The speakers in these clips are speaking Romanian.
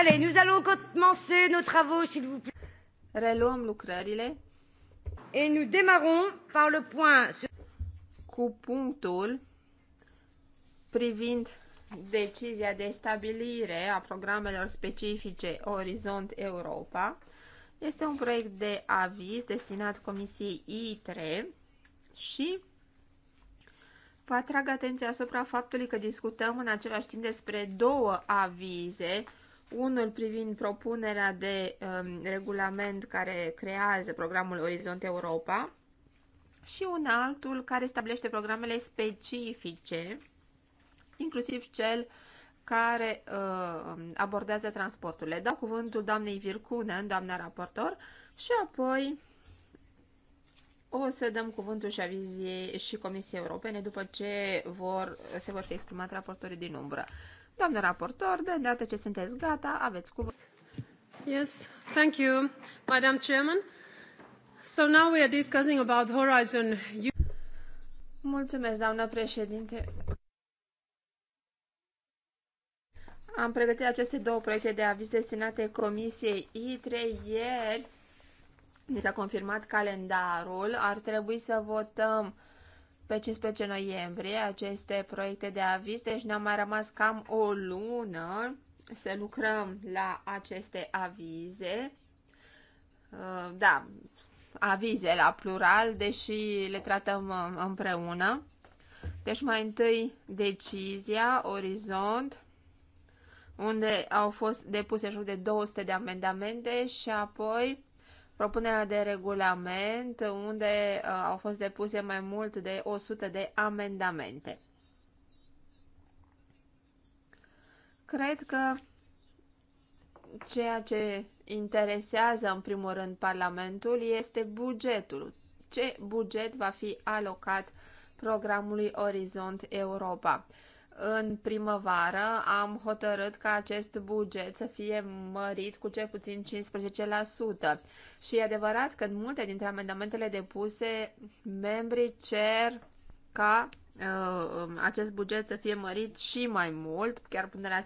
Allez, nous allons commencer nos travaux, s'il vous plaît. Reluăm lucrările. Et nous démarrons par le point sur... cu punctul privind decizia de stabilire a programelor specifice Orizont Europa. Este un proiect de aviz destinat Comisiei ITRE și vă atrag atenția asupra faptului că discutăm în același timp despre două avize unul privind propunerea de um, regulament care creează programul Orizont Europa și un altul care stabilește programele specifice, inclusiv cel care uh, abordează transporturile. Dau cuvântul doamnei Vircune, doamna raportor, și apoi o să dăm cuvântul și aviziei și Comisiei Europene după ce vor, se vor fi exprimat raportorii din umbră. Doamnă raportor, de îndată ce sunteți gata, aveți cuvânt. Yes, thank you, Madam Chairman. So now we are discussing about Horizon Mulțumesc, doamnă președinte. Am pregătit aceste două proiecte de aviz destinate Comisiei I3 ieri. Ni s-a confirmat calendarul. Ar trebui să votăm pe 15 noiembrie aceste proiecte de aviz, deci ne-a mai rămas cam o lună să lucrăm la aceste avize. Uh, da, avize la plural, deși le tratăm uh, împreună. Deci mai întâi decizia, orizont, unde au fost depuse jur de 200 de amendamente și apoi propunerea de regulament unde uh, au fost depuse mai mult de 100 de amendamente. Cred că ceea ce interesează în primul rând Parlamentul este bugetul. Ce buget va fi alocat programului Orizont Europa? în primăvară am hotărât ca acest buget să fie mărit cu cel puțin 15%. Și e adevărat că în multe dintre amendamentele depuse, membrii cer ca uh, um, acest buget să fie mărit și mai mult, chiar până la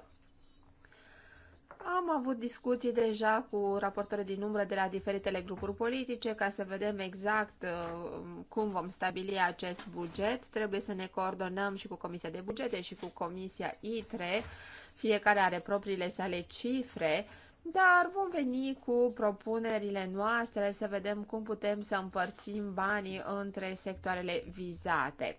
50%. Am avut discuții deja cu raportori din umbră de la diferitele grupuri politice ca să vedem exact uh, cum vom stabili acest buget. Trebuie să ne coordonăm și cu Comisia de Bugete și cu Comisia ITRE. Fiecare are propriile sale cifre, dar vom veni cu propunerile noastre să vedem cum putem să împărțim banii între sectoarele vizate.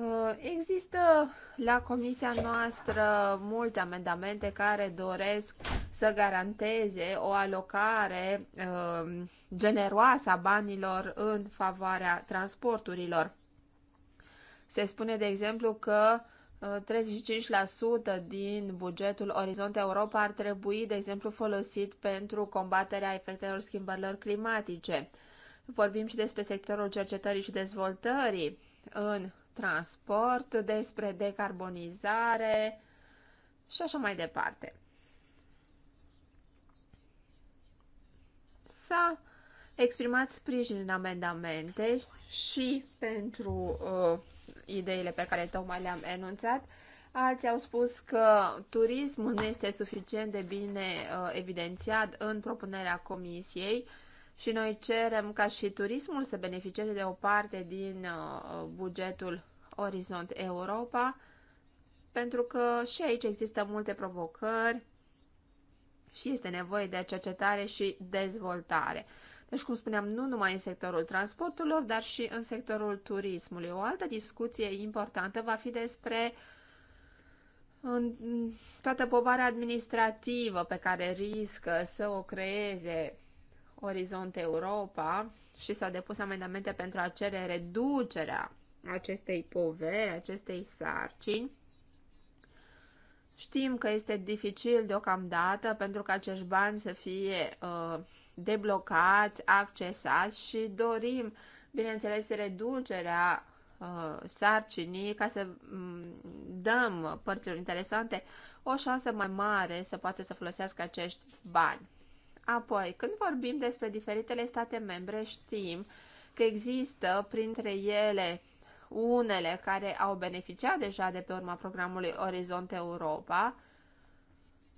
Uh, există la comisia noastră multe amendamente care doresc să garanteze o alocare uh, generoasă a banilor în favoarea transporturilor. Se spune, de exemplu, că 35% uh, din bugetul Orizont Europa ar trebui, de exemplu, folosit pentru combaterea efectelor schimbărilor climatice. Vorbim și despre sectorul cercetării și dezvoltării în transport, despre decarbonizare și așa mai departe. S-a exprimat sprijin în amendamente și pentru uh, ideile pe care tocmai le-am enunțat. Alții au spus că turismul nu este suficient de bine uh, evidențiat în propunerea comisiei uh, și noi cerem ca și turismul să beneficieze de o parte din uh, bugetul Orizont Europa, pentru că și aici există multe provocări și este nevoie de cercetare și dezvoltare. Deci, cum spuneam, nu numai în sectorul transporturilor, dar și în sectorul turismului. O altă discuție importantă va fi despre în toată povara administrativă pe care riscă să o creeze Orizont Europa și s-au depus amendamente pentru a cere reducerea acestei poveri, acestei sarcini. Știm că este dificil deocamdată pentru că acești bani să fie uh, deblocați, accesați și dorim, bineînțeles, reducerea uh, sarcinii ca să mm, dăm părților interesante o șansă mai mare să poată să folosească acești bani. Apoi, când vorbim despre diferitele state membre, știm că există printre ele unele care au beneficiat deja de pe urma programului Orizont Europa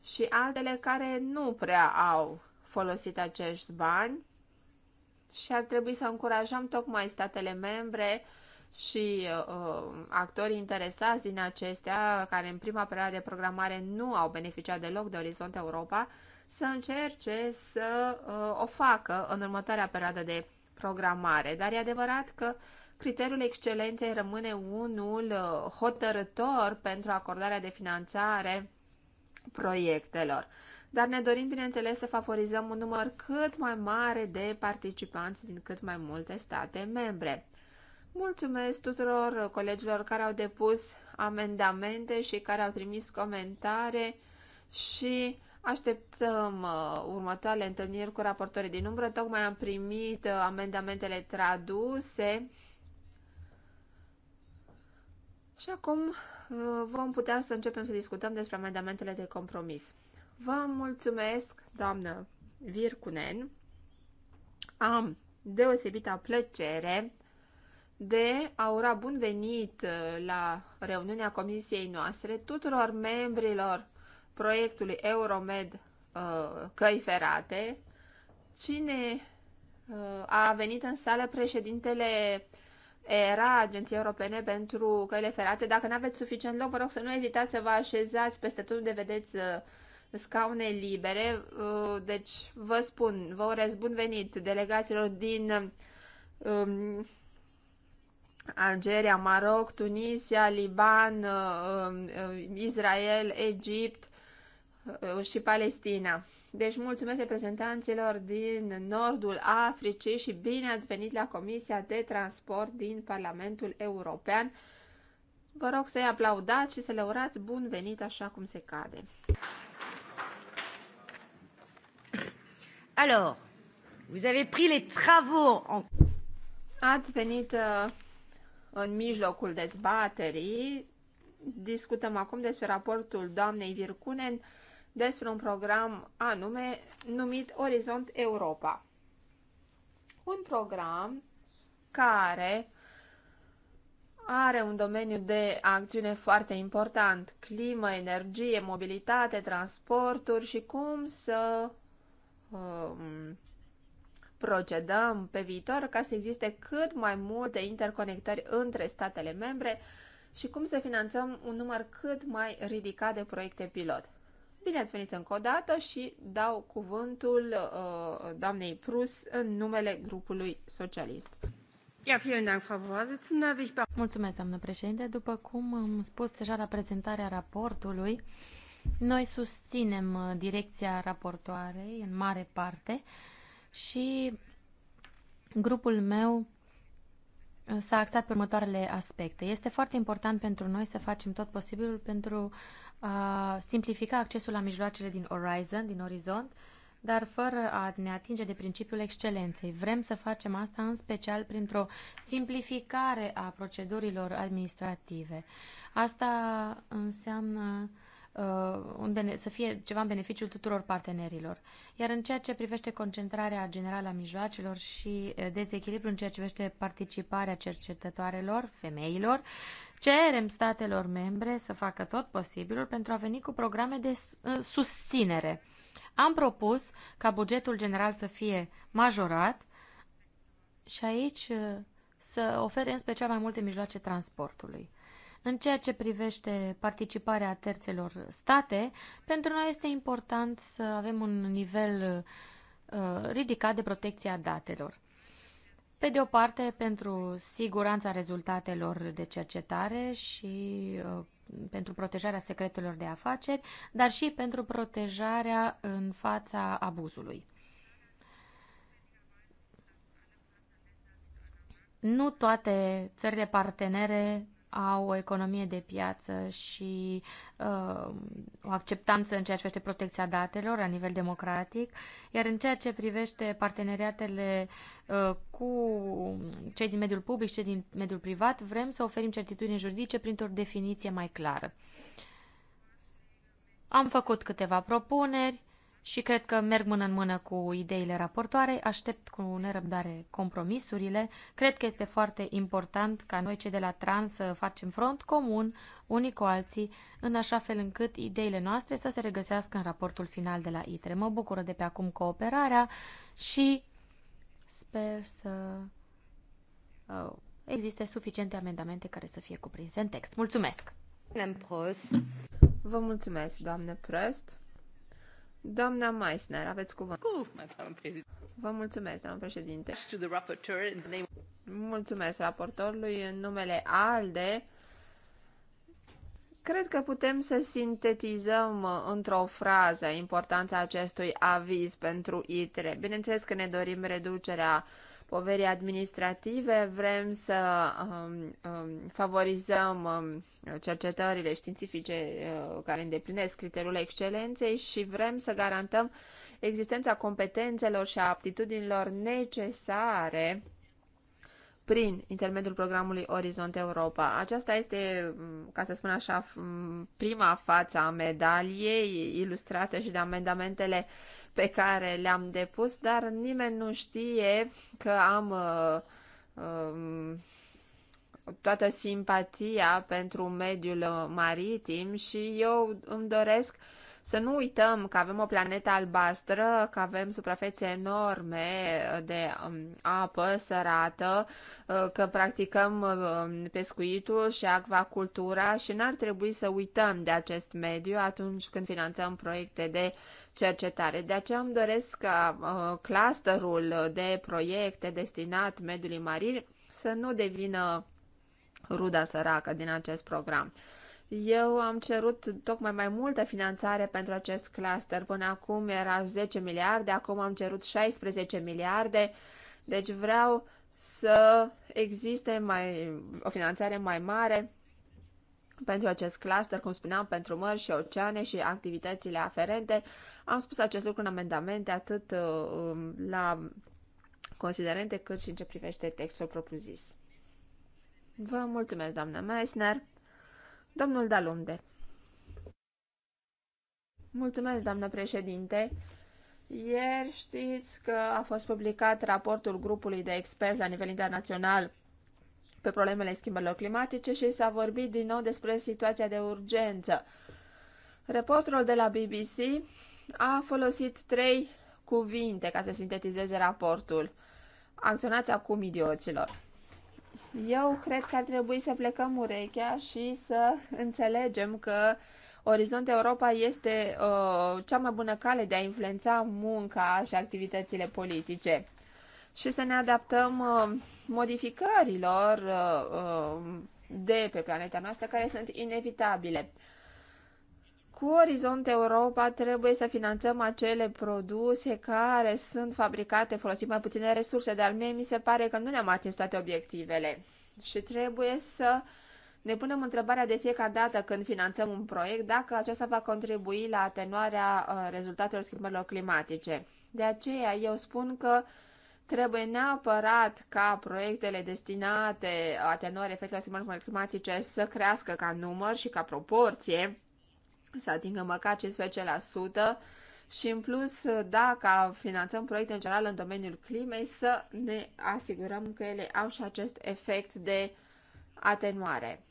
și altele care nu prea au folosit acești bani și ar trebui să încurajăm tocmai statele membre și uh, actorii interesați din acestea, care în prima perioadă de programare nu au beneficiat deloc de Orizont Europa, să încerce să uh, o facă în următoarea perioadă de programare. Dar e adevărat că criteriul excelenței rămâne unul uh, hotărător pentru acordarea de finanțare proiectelor. Dar ne dorim, bineînțeles, să favorizăm un număr cât mai mare de participanți din cât mai multe state membre. Mulțumesc tuturor colegilor care au depus amendamente și care au trimis comentare și Așteptăm uh, următoarele întâlniri cu raportorii din umbră. Tocmai am primit uh, amendamentele traduse și acum uh, vom putea să începem să discutăm despre amendamentele de compromis. Vă mulțumesc, doamnă Vircunen. Am deosebită plăcere de a ura bun venit uh, la reuniunea comisiei noastre tuturor membrilor proiectului Euromed uh, Căi Ferate, cine uh, a venit în sală președintele era Agenția Europene pentru Căile Ferate. Dacă nu aveți suficient loc, vă rog să nu ezitați să vă așezați peste tot unde vedeți uh, scaune libere. Deci, vă spun, vă urez bun venit delegaților din um, Algeria, Maroc, Tunisia, Liban, um, Israel, Egipt, Uh, și Palestina. Deci mulțumesc reprezentanților din nordul Africii și bine ați venit la Comisia de Transport din Parlamentul European. Vă rog să-i aplaudați și să le urați bun venit așa cum se cade. Alors, vous avez pris les travaux en... Ați venit uh, în mijlocul dezbaterii. Discutăm acum despre raportul doamnei Vircunen despre un program anume numit Orizont Europa. Un program care are un domeniu de acțiune foarte important, climă, energie, mobilitate, transporturi și cum să um, procedăm pe viitor ca să existe cât mai multe interconectări între statele membre și cum să finanțăm un număr cât mai ridicat de proiecte pilot. Bine ați venit încă o dată și dau cuvântul uh, doamnei Prus în numele grupului socialist. Ja, vielen Dank, Frau Vorsitzende. Ich... Mulțumesc, doamnă președinte. După cum am spus deja la prezentarea raportului, noi susținem uh, direcția raportoarei în mare parte și grupul meu uh, s-a axat pe următoarele aspecte. Este foarte important pentru noi să facem tot posibilul pentru a simplifica accesul la mijloacele din Horizon, din Orizont, dar fără a ne atinge de principiul excelenței. Vrem să facem asta în special printr-o simplificare a procedurilor administrative. Asta înseamnă uh, Uh, un să fie ceva în beneficiul tuturor partenerilor. Iar în ceea ce privește concentrarea generală a mijloacelor și uh, dezechilibrul în ceea ce privește participarea cercetătoarelor, femeilor, cerem statelor membre să facă tot posibilul pentru a veni cu programe de uh, susținere. Am propus ca bugetul general să fie majorat și aici să ofere în special mai multe mijloace transportului. În ceea ce privește participarea terțelor state, pentru noi este important să avem un nivel uh, ridicat de protecție a datelor. Pe de o parte, pentru siguranța rezultatelor de cercetare și uh, pentru protejarea secretelor de afaceri, dar și pentru protejarea în fața abuzului. Nu toate țările partenere au o economie de piață și uh, o acceptanță în ceea ce privește protecția datelor la nivel democratic, iar în ceea ce privește parteneriatele uh, cu cei din mediul public și cei din mediul privat, vrem să oferim certitudini juridice printr-o definiție mai clară. Am făcut câteva propuneri, și cred că merg mână în mână cu ideile raportoarei, aștept cu nerăbdare compromisurile. Cred că este foarte important ca noi cei de la TRAN să facem front comun unii cu alții, în așa fel încât ideile noastre să se regăsească în raportul final de la ITRE. Mă bucură de pe acum cooperarea și sper să uh, existe suficiente amendamente care să fie cuprinse în text. Mulțumesc! Vă mulțumesc, doamne Prost! Doamna Meissner, aveți cuvânt. Vă mulțumesc, doamnă președinte. Mulțumesc raportorului în numele ALDE. Cred că putem să sintetizăm uh, într-o frază importanța acestui aviz pentru ITRE. Bineînțeles că ne dorim reducerea uh, poverii administrative, vrem să um, um, favorizăm um, cercetările științifice uh, care îndeplinesc criteriul excelenței și vrem să garantăm existența competențelor și a aptitudinilor necesare prin intermediul programului Orizont Europa. Aceasta este, um, ca să spun așa, um, prima față a medaliei, ilustrată și de amendamentele uh, pe care le-am depus, dar nimeni nu știe că am uh, uh, toată simpatia pentru mediul maritim și eu îmi doresc să nu uităm că avem o planetă albastră, că avem suprafețe enorme de um, apă sărată, uh, că practicăm um, pescuitul și acvacultura și n-ar trebui să uităm de acest mediu atunci când finanțăm proiecte de cercetare. De aceea îmi doresc ca uh, clusterul de proiecte destinat mediului marin să nu devină ruda săracă din acest program. Eu am cerut tocmai mai multă finanțare pentru acest cluster. Până acum era 10 miliarde, acum am cerut 16 miliarde. Deci vreau să existe mai, o finanțare mai mare pentru acest cluster, cum spuneam, pentru mări și oceane și activitățile aferente. Am spus acest lucru în amendamente atât uh, um, la considerente cât și în ce privește textul propriu-zis. Vă mulțumesc, doamnă Meissner. Domnul Dalunde. Mulțumesc, doamnă președinte. Ieri știți că a fost publicat raportul grupului de experți la nivel internațional pe problemele schimbărilor climatice și s-a vorbit din nou despre situația de urgență. Reporterul de la BBC a folosit trei cuvinte ca să sintetizeze raportul. Acționați acum, idioților! Eu cred că ar trebui să plecăm urechea și să înțelegem că Orizont Europa este uh, cea mai bună cale de a influența munca și activitățile politice și să ne adaptăm uh, modificărilor uh, uh, de pe planeta noastră care sunt inevitabile. Cu Orizont Europa trebuie să finanțăm acele produse care sunt fabricate folosind mai puține resurse, dar mie mi se pare că nu ne-am atins toate obiectivele și trebuie să ne punem întrebarea de fiecare dată când finanțăm un proiect dacă acesta va contribui la atenuarea uh, rezultatelor schimbărilor climatice. De aceea eu spun că uh, Trebuie neapărat ca proiectele destinate atenuării efectelor schimbărilor climatice să crească ca număr și ca proporție, să atingă măcar 15% și în plus, dacă finanțăm proiecte în general în domeniul climei, să ne asigurăm că ele au și acest efect de atenuare.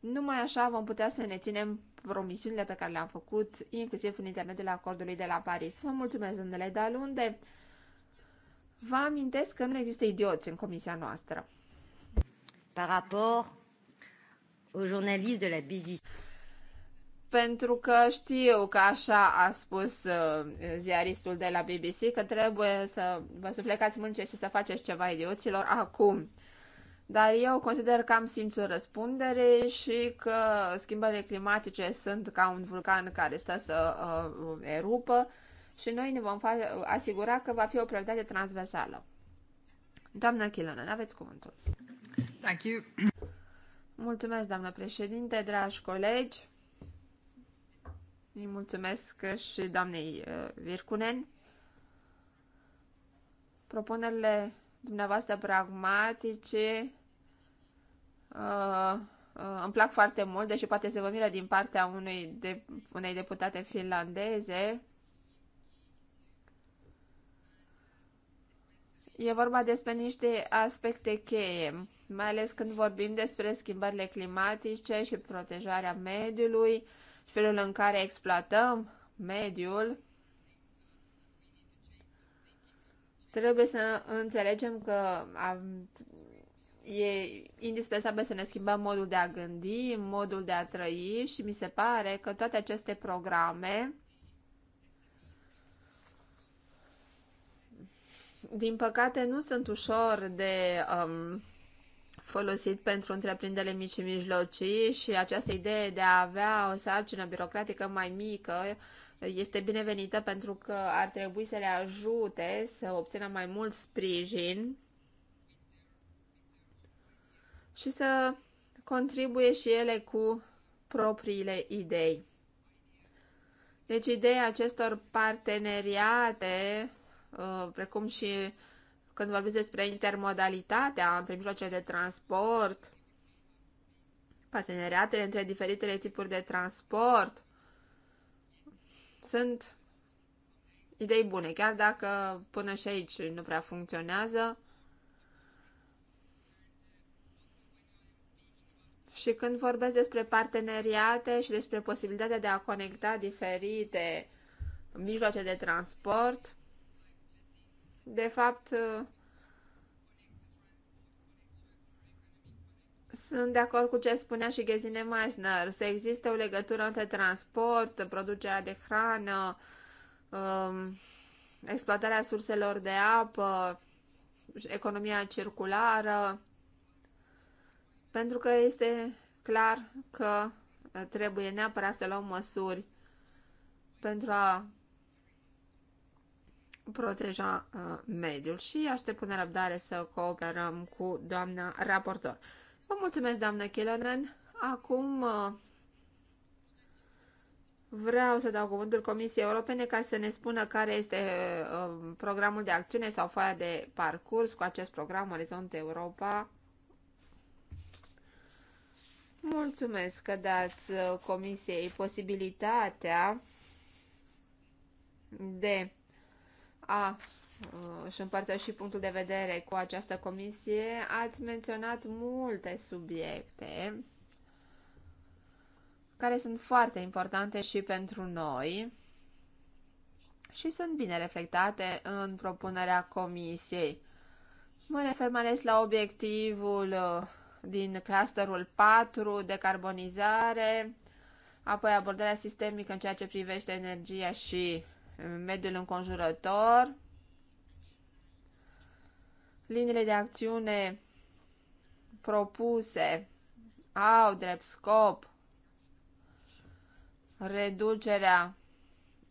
Numai așa vom putea să ne ținem promisiunile pe care le-am făcut, inclusiv în intermediul acordului de la Paris. Vă mulțumesc, domnule Dalunde! Vă amintesc că nu există idioți în comisia noastră. Par rapport au journalistes de la business. Pentru că știu că așa a spus uh, ziaristul de la BBC că trebuie să vă suflecați mânce și să faceți ceva idioților acum dar eu consider că am simțul răspundere și că schimbările climatice sunt ca un vulcan care stă să uh, erupă și noi ne vom face, asigura că va fi o prioritate transversală. Doamna Chilonă, aveți cuvântul. Thank you. Mulțumesc, doamnă președinte, dragi colegi. Îi mulțumesc și doamnei uh, Vircunen. Propunerile dumneavoastră pragmatice uh, uh, îmi plac foarte mult, deși poate se vă miră din partea unui de, unei deputate finlandeze. E vorba despre niște aspecte cheie, mai ales când vorbim despre schimbările climatice și protejarea mediului, felul în care exploatăm mediul. Trebuie să înțelegem că e indispensabil să ne schimbăm modul de a gândi, modul de a trăi și mi se pare că toate aceste programe din păcate, nu sunt ușor de um, folosit pentru întreprinderile mici și mijlocii și această idee de a avea o sarcină birocratică mai mică este binevenită pentru că ar trebui să le ajute să obțină mai mult sprijin și să contribuie și ele cu propriile idei. Deci ideea acestor parteneriate Uh, precum și când vorbesc despre intermodalitatea între mijloacele de transport, parteneriatele între diferitele tipuri de transport, sunt idei bune, chiar dacă până și aici nu prea funcționează. Și când vorbesc despre parteneriate și despre posibilitatea de a conecta diferite mijloace de transport, de fapt, uh, sunt de acord cu ce spunea și Gesine Meissner, să existe o legătură între transport, producerea de hrană, um, exploatarea surselor de apă, economia circulară, pentru că este clar că trebuie neapărat să luăm măsuri pentru a proteja uh, mediul și aștept până răbdare să cooperăm cu doamna raportor. Vă mulțumesc, doamna Kilonen. Acum uh, vreau să dau cuvântul Comisiei Europene ca să ne spună care este uh, programul de acțiune sau foaia de parcurs cu acest program Orizont Europa. Mulțumesc că dați uh, Comisiei posibilitatea de a uh, și împărtăși punctul de vedere cu această comisie, ați menționat multe subiecte care sunt foarte importante și pentru noi și sunt bine reflectate în propunerea comisiei. Mă refer mai ales la obiectivul uh, din clusterul 4, decarbonizare, apoi abordarea sistemică în ceea ce privește energia și mediul înconjurător, liniile de acțiune propuse au drept scop reducerea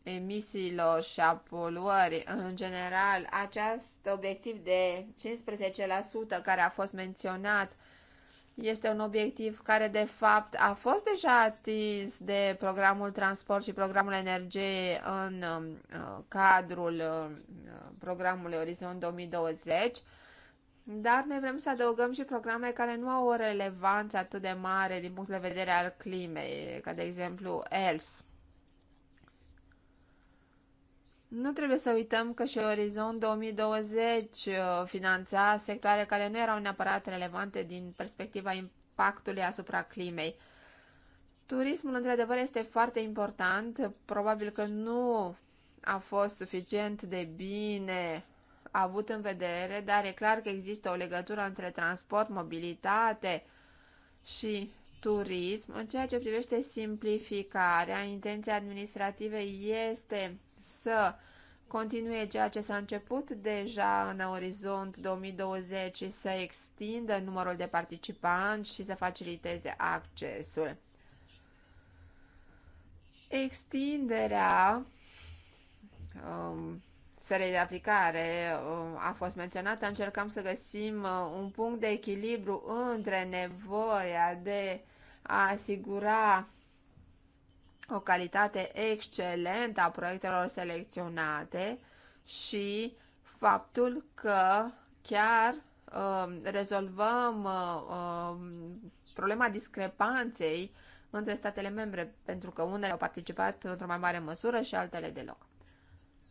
emisiilor și a poluării în general, acest obiectiv de 15% care a fost menționat este un obiectiv care, de fapt, a fost deja atins de programul transport și programul energie în um, uh, cadrul uh, programului Orizont 2020, dar noi vrem să adăugăm și programe care nu au o relevanță atât de mare din punct de vedere al climei, ca de exemplu ELS. Nu trebuie să uităm că și Orizont 2020 uh, finanța sectoare care nu erau neapărat relevante din perspectiva impactului asupra climei. Turismul, într-adevăr, este foarte important. Probabil că nu a fost suficient de bine avut în vedere, dar e clar că există o legătură între transport, mobilitate și turism. În ceea ce privește simplificarea, intenția administrative este să continue ceea ce s-a început deja în orizont 2020 și să extindă numărul de participanți și să faciliteze accesul. Extinderea um, sferei de aplicare um, a fost menționată. Încercăm să găsim uh, un punct de echilibru între nevoia de a asigura o calitate excelentă a proiectelor selecționate și faptul că chiar uh, rezolvăm uh, problema discrepanței între statele membre, pentru că unele au participat într-o mai mare măsură și altele deloc.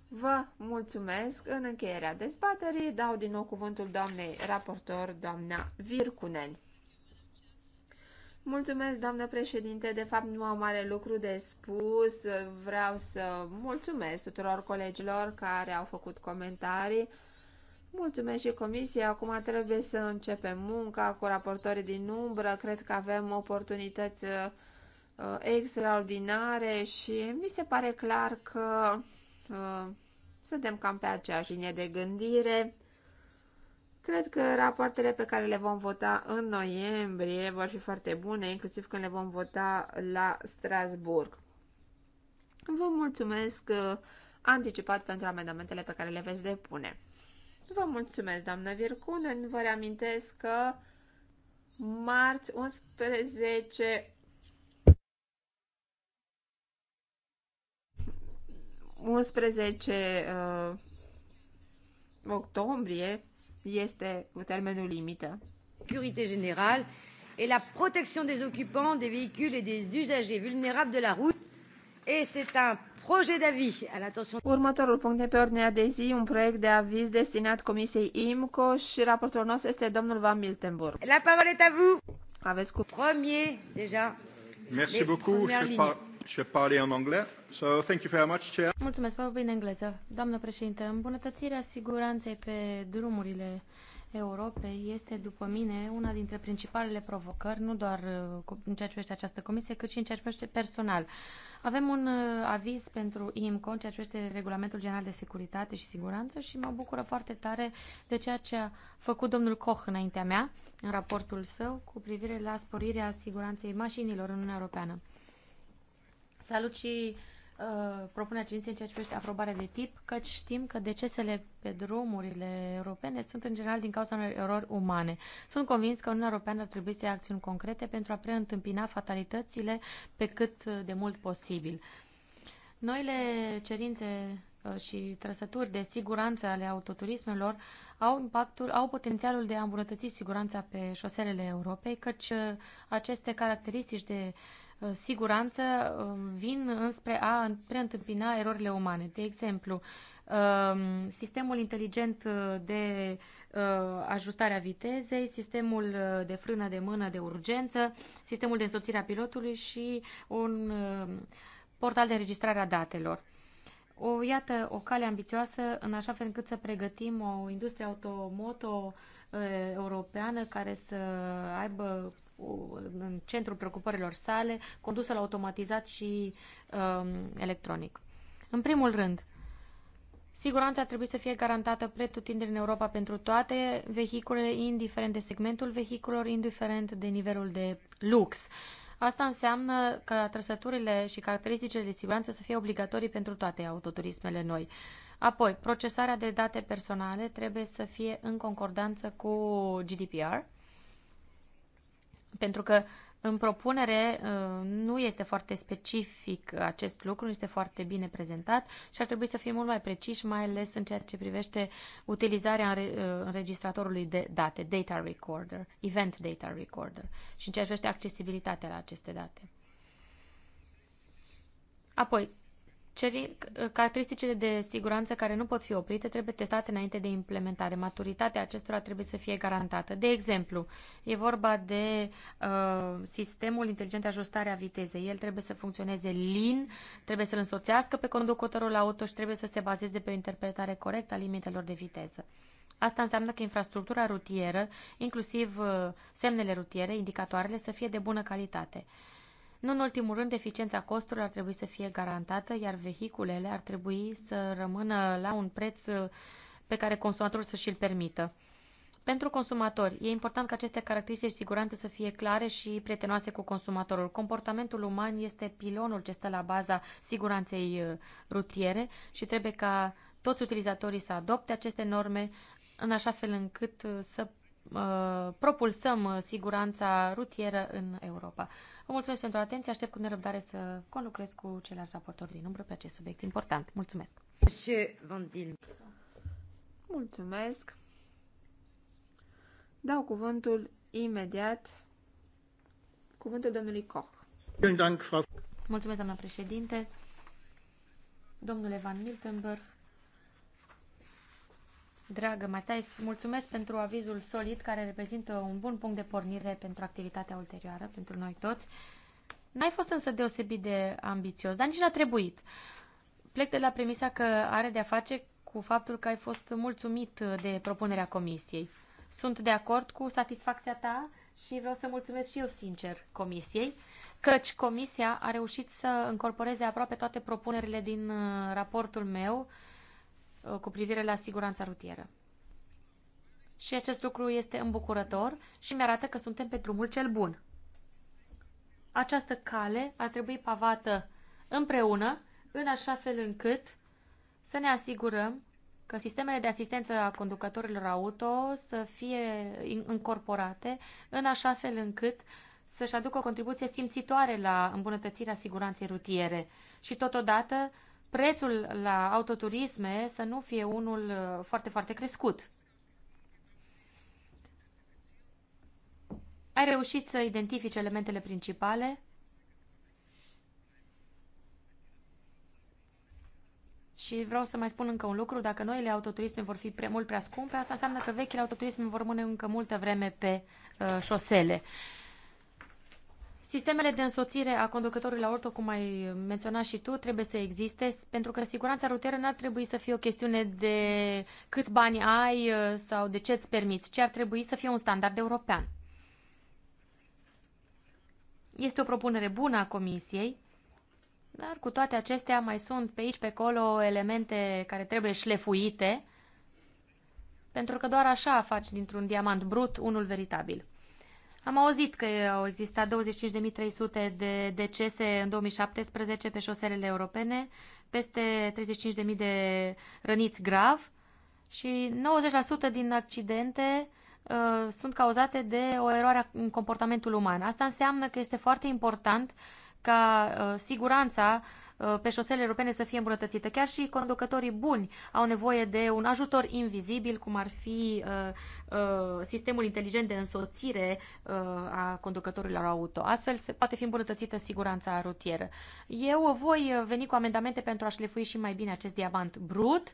Vă mulțumesc. În încheierea dezbaterii dau din nou cuvântul doamnei raportor, doamna Virkunen. Mulțumesc, doamnă președinte. De fapt, nu am mare lucru de spus. Vreau să mulțumesc tuturor colegilor care au făcut comentarii. Mulțumesc și comisie. Acum trebuie să începem munca cu raportorii din umbră. Cred că avem oportunități uh, extraordinare și mi se pare clar că uh, suntem cam pe aceeași linie de gândire. Cred că rapoartele pe care le vom vota în noiembrie vor fi foarte bune, inclusiv când le vom vota la Strasburg. Vă mulțumesc uh, anticipat pentru amendamentele pe care le veți depune. Vă mulțumesc, doamnă Vircunen. Vă reamintesc că marți 11 11 uh, octombrie este termenul limită. Securitate generală et la protecția des occupants des véhicules și des usagers vulnerabili de la route et c'est un projet d'avis à l'attention. Următorul punct de pe ordinea de zi, un proiect de aviz destinat Comisiei IMCO și raportul nostru este domnul Van Miltenburg. La parole est à vous. Aveți cu premier deja. Merci beaucoup. Je vais, par... je vais parler en anglais. Mulțumesc, în engleză. Doamnă președinte, îmbunătățirea siguranței pe drumurile Europei este, după mine, una dintre principalele provocări, nu doar uh, în ceea ce privește această comisie, cât și în ceea ce privește personal. Avem un uh, aviz pentru IMCO în ceea ce privește Regulamentul General de Securitate și Siguranță și mă bucură foarte tare de ceea ce a făcut domnul Koch înaintea mea în raportul său cu privire la sporirea siguranței mașinilor în Uniunea Europeană. Salut și uh, Uh, propune agenție în ceea ce privește aprobarea de tip, căci știm că decesele pe drumurile europene sunt în general din cauza unor erori umane. Sunt convins că Uniunea Europeană ar trebui să ia acțiuni concrete pentru a preîntâmpina fatalitățile pe cât de mult posibil. Noile cerințe uh, și trăsături de siguranță ale autoturismelor au, impactul, au potențialul de a îmbunătăți siguranța pe șoselele Europei, căci uh, aceste caracteristici de uh, siguranță um, vin înspre a preîntâmpina erorile umane. De exemplu, um, sistemul inteligent uh, de uh, ajustare a vitezei, sistemul uh, de frână de mână de urgență, sistemul de însoțire a pilotului și un um, portal de înregistrare a datelor. O, iată o cale ambițioasă în așa fel încât să pregătim o industrie automoto europeană care să aibă Uh, în centrul preocupărilor sale, condusă la automatizat și um, electronic. În primul rând, siguranța trebuie să fie garantată pretutindeni în Europa pentru toate vehiculele, indiferent de segmentul vehiculor, indiferent de nivelul de lux. Asta înseamnă că trăsăturile și caracteristicile de siguranță să fie obligatorii pentru toate autoturismele noi. Apoi, procesarea de date personale trebuie să fie în concordanță cu GDPR pentru că în propunere uh, nu este foarte specific acest lucru, nu este foarte bine prezentat și ar trebui să fim mult mai preciși, mai ales în ceea ce privește utilizarea uh, înregistratorului de date, data recorder, event data recorder și în ceea ce privește accesibilitatea la aceste date. Apoi, caracteristicile de siguranță care nu pot fi oprite trebuie testate înainte de implementare. Maturitatea acestora trebuie să fie garantată. De exemplu, e vorba de uh, sistemul inteligent de ajustare a vitezei. El trebuie să funcționeze lin, trebuie să-l însoțească pe conducătorul auto și trebuie să se bazeze pe o interpretare corectă a limitelor de viteză. Asta înseamnă că infrastructura rutieră, inclusiv uh, semnele rutiere, indicatoarele, să fie de bună calitate. Uh, nu în ultimul rând, eficiența costurilor ar trebui să fie garantată, iar vehiculele ar trebui să rămână la un preț uh, pe care consumatorul să și-l permită. Pentru consumatori, e important ca aceste caracteristici sigurante să fie clare și prietenoase cu consumatorul. Comportamentul uman este pilonul ce stă la baza siguranței uh, rutiere și trebuie ca toți utilizatorii să adopte aceste norme în așa fel încât uh, să Uh, propulsăm uh, siguranța rutieră în Europa. Vă mulțumesc pentru atenție, aștept cu nerăbdare să conlucrez cu ceilalți raportori din umbră pe acest subiect important. Mulțumesc! Mulțumesc! Dau cuvântul imediat cuvântul domnului Koch. Mulțumesc, doamna președinte. Domnule Van Miltenberg, Dragă Matais, mulțumesc pentru avizul solid care reprezintă un bun punct de pornire pentru activitatea ulterioară, pentru noi toți. N-ai fost însă deosebit de ambițios, dar nici n-a trebuit. Plec de la premisa că are de-a face cu faptul că ai fost mulțumit de propunerea comisiei. Sunt de acord cu satisfacția ta și vreau să mulțumesc și eu sincer comisiei, căci comisia a reușit să încorporeze aproape toate propunerile din uh, raportul meu, Uh, cu privire la siguranța rutieră. Și acest lucru este îmbucurător și mi arată că suntem pe drumul cel bun. Această cale ar trebui pavată împreună, în așa fel încât să ne asigurăm că sistemele de asistență a conducătorilor auto să fie incorporate în așa fel încât să-și aducă o contribuție simțitoare la îmbunătățirea siguranței rutiere și totodată prețul la autoturisme să nu fie unul uh, foarte, foarte crescut. Ai reușit să identifici elementele principale? Și vreau să mai spun încă un lucru, dacă noile autoturisme vor fi prea, mult prea scumpe, asta înseamnă că vechile autoturisme vor rămâne încă multă vreme pe uh, șosele. Uh, Sistemele de însoțire a conducătorului la orto, cum ai menționat și tu, trebuie să existe, pentru că siguranța rutieră n-ar trebui să fie o chestiune de câți bani ai uh, sau de ce îți permiți, ci ar trebui să fie un standard european. Este o propunere bună a Comisiei, dar cu toate acestea mai sunt pe aici, pe acolo, elemente care trebuie șlefuite, pentru că doar așa faci dintr-un diamant brut unul veritabil. Am auzit că au existat 25.300 de decese în 2017 pe șoselele europene, peste 35.000 de răniți grav și 90% din accidente uh, sunt cauzate de o eroare în comportamentul uman. Asta înseamnă că este foarte important ca uh, siguranța Uh, pe șosele europene să fie îmbunătățită. Chiar și conducătorii buni au nevoie de un ajutor invizibil, cum ar fi uh, uh, sistemul inteligent de însoțire a conducătorilor auto. Astfel se poate fi îmbunătățită siguranța rutieră. Eu voi veni cu amendamente pentru a șlefui și mai bine acest diamant brut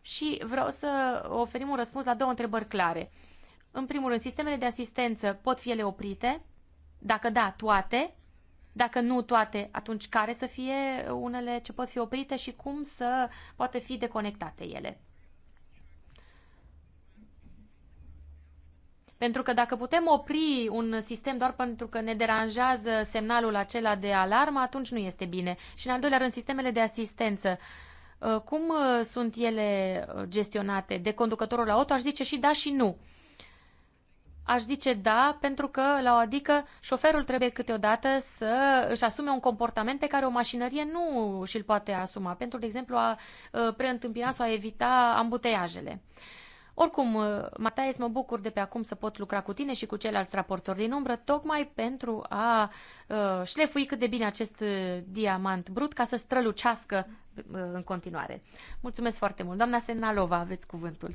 și vreau să oferim un răspuns la două întrebări clare. În primul rând, sistemele de asistență pot fi ele oprite? Dacă da, toate. Dacă nu toate, atunci care să fie unele ce pot fi oprite și cum să poate fi deconectate ele? Pentru că dacă putem opri un sistem doar pentru că ne deranjează semnalul acela de alarmă, atunci nu este bine. Și în al doilea rând, sistemele de asistență. Uh, cum uh, sunt ele uh, gestionate de conducătorul la auto? Aș zice și da și nu. Aș zice da, pentru că la o adică șoferul trebuie câteodată să își asume un comportament pe care o mașinărie nu și-l poate asuma, pentru, de exemplu, a ă, preîntâmpina sau a evita ambuteiajele. Oricum, ă, Mataes, mă bucur de pe acum să pot lucra cu tine și cu ceilalți raportori din umbră, tocmai pentru a uh, șlefui cât de bine acest diamant brut ca să strălucească în continuare. Mulțumesc foarte mult. Doamna Senalova, aveți cuvântul.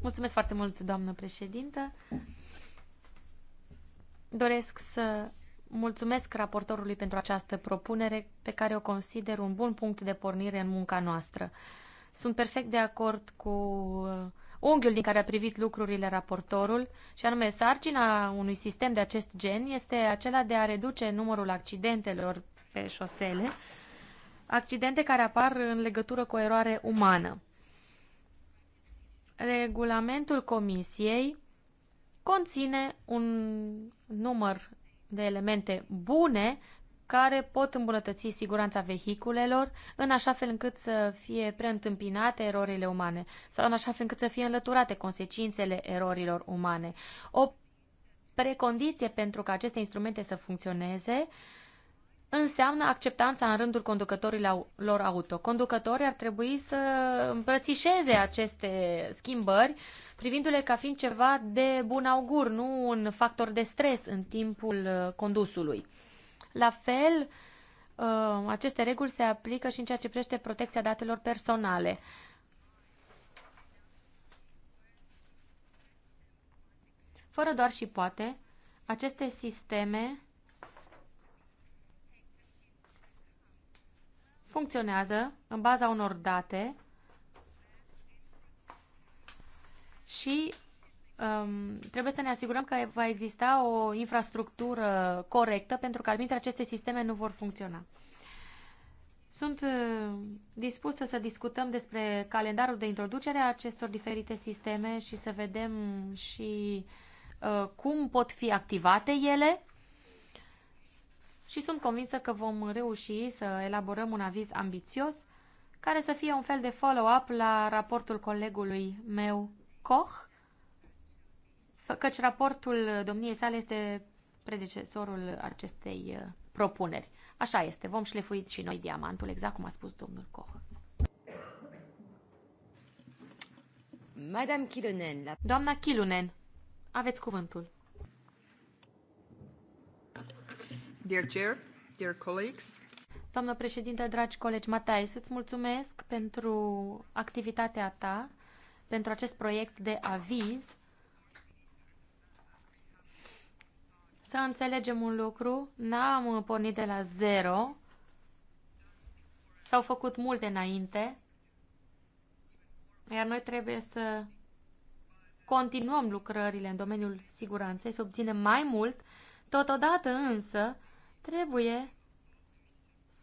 Mulțumesc foarte mult, doamnă președintă. Doresc să mulțumesc raportorului pentru această propunere pe care o consider un bun punct de pornire în munca noastră. Sunt perfect de acord cu uh, unghiul din care a privit lucrurile raportorul, și anume sarcina unui sistem de acest gen este acela de a reduce numărul accidentelor pe șosele, accidente care apar în legătură cu o eroare umană. Regulamentul comisiei conține un număr de elemente bune care pot îmbunătăți siguranța vehiculelor în așa fel încât să fie preîntâmpinate erorile umane sau în așa fel încât să fie înlăturate consecințele erorilor umane. O precondiție pentru ca aceste instrumente să funcționeze înseamnă acceptanța în rândul conducătorilor auto. Conducătorii ar trebui să îmbrățișeze aceste schimbări, privindu-le ca fiind ceva de bun augur, nu un factor de stres în timpul uh, condusului. La fel, uh, aceste reguli se aplică și în ceea ce privește protecția datelor personale. Fără doar și poate, aceste sisteme funcționează în baza unor date și um, trebuie să ne asigurăm că va exista o infrastructură corectă pentru că albintre aceste sisteme nu vor funcționa. Sunt uh, dispusă să discutăm despre calendarul de introducere a acestor diferite sisteme și să vedem și uh, cum pot fi activate ele și sunt convinsă că vom reuși să elaborăm un aviz ambițios care să fie un fel de follow-up la raportul colegului meu, Koch, căci raportul domniei sale este predecesorul acestei uh, propuneri. Așa este, vom șlefui și noi diamantul, exact cum a spus domnul Koch. Madame Kilunen, la... Doamna Kilunen, aveți cuvântul. Doamnă președinte, dragi colegi, Matai, să-ți mulțumesc pentru activitatea ta, pentru acest proiect de aviz. Să înțelegem un lucru, n-am pornit de la zero, s-au făcut multe înainte, iar noi trebuie să continuăm lucrările în domeniul siguranței, să obținem mai mult, totodată însă Trebuie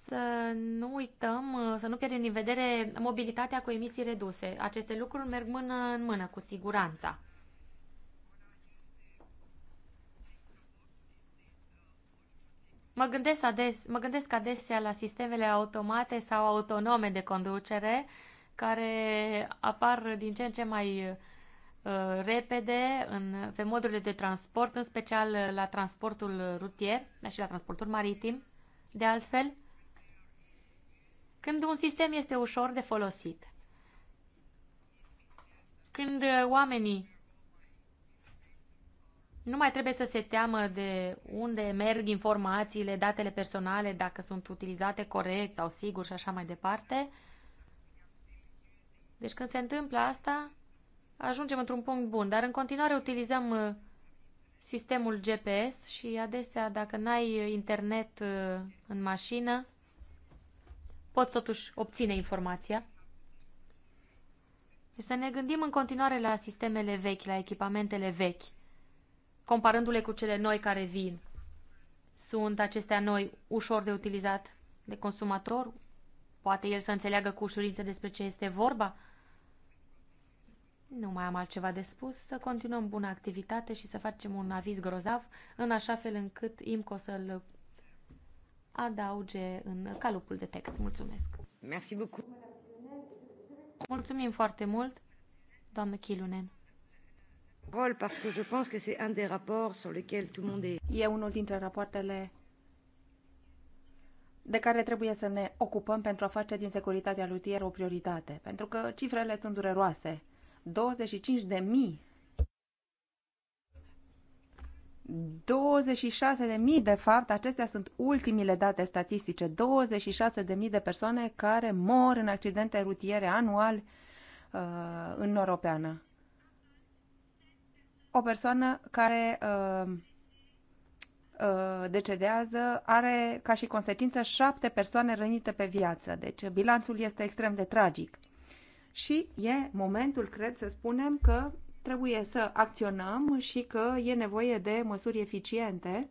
să nu uităm, să nu pierdem din vedere mobilitatea cu emisii reduse. Aceste lucruri merg mână în mână, cu siguranța. Mă gândesc, ades, mă gândesc adesea la sistemele automate sau autonome de conducere, care apar din ce în ce mai Uh, repede în, pe modurile de transport, în special uh, la transportul rutier și la transportul maritim. De altfel, când un sistem este ușor de folosit, când uh, oamenii nu mai trebuie să se teamă de unde merg informațiile, datele personale, dacă sunt utilizate corect sau sigur și așa mai departe. Deci când se întâmplă asta, ajungem într-un punct bun, dar în continuare utilizăm uh, sistemul GPS și adesea dacă n-ai uh, internet uh, în mașină, poți totuși obține informația. Deci să ne gândim în continuare la sistemele vechi, la echipamentele vechi, comparându-le cu cele noi care vin. Sunt acestea noi ușor de utilizat de consumator? Poate el să înțeleagă cu ușurință despre ce este vorba? Nu mai am altceva de spus, să continuăm bună activitate și să facem un aviz grozav, în așa fel încât IMCO să-l adauge în calupul de text. Mulțumesc! Merci beaucoup! Mulțumim foarte mult, doamnă Chilunen! E unul dintre rapoartele de care trebuie să ne ocupăm pentru a face din securitatea lutieră o prioritate, pentru că cifrele sunt dureroase 25 de mii 26 de mii de fapt, acestea sunt ultimile date statistice, 26 de persoane care mor în accidente rutiere anual uh, în Europeană. O persoană care uh, uh, decedează are ca și consecință șapte persoane rănite pe viață, deci bilanțul este extrem de tragic și e momentul, cred, să spunem că trebuie să acționăm și că e nevoie de măsuri eficiente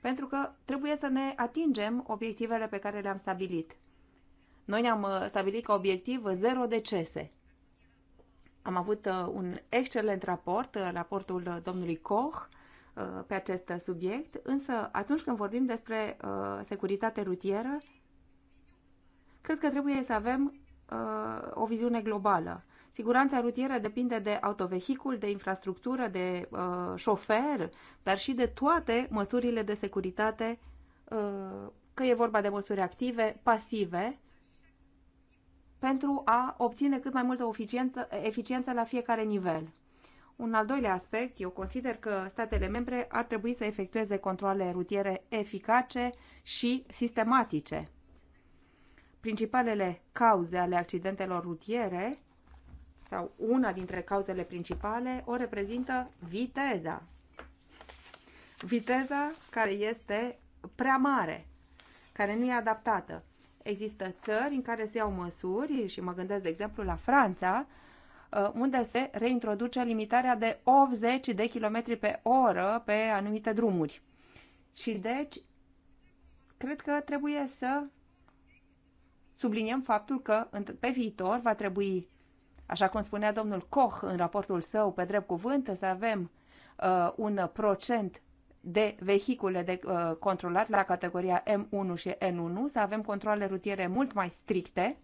pentru că trebuie să ne atingem obiectivele pe care le-am stabilit. Noi ne-am uh, stabilit ca obiectiv zero decese. Am avut uh, un excelent raport, uh, raportul domnului Koch, pe acest subiect, însă atunci când vorbim despre securitate rutieră, cred că trebuie să avem uh, o viziune globală. Siguranța rutieră depinde de autovehicul, de infrastructură, de uh, șofer, dar și de toate măsurile de securitate, uh, că e vorba de măsuri active, pasive, pentru a obține cât mai multă eficiență la fiecare nivel. Un al doilea aspect, eu consider că statele membre ar trebui să efectueze controle rutiere eficace și sistematice principalele cauze ale accidentelor rutiere sau una dintre cauzele principale o reprezintă viteza. Viteza care este prea mare, care nu e adaptată. Există țări în care se iau măsuri, și mă gândesc de exemplu la Franța, uh, unde se reintroduce limitarea de 80 de km pe oră pe anumite drumuri. Și deci, cred că trebuie să subliniem faptul că pe viitor va trebui, așa cum spunea domnul Koch în raportul său pe drept cuvânt, să avem uh, un procent de vehicule de uh, controlat la categoria M1 și N1, să avem controle rutiere mult mai stricte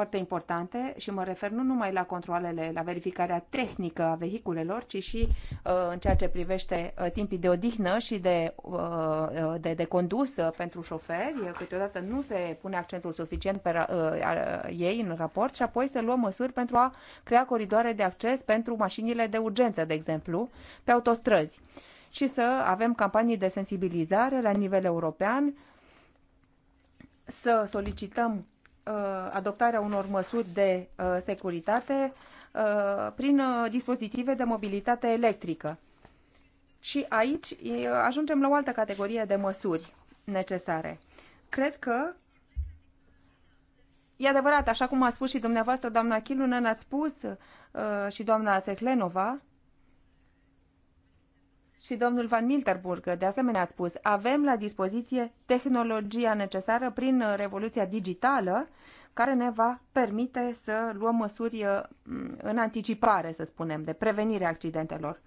foarte importante și mă refer nu numai la controlele, la verificarea tehnică a vehiculelor, ci și uh, în ceea ce privește uh, timpii de odihnă și de, uh, uh de, de condus uh, pentru șoferi. Câteodată nu se pune accentul suficient pe uh, ei în raport și apoi se luăm măsuri pentru a crea coridoare de acces pentru mașinile de urgență, de exemplu, pe autostrăzi și să avem campanii de sensibilizare la nivel european, să solicităm Uh, adoptarea unor măsuri de uh, securitate uh, prin dispozitive de mobilitate electrică. Și aici ajungem la o altă categorie de măsuri necesare. Cred că E adevărat, așa cum a spus și dumneavoastră, doamna Chilunen, ați spus uh, și doamna Seclenova, și domnul Van Milterburg, de asemenea, a spus, avem la dispoziție tehnologia necesară prin uh, revoluția digitală care ne va permite să luăm măsuri uh, în anticipare, să spunem, de prevenire accidentelor.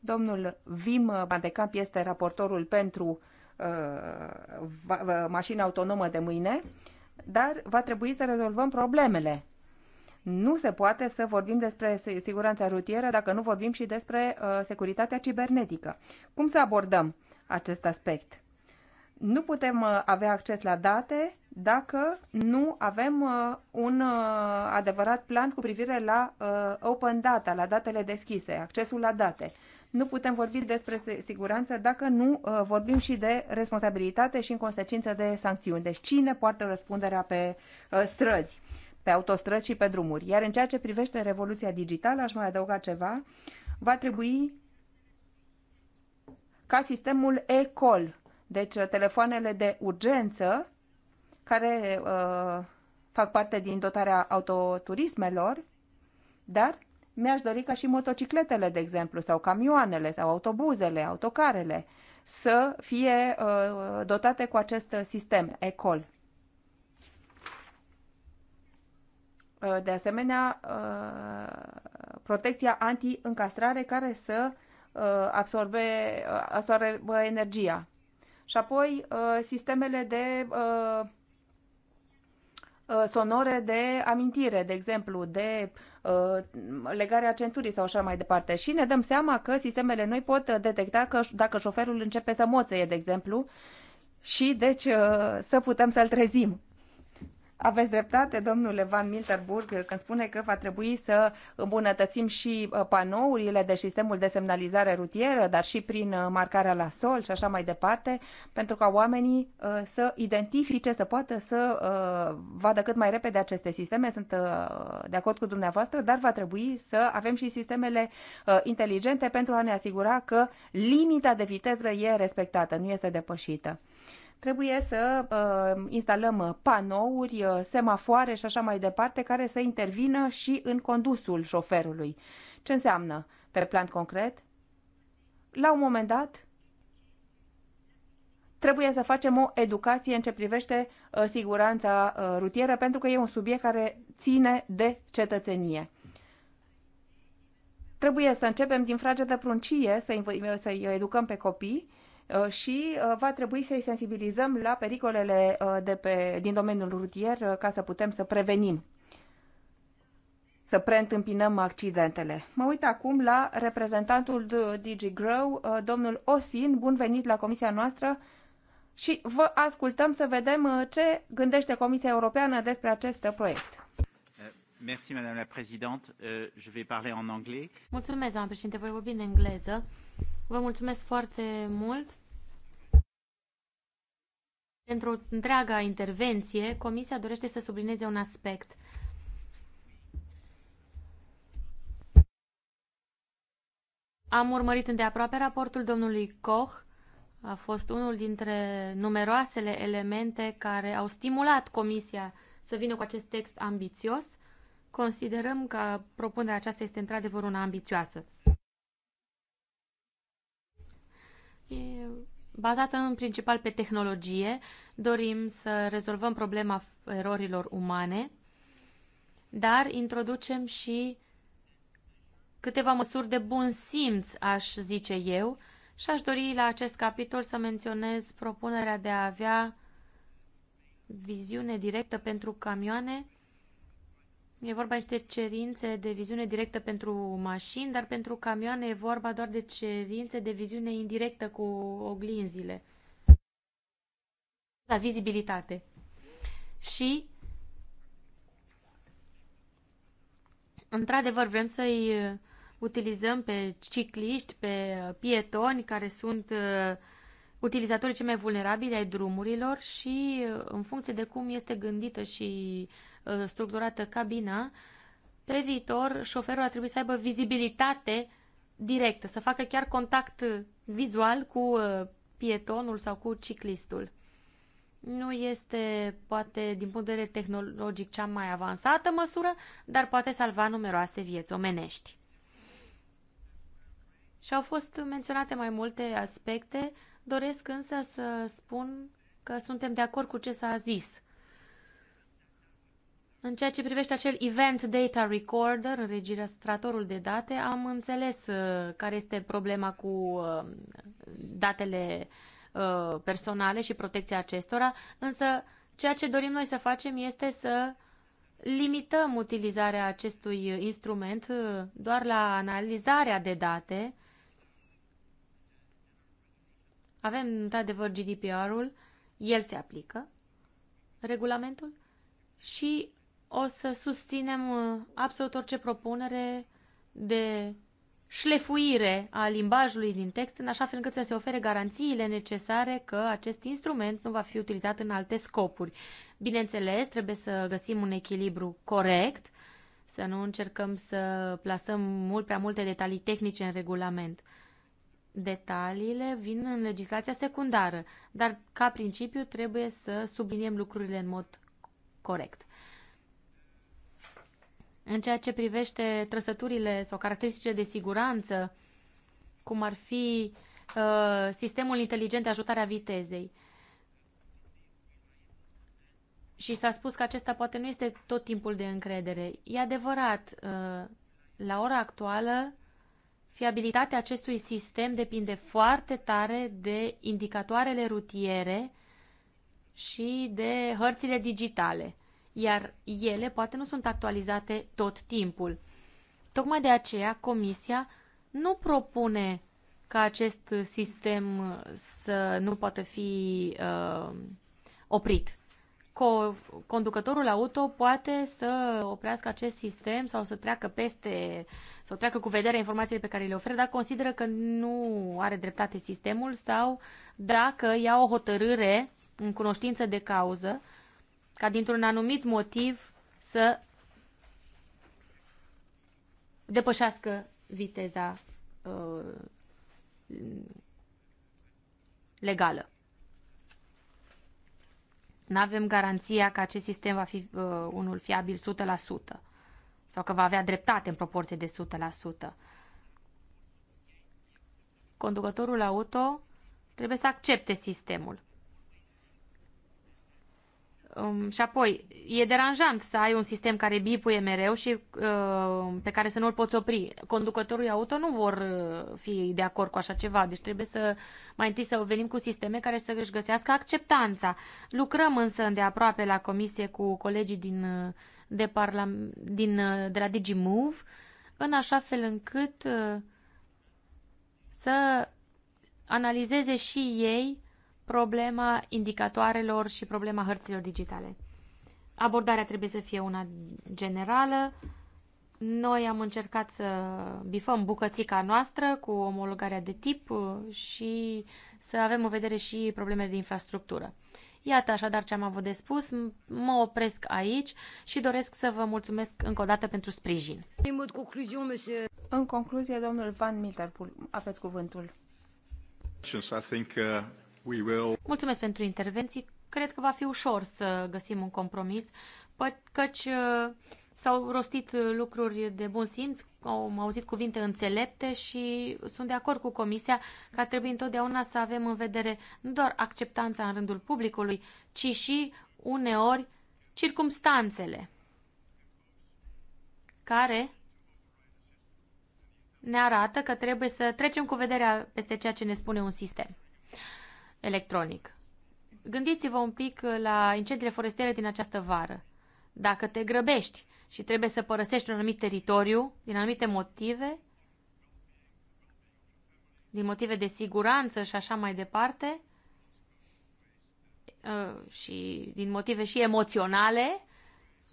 Domnul Vim Bandecamp este raportorul pentru uh, mașina autonomă de mâine, dar va trebui să rezolvăm problemele nu se poate să vorbim despre siguranța rutieră dacă nu vorbim și despre uh, securitatea cibernetică. Cum să abordăm acest aspect? Nu putem uh, avea acces la date dacă nu avem uh, un uh, adevărat plan cu privire la uh, open data, la datele deschise, accesul la date. Nu putem vorbi despre siguranță dacă nu uh, vorbim și de responsabilitate și în consecință de sancțiuni. Deci cine poartă răspunderea pe uh, străzi? Uh, pe autostrăzi și pe drumuri. Iar în ceea ce privește revoluția digitală, aș mai adăuga ceva, va trebui ca sistemul e-call, deci uh, telefoanele de urgență, care uh, fac parte din dotarea autoturismelor, dar mi-aș dori ca și motocicletele, de exemplu, sau camioanele, sau autobuzele, autocarele, să fie uh, dotate cu acest sistem e-call. Uh, de asemenea, uh, protecția anti-încastrare care să uh, absorbe, absorbe energia. Și apoi sistemele de sonore de amintire, de exemplu, de legarea centurii sau așa mai departe. Și ne dăm seama că sistemele noi pot detecta că dacă șoferul începe să moțăie, de exemplu, și deci să putem să-l trezim aveți dreptate, domnule Van Milterburg, când spune că va trebui să îmbunătățim și uh, panourile de sistemul de semnalizare rutieră, dar și prin uh, marcarea la sol și așa mai departe, pentru ca oamenii uh, să identifice, să poată să vadă cât mai repede aceste sisteme. Sunt de acord cu dumneavoastră, dar va trebui să avem și sistemele inteligente pentru a ne asigura că limita de viteză e respectată, nu este depășită trebuie să uh, instalăm uh, panouri, uh, semafoare și așa mai departe, care să intervină și în condusul șoferului. Ce înseamnă pe plan concret? La un moment dat, trebuie să facem o educație în ce privește uh, siguranța uh, rutieră, pentru că e un subiect care ține de cetățenie trebuie să începem din frage de pruncie să-i, să educăm pe copii Uh, și uh, va trebui să-i sensibilizăm la pericolele uh, de pe, din domeniul rutier ca să putem să prevenim, să preîntâmpinăm accidentele. Mă uit acum la reprezentantul DigiGrow, domnul Osin. Bun venit la comisia noastră și vă ascultăm să vedem ce gândește Comisia Europeană despre acest proiect. Merci, Madame la Présidente. Uh, je vais parler en anglais. Mulțumesc, doamnă președinte, voi vorbi în engleză. Vă mulțumesc foarte mult pentru întreaga intervenție. Comisia dorește să sublinieze un aspect. Am urmărit îndeaproape raportul domnului Koch. A fost unul dintre numeroasele elemente care au stimulat Comisia să vină cu acest text ambițios. Considerăm că propunerea aceasta este într-adevăr una ambițioasă. E bazată în principal pe tehnologie. Dorim să rezolvăm problema erorilor umane, dar introducem și câteva măsuri de bun simț, aș zice eu, și aș dori la acest capitol să menționez propunerea de a avea viziune directă pentru camioane E vorba aici de cerințe de viziune directă pentru mașini, dar pentru camioane e vorba doar de cerințe de viziune indirectă cu oglinzile. La vizibilitate. Și, într-adevăr, vrem să-i uh, utilizăm pe cicliști, pe pietoni, care sunt uh, utilizatorii cei mai vulnerabili ai drumurilor și, uh, în funcție de cum este gândită și uh, Uh, structurată cabina, pe viitor șoferul ar trebui să aibă vizibilitate directă, să facă chiar contact vizual cu uh, pietonul sau cu ciclistul. Nu este, poate, din punct de vedere tehnologic, cea mai avansată măsură, dar poate salva numeroase vieți omenești. Și au fost menționate mai multe aspecte, doresc însă să spun că suntem de acord cu ce s-a zis în ceea ce privește acel Event Data Recorder, registratorul de date, am înțeles uh, care este problema cu uh, datele uh, personale și protecția acestora, însă ceea ce dorim noi să facem este să limităm utilizarea acestui instrument doar la analizarea de date. Avem, într-adevăr, GDPR-ul, el se aplică, regulamentul, și o să susținem uh, absolut orice propunere de șlefuire a limbajului din text, în așa fel încât să se ofere garanțiile necesare că acest instrument nu va fi utilizat în alte scopuri. Bineînțeles, trebuie să găsim un echilibru corect, să nu încercăm să plasăm mult prea multe detalii tehnice în regulament. Detaliile vin în legislația secundară, dar ca principiu trebuie să subliniem lucrurile în mod corect. În ceea ce privește trăsăturile sau caracteristicile de siguranță, cum ar fi uh, sistemul inteligent de ajustare a vitezei. Și s-a spus că acesta poate nu este tot timpul de încredere. E adevărat, uh, la ora actuală, fiabilitatea acestui sistem depinde foarte tare de indicatoarele rutiere și de hărțile digitale iar ele poate nu sunt actualizate tot timpul. Tocmai de aceea Comisia nu propune ca acest sistem uh, să nu poată fi uh, oprit. Co- conducătorul auto poate să oprească acest sistem sau să treacă peste, sau treacă cu vederea informațiile pe care le oferă, dacă consideră că nu are dreptate sistemul sau dacă ia o hotărâre în cunoștință de cauză ca dintr-un anumit motiv să depășească viteza uh, legală. Nu avem garanția că acest sistem va fi uh, unul fiabil 100% sau că va avea dreptate în proporție de 100%. Conducătorul auto trebuie să accepte sistemul. Um, și apoi, e deranjant să ai un sistem care bipuie mereu și uh, pe care să nu-l poți opri. Conducătorii auto nu vor uh, fi de acord cu așa ceva, deci trebuie să mai întâi să venim cu sisteme care să își găsească acceptanța. Lucrăm însă de aproape la comisie cu colegii din, uh, de, din, uh, de la DigiMove în așa fel încât uh, să analizeze și ei problema indicatoarelor și problema hărților digitale. Abordarea trebuie să fie una generală. Noi am încercat să bifăm bucățica noastră cu omologarea de tip uh, și să avem în vedere și problemele de infrastructură. Iată așadar ce am avut de spus, mă opresc aici și doresc să vă mulțumesc încă o dată pentru sprijin. În concluzie, domnul Van Milterpool, aveți cuvântul. I think, uh... We will... Mulțumesc pentru intervenții. Cred că va fi ușor să găsim un compromis, căci uh, s-au rostit uh, lucruri de bun simț, am auzit cuvinte înțelepte și sunt de acord cu Comisia că ar trebui întotdeauna să avem în vedere nu doar acceptanța în rândul publicului, ci și, uneori, circumstanțele care ne arată că trebuie să trecem cu vederea peste ceea ce ne spune un sistem electronic. Gândiți-vă un pic uh, la incendiile forestiere din această vară. Dacă te grăbești și trebuie să părăsești un anumit teritoriu, din anumite motive, din motive de siguranță și așa mai departe, uh, și din motive și emoționale,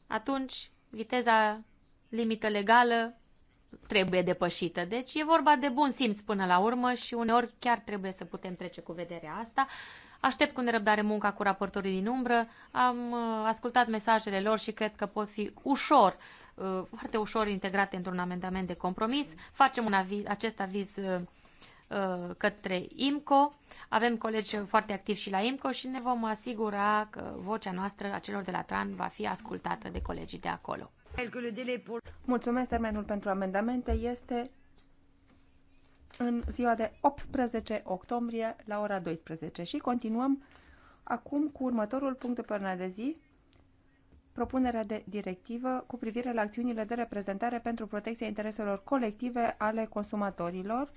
atunci viteza limită legală trebuie depășită. Deci e vorba de bun simț până la urmă și uneori chiar trebuie să putem trece cu vederea asta. Aștept cu nerăbdare munca cu raportorii din umbră. Am uh, ascultat mesajele lor și cred că pot fi ușor, uh, foarte ușor integrate într-un amendament de compromis. Facem un aviz, acest aviz uh, către IMCO. Avem colegi foarte activi și la IMCO și ne vom asigura că vocea noastră a celor de la TRAN va fi ascultată de colegii de acolo. Mulțumesc, termenul pentru amendamente este în ziua de 18 octombrie la ora 12 și continuăm acum cu următorul punct de până de zi, propunerea de directivă cu privire la acțiunile de reprezentare pentru protecția intereselor colective ale consumatorilor,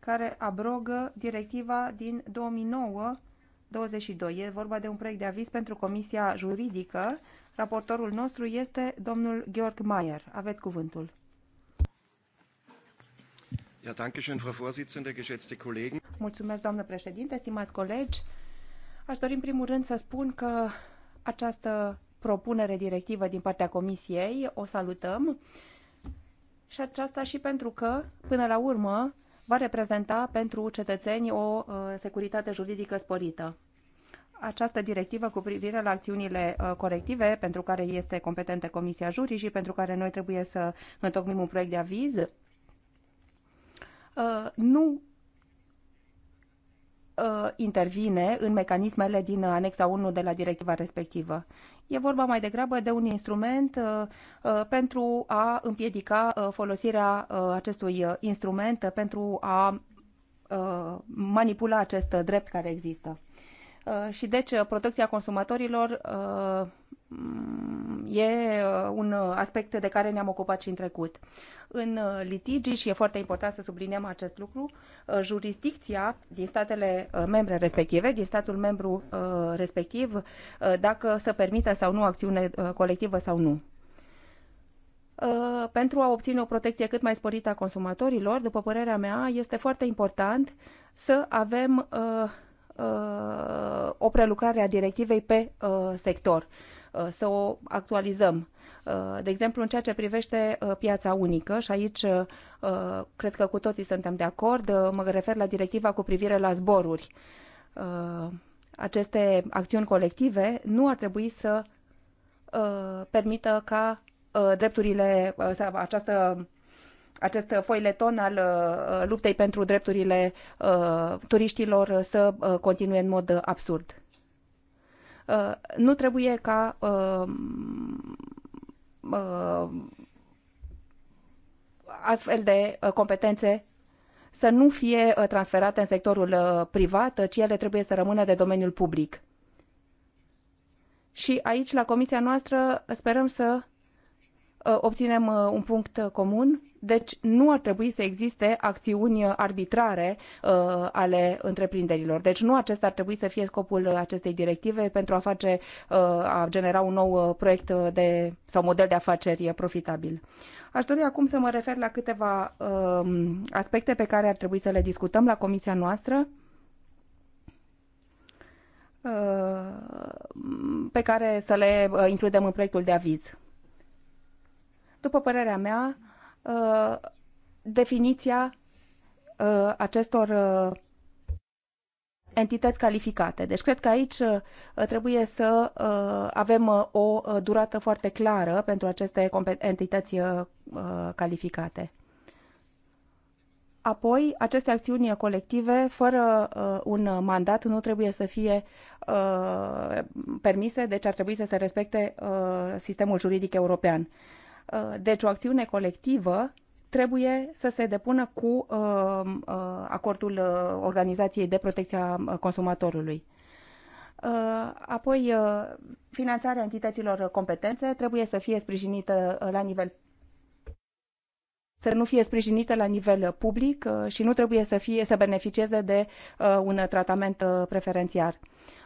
care abrogă directiva din 2009 22. E vorba de un proiect de aviz pentru Comisia Juridică. Raportorul nostru este domnul Georg Mayer. Aveți cuvântul. Ja, danke schön, Frau Vorsitzende, geschätzte Kollegen. Mulțumesc, doamnă președinte, stimați colegi. Aș dori în primul rând să spun că această propunere directivă din partea Comisiei o salutăm și aceasta și pentru că, până la urmă, va reprezenta pentru cetățeni o uh, securitate juridică sporită. Această directivă cu privire la acțiunile uh, corective, pentru care este competentă Comisia Jurii și pentru care noi trebuie să întocmim un proiect de aviz, uh, nu Uh, intervine în mecanismele din anexa 1 de la directiva respectivă. E vorba mai degrabă de un instrument uh, uh, pentru a împiedica folosirea acestui instrument pentru a manipula acest drept care există. Și deci protecția consumatorilor Mm, e uh, un uh, aspect de care ne-am ocupat și în trecut. În uh, litigi, și e foarte important să subliniem acest lucru, jurisdicția din statele membre respective, din statul membru respectiv, dacă să permită sau nu acțiune colectivă sau nu pentru a obține o protecție cât mai sporită a consumatorilor, după părerea mea, este foarte important să avem o prelucrare a directivei pe sector. Uh, să o actualizăm. Uh, de exemplu, în ceea ce privește uh, piața unică, și aici cred că cu toții suntem de acord, mă refer la directiva cu privire la zboruri. Aceste acțiuni colective nu ar trebui să permită ca drepturile, această acest foileton al luptei pentru drepturile turiștilor să continue în mod absurd. Uh, nu trebuie ca uh, uh, astfel de competențe să nu fie transferate în sectorul privat, ci ele trebuie să rămână de domeniul public. Și aici, la comisia noastră, sperăm să obținem un punct comun deci nu ar trebui să existe acțiuni arbitrare uh, ale întreprinderilor. Deci nu acesta ar trebui să fie scopul acestei directive pentru a face, uh, a genera un nou uh, proiect de, sau model de afaceri profitabil. Aș dori acum să mă refer la câteva uh, aspecte pe care ar trebui să le discutăm la comisia noastră uh, pe care să le uh, includem în proiectul de aviz. După părerea mea, Uh, definiția uh, acestor uh, entități calificate. Deci cred că aici uh, trebuie să uh, avem o durată foarte clară pentru aceste entități calificate. Apoi, aceste acțiuni colective, fără uh, un mandat, nu trebuie să fie uh, permise, deci ar trebui să se respecte uh, sistemul juridic european. Uh, Uh, deci o acțiune colectivă trebuie să se depună cu uh, uh, acordul Organizației de Protecție a Consumatorului. Apoi, finanțarea entităților competențe trebuie să fie sprijinită la nivel să nu fie sprijinită la nivel public și nu trebuie să, fie, să beneficieze de un tratament preferențiar.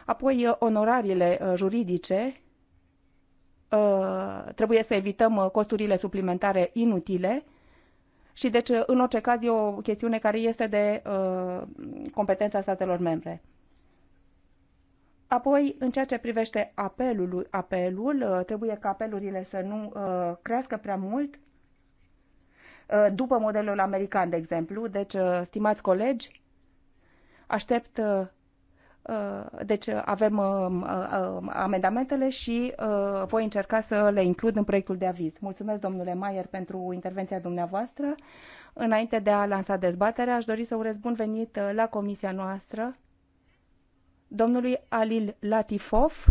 Apoi, onorariile juridice Uh, trebuie să evităm uh, costurile suplimentare inutile și deci, uh, în orice caz, e o chestiune care este de competența statelor membre. Apoi, în ceea ce privește apelul, apelul trebuie ca apelurile să nu crească prea mult după modelul american, de exemplu. Deci, stimați colegi, aștept Uh, deci uh, avem uh, amendamentele și voi încerca să le includ în proiectul de aviz. Mulțumesc, domnule Maier, pentru intervenția dumneavoastră. Înainte de a lansa dezbaterea, aș dori să urez bun venit la comisia noastră domnului Alil Latifov,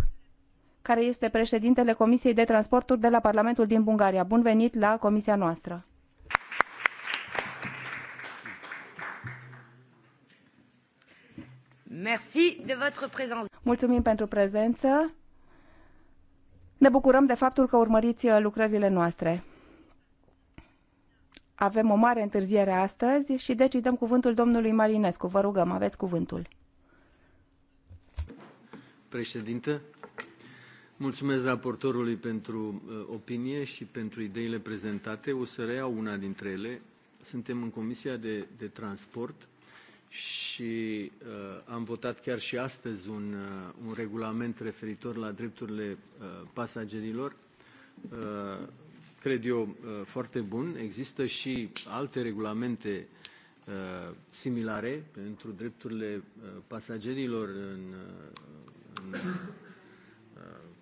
care este președintele Comisiei de Transporturi de la Parlamentul din Bulgaria. Bun venit la comisia noastră! Merci de votre présence. Mulțumim pentru prezență. Ne bucurăm de faptul că urmăriți uh, lucrările noastre. Avem o mare întârziere astăzi și deci îi dăm cuvântul domnului Marinescu. Vă rugăm, aveți cuvântul. Președinte, mulțumesc raportorului pentru uh, opinie și pentru ideile prezentate. O să reiau una dintre ele. Suntem în Comisia de, de Transport și uh, am votat chiar și astăzi un, uh, un regulament referitor la drepturile uh, pasagerilor, uh, cred eu, uh, foarte bun. Există și alte regulamente uh, similare pentru drepturile uh, pasagerilor în, uh, în, uh,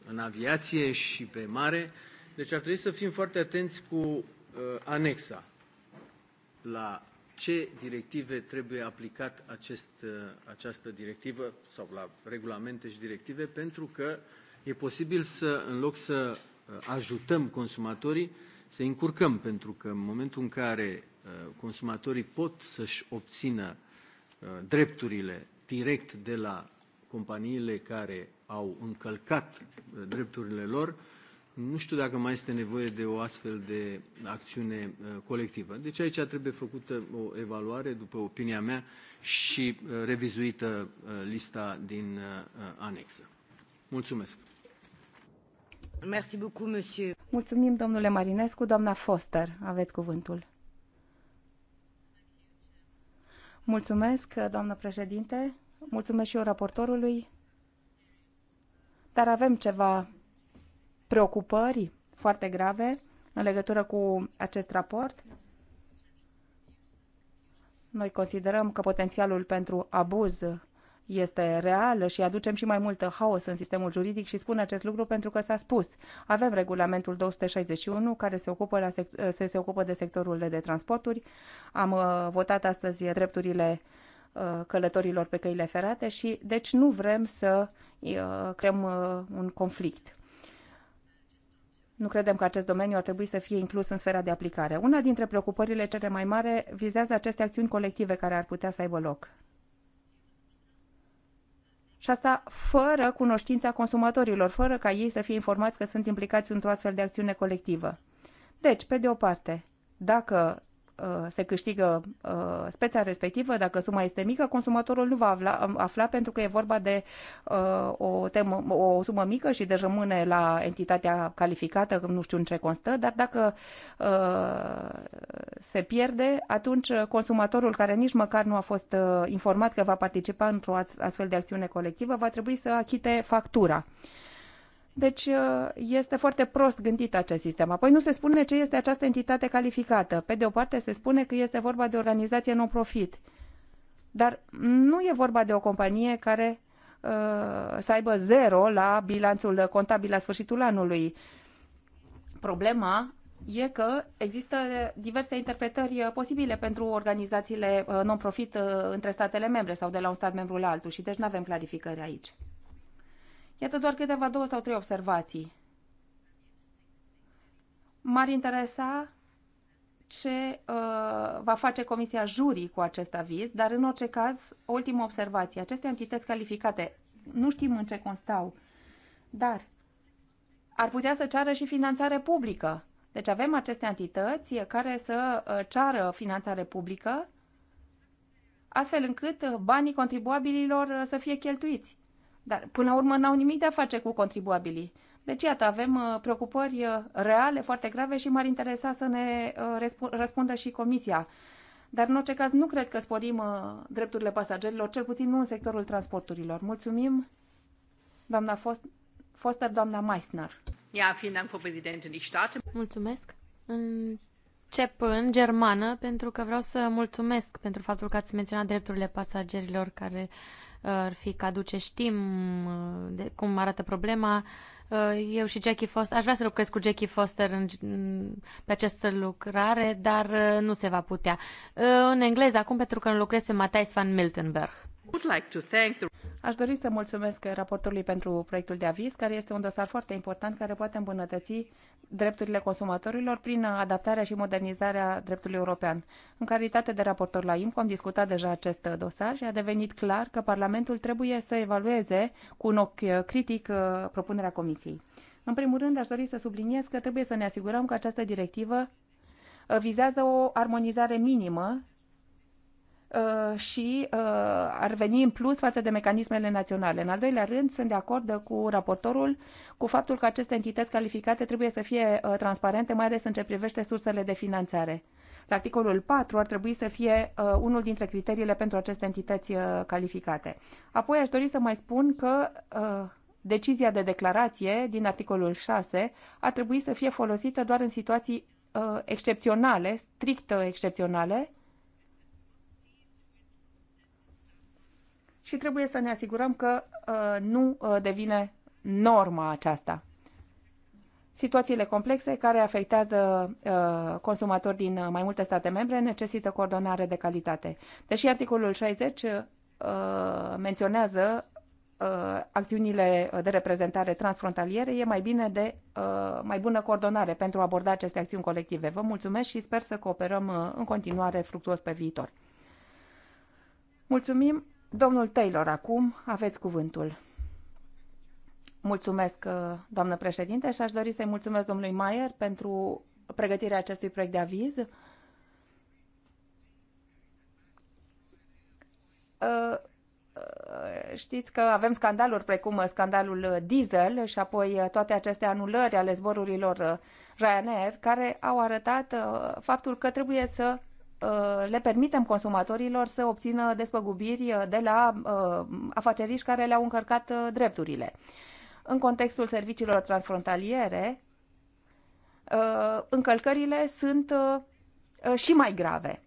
în aviație și pe mare. Deci ar trebui să fim foarte atenți cu uh, anexa la ce directive trebuie aplicat acest, uh, această directivă sau la regulamente și directive, pentru că e posibil să, în loc să uh, ajutăm consumatorii, să încurcăm, pentru că în momentul în care uh, consumatorii pot să-și obțină drepturile direct de la companiile care au încălcat drepturile lor, nu știu dacă mai este nevoie de o astfel de acțiune uh, colectivă. Deci aici trebuie făcută o evaluare, după opinia mea, și uh, revizuită uh, lista din anexă. Mulțumesc! Merci beaucoup, monsieur. Mulțumim, domnule Marinescu. Doamna Foster, aveți cuvântul. Mulțumesc, doamnă președinte. Mulțumesc și eu raportorului. Dar avem ceva preocupări foarte grave în legătură cu acest raport. Noi considerăm că potențialul pentru abuz este real și aducem și mai multă haos în sistemul juridic și spun acest lucru pentru că s-a spus. Avem regulamentul 261 care se ocupă, la sect- se, se ocupă de sectorul de transporturi. Am uh, votat astăzi drepturile uh, călătorilor pe căile ferate și deci nu vrem să uh, creăm uh, un conflict. Nu credem că acest domeniu ar trebui să fie inclus în sfera de aplicare. Una dintre preocupările cele mai mare vizează aceste acțiuni colective care ar putea să aibă loc. Și asta fără cunoștința consumatorilor, fără ca ei să fie informați că sunt implicați într-o astfel de acțiune colectivă. Deci, pe de o parte, dacă Uh, se câștigă uh, speța respectivă, dacă suma este mică, consumatorul nu va afla, um, afla pentru că e vorba de uh, o, temă, o sumă mică și de rămâne la entitatea calificată, nu știu în ce constă, dar dacă se pierde, atunci consumatorul care nici măcar nu a fost informat că va participa într-o astfel de acțiune colectivă va trebui să achite factura. Deci uh, este foarte prost gândit acest sistem. Apoi nu se spune ce este această entitate calificată. Pe de o parte se spune că este vorba de o organizație non-profit. Dar nu e vorba de o companie care uh, să aibă zero la bilanțul contabil la sfârșitul anului. Problema e că există diverse interpretări uh, posibile pentru organizațiile non-profit între statele membre sau de la un stat membru la altul și deci nu avem clarificări aici. Iată doar câteva două sau trei observații. M-ar interesa ce uh, va face Comisia Jurii cu acest aviz, dar în orice caz, ultimă observație, aceste entități calificate, nu știm în ce constau, dar ar putea să ceară și finanțare publică. Deci avem aceste entități care să uh, ceară finanțare publică, astfel încât uh, banii contribuabililor uh, să fie cheltuiți. Dar, până la urmă, n-au nimic de a face cu contribuabilii. Deci, iată, avem uh, preocupări uh, reale, foarte grave și m-ar interesa să ne uh, răspundă și Comisia. Dar, în orice caz, nu cred că sporim drepturile pasagerilor, cel puțin nu în sectorul transporturilor. Mulțumim, doamna Fost, Foster, doamna Meissner. Mulțumesc. Încep în germană pentru că vreau să mulțumesc pentru faptul că ați menționat drepturile pasagerilor care ar fi că știm uh, de cum arată problema. Uh, eu și Jackie Foster, aș vrea să lucrez cu Jackie Foster în, mm, pe această lucrare, dar uh, nu se va putea. În engleză acum, pentru că lucrez pe Matthijs van Miltenberg. Aș dori să mulțumesc raportorului pentru proiectul de aviz, care este un dosar foarte important care poate îmbunătăți drepturile consumatorilor prin adaptarea și modernizarea dreptului european. În calitate de raportor la IMCO am discutat deja acest dosar și a devenit clar că Parlamentul trebuie să evalueze cu un ochi critic uh, propunerea Comisiei. În primul rând, aș dori să subliniez că trebuie să ne asigurăm că această directivă uh, vizează o armonizare minimă Uh, și uh, ar veni în plus față de mecanismele naționale. În al doilea rând, sunt de acord cu raportorul cu faptul că aceste entități calificate trebuie să fie uh, transparente, mai ales în ce privește sursele de finanțare. La articolul 4 ar trebui să fie uh, unul dintre criteriile pentru aceste entități uh, calificate. Apoi aș dori să mai spun că uh, decizia de declarație din articolul 6 ar trebui să fie folosită doar în situații uh, excepționale, strict excepționale, și trebuie să ne asigurăm că uh, nu uh, devine norma aceasta. Situațiile complexe care afectează uh, consumatori din uh, mai multe state membre necesită coordonare de calitate. Deși articolul 60 uh, menționează uh, acțiunile de reprezentare transfrontaliere, e mai bine de uh, mai bună coordonare pentru a aborda aceste acțiuni colective. Vă mulțumesc și sper să cooperăm uh, în continuare fructuos pe viitor. Mulțumim! Domnul Taylor, acum aveți cuvântul. Mulțumesc, uh, doamnă președinte, și aș dori să-i mulțumesc domnului Maier pentru pregătirea acestui proiect de aviz. Uh, uh, știți că avem scandaluri precum scandalul diesel și apoi toate aceste anulări ale zborurilor Ryanair care au arătat faptul că trebuie să Uh, le permitem consumatorilor să obțină despăgubiri uh, de la uh, afaceriști care le-au încărcat drepturile. În contextul serviciilor transfrontaliere, încălcările sunt și mai grave.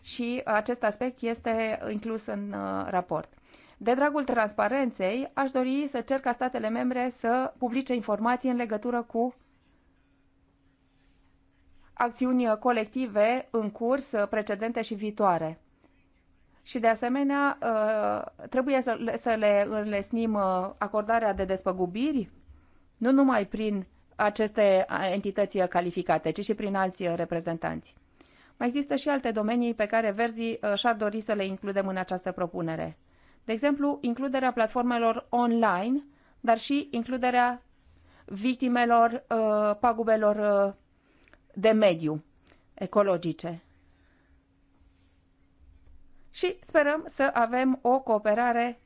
Și acest aspect este inclus în raport. De dragul transparenței, aș dori să cer ca statele membre să publice informații în legătură cu acțiuni colective în curs, uh, precedente și viitoare. Și, de asemenea, uh, trebuie să le, să le înlesnim uh, acordarea de despăgubiri, nu numai prin aceste entități calificate, ci și prin alți reprezentanți. Mai există și alte domenii pe care Verzi și-ar dori să le includem în această propunere. De exemplu, includerea platformelor online, dar și includerea victimelor uh, pagubelor uh, de mediu ecologice. Și sperăm să avem o cooperare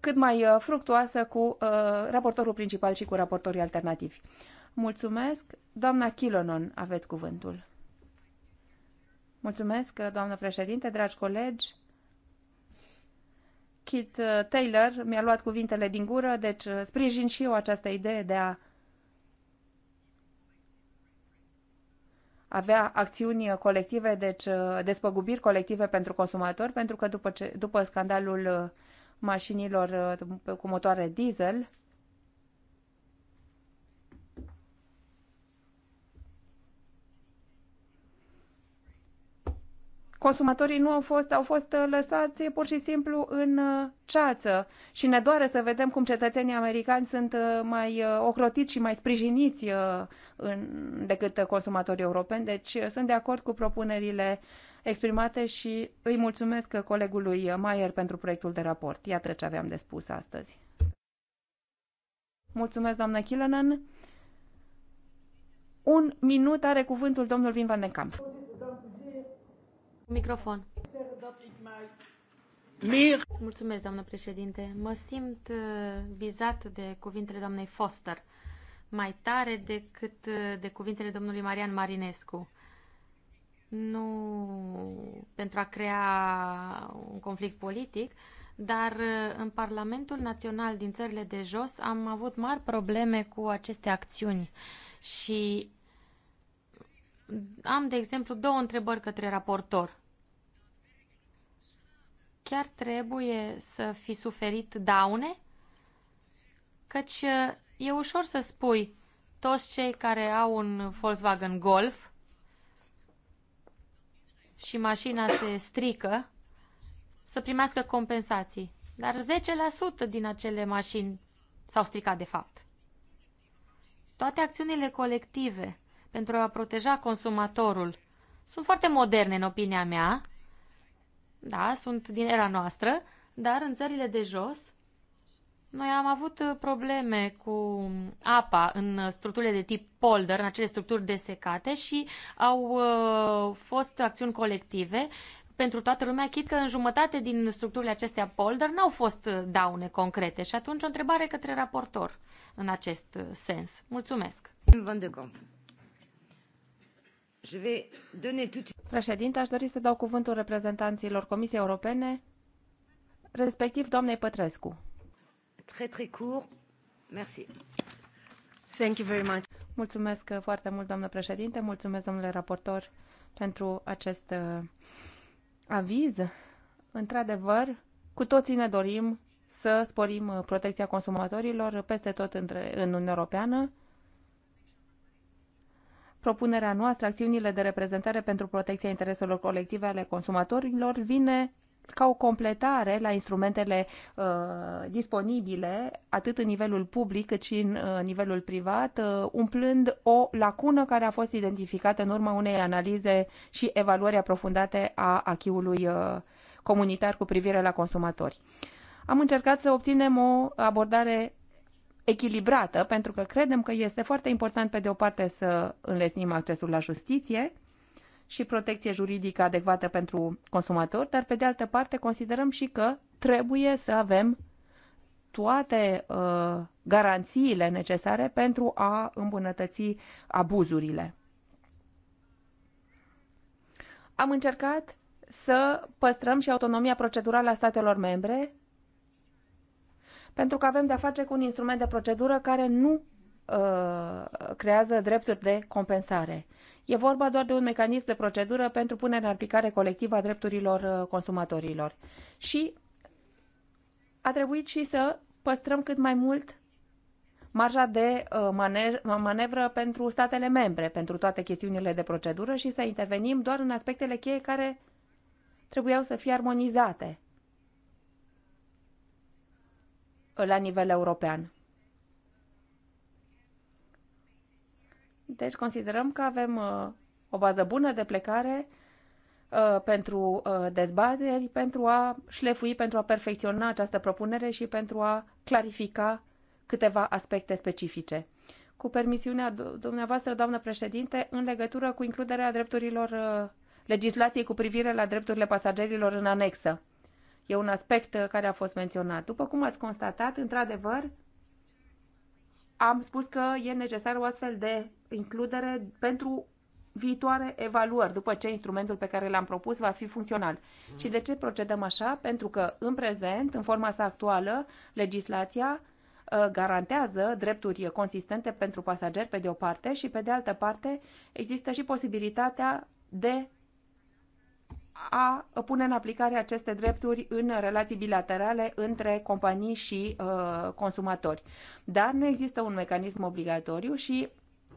cât mai uh, fructuoasă cu uh, raportorul principal și cu raportorii alternativi. Mulțumesc. Doamna Kilonon, aveți cuvântul. Mulțumesc, uh, doamnă președinte, dragi colegi. Kit uh, Taylor mi-a luat cuvintele din gură, deci sprijin și eu această idee de a avea acțiuni colective, deci uh, despăgubiri colective pentru consumatori, pentru că după, ce, după scandalul uh, mașinilor uh, cu motoare diesel, consumatorii nu au fost, au fost uh, lăsați uh, pur și simplu în uh, ceață și ne doare să vedem cum cetățenii americani sunt mai ocrotiți și mai sprijiniți în, decât consumatorii europeni. Deci sunt de acord cu propunerile exprimate și îi mulțumesc colegului Maier pentru proiectul de raport. Iată ce aveam de spus astăzi. Mulțumesc, doamnă Kilonen. Un minut are cuvântul domnul Vin Van den Kamp. Microfon. Mulțumesc, doamnă președinte. Mă simt uh, vizat de cuvintele doamnei Foster mai tare decât uh, de cuvintele domnului Marian Marinescu. Nu pentru a crea un conflict politic, dar uh, în Parlamentul Național din țările de jos am avut mari probleme cu aceste acțiuni și am, de exemplu, două întrebări către raportor. Chiar trebuie să fi suferit daune? Căci e ușor să spui toți cei care au un Volkswagen Golf și mașina se strică să primească compensații. Dar 10% din acele mașini s-au stricat de fapt. Toate acțiunile colective pentru a proteja consumatorul sunt foarte moderne în opinia mea da, sunt din era noastră, dar în țările de jos noi am avut probleme cu apa în structurile de tip polder, în acele structuri desecate și au uh, fost acțiuni colective pentru toată lumea, chit că în jumătate din structurile acestea polder n-au fost daune concrete. Și atunci o întrebare către raportor în acest sens. Mulțumesc! Vă Președinte, aș dori să dau cuvântul reprezentanților Comisiei Europene, respectiv doamnei Pătrescu. Très, très court. Merci. Thank you very much. Mulțumesc foarte mult, doamnă președinte, mulțumesc, domnule raportor, pentru acest uh, aviz. Într-adevăr, cu toții ne dorim să sporim uh, protecția consumatorilor peste tot în Uniunea Europeană propunerea noastră, acțiunile de reprezentare pentru protecția intereselor colective ale consumatorilor vine ca o completare la instrumentele uh, disponibile, atât în nivelul public cât și în uh, nivelul privat, uh, umplând o lacună care a fost identificată în urma unei analize și evaluări aprofundate a achiului uh, comunitar cu privire la consumatori. Am încercat să obținem o abordare echilibrată, pentru că credem că este foarte important, pe de o parte, să înlesnim accesul la justiție și protecție juridică adecvată pentru consumator, dar, pe de altă parte, considerăm și că trebuie să avem toate uh, garanțiile necesare pentru a îmbunătăți abuzurile. Am încercat să păstrăm și autonomia procedurală a statelor membre pentru că avem de-a face cu un instrument de procedură care nu uh, creează drepturi de compensare. E vorba doar de un mecanism de procedură pentru punerea în aplicare colectivă a drepturilor uh, consumatorilor. Și a trebuit și să păstrăm cât mai mult marja de uh, manevră pentru statele membre, pentru toate chestiunile de procedură și să intervenim doar în aspectele cheie care trebuiau să fie armonizate la nivel european. Deci considerăm că avem uh, o bază bună de plecare uh, pentru uh, dezbateri, pentru a șlefui, pentru a perfecționa această propunere și pentru a clarifica câteva aspecte specifice. Cu permisiunea dumneavoastră, doamnă președinte, în legătură cu includerea drepturilor legislației cu privire la drepturile pasagerilor în anexă. E un aspect uh, care a fost menționat. După cum ați constatat, într-adevăr, am spus că e necesară o astfel de includere pentru viitoare evaluări, după ce instrumentul pe care l-am propus va fi funcțional. Mm. Și de ce procedăm așa? Pentru că, în prezent, în forma sa actuală, legislația uh, garantează drepturi consistente pentru pasageri, pe de o parte, și pe de altă parte există și posibilitatea de a pune în aplicare aceste drepturi în relații bilaterale între companii și uh, consumatori. Dar nu există un mecanism obligatoriu și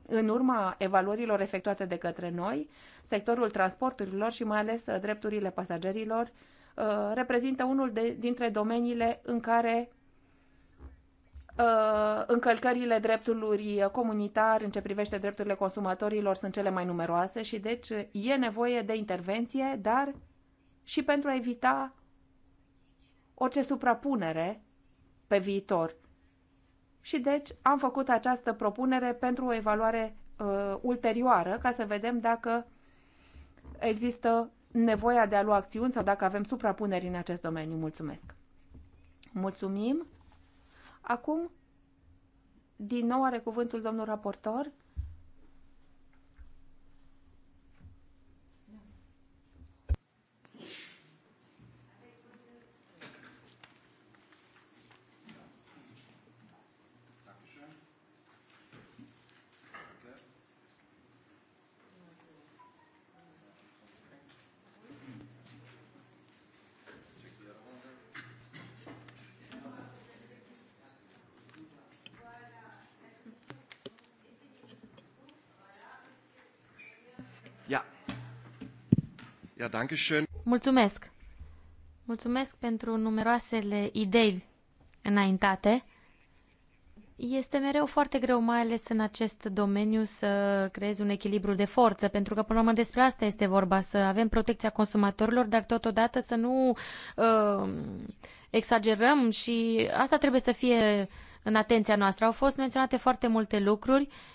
în urma evaluărilor efectuate de către noi, sectorul transporturilor și mai ales uh, drepturile pasagerilor uh, reprezintă unul de, dintre domeniile în care Uh, încălcările dreptului comunitar în ce privește drepturile consumatorilor sunt cele mai numeroase și deci e nevoie de intervenție, dar și pentru a evita orice suprapunere pe viitor. Și deci am făcut această propunere pentru o evaluare uh, ulterioară ca să vedem dacă există nevoia de a lua acțiuni sau dacă avem suprapuneri în acest domeniu. Mulțumesc! Mulțumim! Acum, din nou are cuvântul domnul raportor Ja, danke schön. Mulțumesc! Mulțumesc pentru numeroasele idei înaintate. Este mereu foarte greu, mai ales în acest domeniu, să creezi un echilibru de forță, pentru că, până la urmă, despre asta este vorba, să avem protecția consumatorilor, dar totodată să nu uh, exagerăm și asta trebuie să fie în atenția noastră. Au fost menționate foarte multe lucruri. Uh,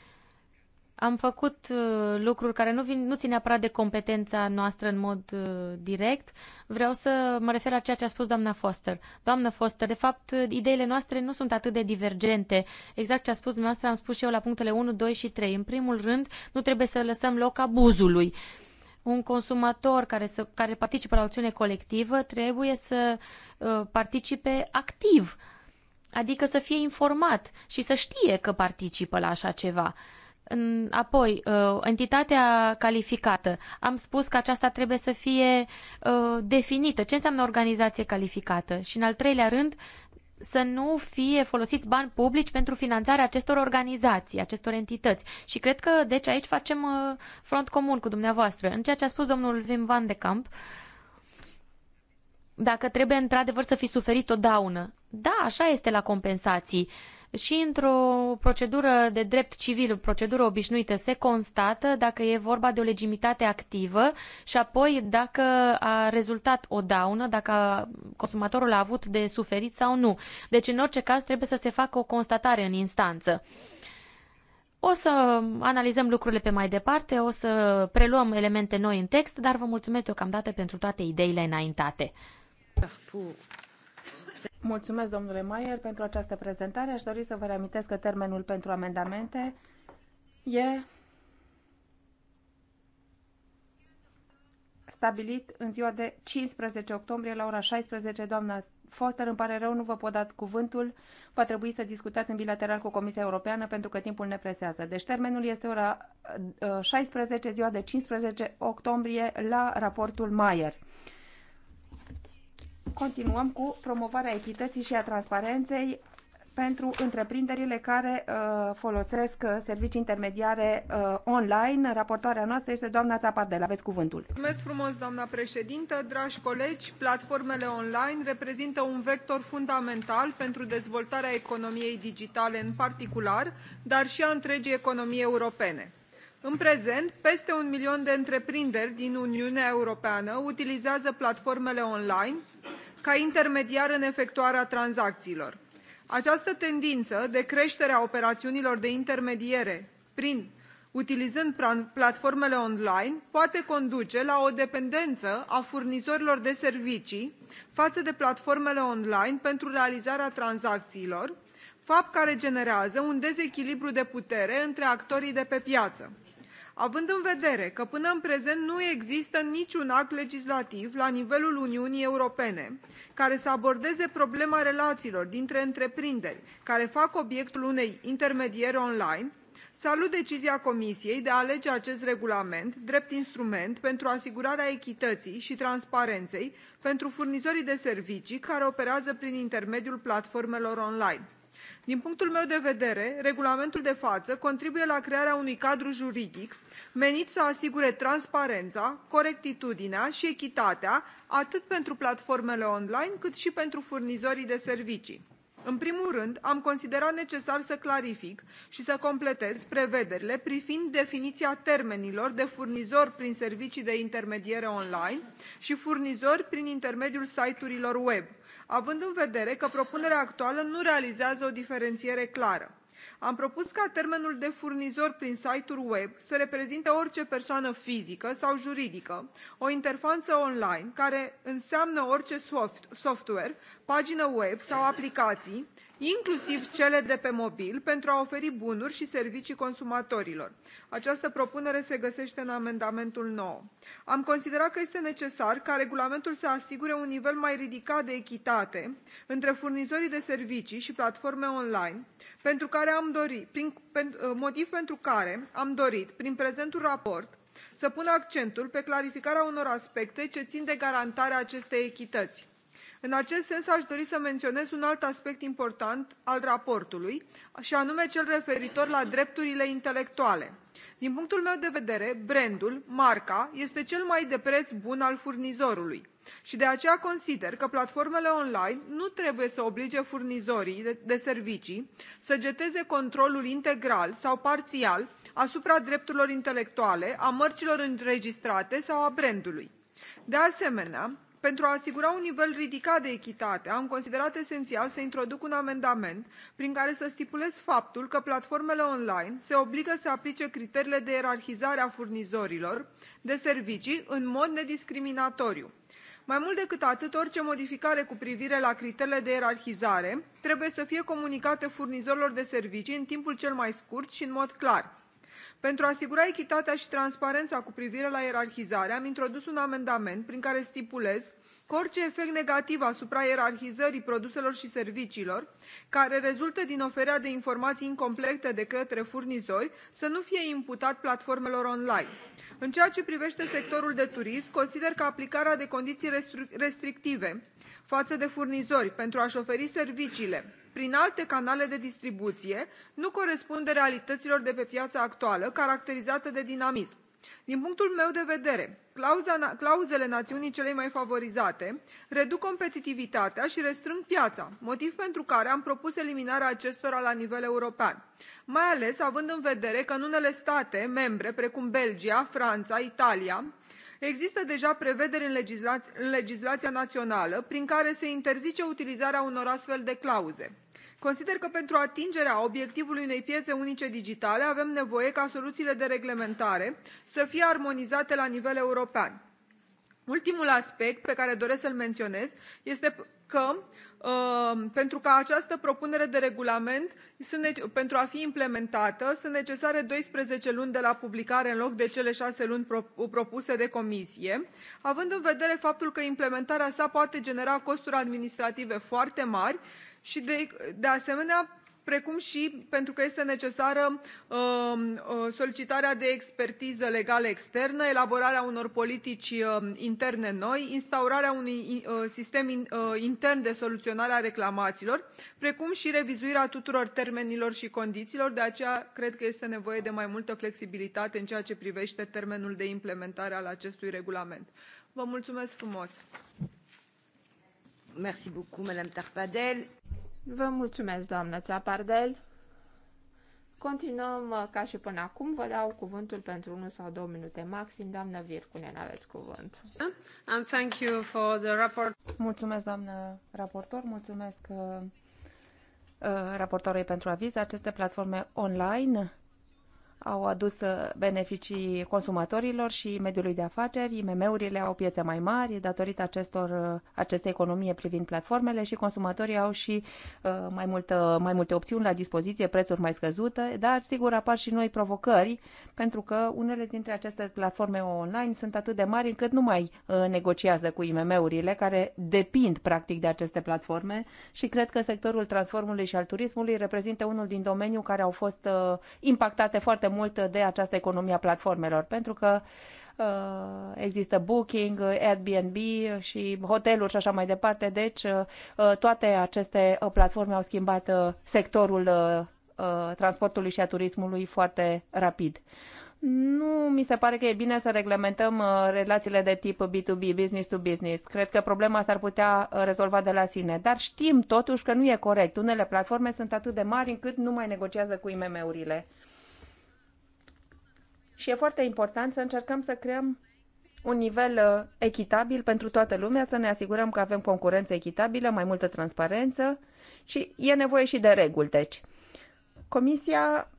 am făcut uh, lucruri care nu, vin, nu țin neapărat de competența noastră în mod uh, direct. Vreau să mă refer la ceea ce a spus doamna Foster. Doamna Foster, de fapt, ideile noastre nu sunt atât de divergente. Exact ce a spus dumneavoastră am spus și eu la punctele 1, 2 și 3. În primul rând, nu trebuie să lăsăm loc abuzului. Un consumator care, să, care participă la o acțiune colectivă trebuie să uh, participe activ, adică să fie informat și să știe că participă la așa ceva. Uh, apoi, uh, entitatea calificată. Am spus că aceasta trebuie să fie uh, definită. Ce înseamnă organizație calificată? Și în al treilea rând, să nu fie folosiți bani publici pentru finanțarea acestor organizații, acestor entități. Și cred că, deci, aici facem uh, front comun cu dumneavoastră. În ceea ce a spus domnul Vim Van de Camp, dacă trebuie într-adevăr să fi suferit o daună. Da, așa este la compensații. Uh, și într-o procedură de drept civil, procedură obișnuită, se constată dacă e vorba de o legitimitate activă și apoi dacă a rezultat o daună, dacă consumatorul a avut de suferit sau nu. Deci, în orice caz, trebuie să se facă o constatare în instanță. O să analizăm lucrurile pe mai departe, o să preluăm elemente noi în text, dar vă mulțumesc deocamdată pentru toate ideile înaintate. Da, Mulțumesc, domnule Maier, pentru această prezentare. Aș dori să vă reamintesc că termenul pentru amendamente e stabilit în ziua de 15 octombrie la ora 16. Doamna Foster, îmi pare rău, nu vă pot da cuvântul. Va trebui să discutați în bilateral cu Comisia Europeană pentru că timpul ne presează. Deci termenul este ora 16, uh, ziua de 15 octombrie la raportul Maier continuăm cu promovarea echității și a transparenței pentru întreprinderile care uh, folosesc uh, servicii intermediare uh, online. Raportoarea noastră este doamna Țapardel. Aveți cuvântul. Mulțumesc frumos, doamna președintă. Dragi colegi, platformele online reprezintă un vector fundamental pentru dezvoltarea economiei digitale în particular, dar și a întregii economii europene în prezent peste un milion de întreprinderi din uniunea europeană utilizează platformele online ca intermediar în efectuarea tranzacțiilor. această tendință de creștere a operațiunilor de intermediere prin utilizând platformele online poate conduce la o dependență a furnizorilor de servicii față de platformele online pentru realizarea tranzacțiilor fapt care generează un dezechilibru de putere între actorii de pe piață având în vedere că până în prezent nu există niciun act legislativ la nivelul uniunii europene care să abordeze problema relațiilor dintre întreprinderi care fac obiectul unei intermedieri online salut decizia comisiei de a alege acest regulament drept instrument pentru asigurarea echității și transparenței pentru furnizorii de servicii care operează prin intermediul platformelor online din punctul meu de vedere regulamentul de față contribuie la crearea unui cadru juridic menit să asigure transparența corectitudinea și echitatea atât pentru platformele online cât și pentru furnizorii de servicii. în primul rând am considerat necesar să clarific și să completez prevederile privind definiția termenilor de furnizor prin servicii de intermediere online și furnizori prin intermediul site urilor web având în vedere că propunerea actuală nu realizează o diferențiere clară. Am propus ca termenul de furnizor prin site-uri web să reprezinte orice persoană fizică sau juridică, o interfață online care înseamnă orice soft, software, pagină web sau aplicații inclusiv cele de pe mobil pentru a oferi bunuri și servicii consumatorilor. această propunere se găsește în amendamentul. 9. am considerat că este necesar ca regulamentul să asigure un nivel mai ridicat de echitate între furnizorii de servicii și platforme online pentru care am dorit, prin, pen, ă, motiv pentru care am dorit prin prezentul raport să pun accentul pe clarificarea unor aspecte ce țin de garantarea acestei echități în acest sens aș dori să menționez un alt aspect important al raportului și anume cel referitor la drepturile intelectuale. din punctul meu de vedere brandul marca este cel mai de preț bun al furnizorului și de aceea consider că platformele online nu trebuie să oblige furnizorii de, de servicii să geteze controlul integral sau parțial asupra drepturilor intelectuale a mărcilor înregistrate sau a brandului. de asemenea pentru a asigura un nivel ridicat de echitate am considerat esențial să introduc un amendament prin care să stipulez faptul că platformele online se obligă să aplice criteriile de ierarhizare a furnizorilor de servicii în mod nediscriminatoriu. mai mult decât atât orice modificare cu privire la criteriile de ierarhizare trebuie să fie comunicate furnizorilor de servicii în timpul cel mai scurt și în mod clar pentru a asigura echitatea și transparența cu privire la ierarhizare am introdus un amendament prin care stipulez că orice efect negativ asupra ierarhizării produselor și serviciilor care rezultă din oferirea de informații incomplete de către furnizori să nu fie imputat platformelor online. În ceea ce privește sectorul de turism, consider că aplicarea de condiții restrictive față de furnizori pentru a-și oferi serviciile prin alte canale de distribuție nu corespunde realităților de pe piața actuală, caracterizată de dinamism din punctul meu de vedere clauzele națiunii cele mai favorizate reduc competitivitatea și restrâng piața motiv pentru care am propus eliminarea acestora la nivel european mai ales având în vedere că în unele state membre precum belgia franța italia există deja prevederi în, legisla în legislația națională prin care se interzice utilizarea unor astfel de clauze consider că pentru atingerea obiectivului unei piețe unice digitale avem nevoie ca soluțiile de reglementare să fie armonizate la nivel european. ultimul aspect pe care doresc să l menționez este că Um, pentru ca această propunere de regulament pentru a fi implementată sunt necesare doisprezece luni de la publicare în loc de cele șase luni propuse de comisie având în vedere faptul că implementarea sa poate genera costuri administrative foarte mari și de asemenea precum și pentru că este necesară um, uh, solicitarea de expertiză legală externă elaborarea unor politici um, interne noi instaurarea unui uh, sistem uh, intern de soluționare a reclamațiilor precum și revizuirea tuturor termenilor și condițiilor de aceea cred că este nevoie de mai multă flexibilitate în ceea ce privește termenul de implementare al acestui regulament. vă mulțumesc frumos! Merci beaucoup, Madame Tarpadel. Vă mulțumesc, doamnă Țapardel. Continuăm uh, ca și până acum. Vă dau cuvântul pentru 1 sau 2 minute maxim. Doamnă Vircunen, aveți cuvânt. And thank you for the report. Mulțumesc, doamnă raportor. Mulțumesc uh, uh raportorului pentru aviz. Aceste platforme online au adus uh, beneficii consumatorilor și mediului de afaceri, IMM-urile au piețe mai mari datorită acestor, uh, acestei economie privind platformele și consumatorii au și uh, mai, multă, mai multe opțiuni la dispoziție, prețuri mai scăzute, dar sigur apar și noi provocări pentru că unele dintre aceste platforme online sunt atât de mari încât nu mai negociază cu IMM-urile care depind practic de aceste platforme și cred că sectorul transformului și al turismului reprezintă unul din domeniul care au fost impactate foarte mult de această economie a platformelor, pentru că uh, există Booking, Airbnb și hoteluri și așa mai departe. Deci uh, toate aceste uh, platforme au schimbat sectorul transportului și a turismului foarte rapid. Nu mi se pare că e bine să reglementăm relațiile de tip B2B, business to business. Cred că problema s-ar putea rezolva de la sine. Dar știm totuși că nu e corect. Unele platforme sunt atât de mari încât nu mai negociază cu IMM-urile și e foarte important să încercăm să creăm un nivel uh, echitabil pentru toată lumea, să ne asigurăm că avem concurență echitabilă, mai multă transparență și e nevoie și de reguli, deci. Comisia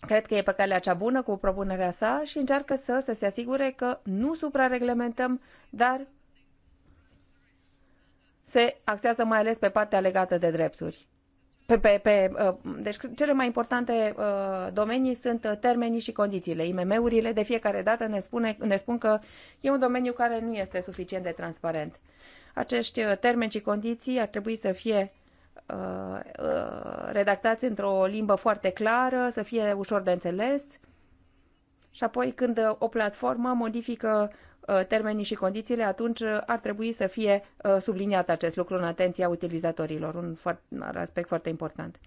cred că e pe calea cea bună cu propunerea sa și încearcă să, să se asigure că nu suprareglementăm, dar se axează mai ales pe partea legată de drepturi pe, pe, pe, uh, deci cele mai importante uh, domenii sunt uh, termenii și condițiile. IMM-urile de fiecare dată ne, spune, ne spun că e un domeniu care nu este suficient de transparent. Acești termeni și condiții ar trebui să fie redactați într-o limbă foarte clară, să fie ușor de înțeles și apoi când o platformă modifică Uh, termenii și condițiile, atunci uh, ar trebui să fie uh, subliniat acest lucru în atenția utilizatorilor, un aspect foarte important.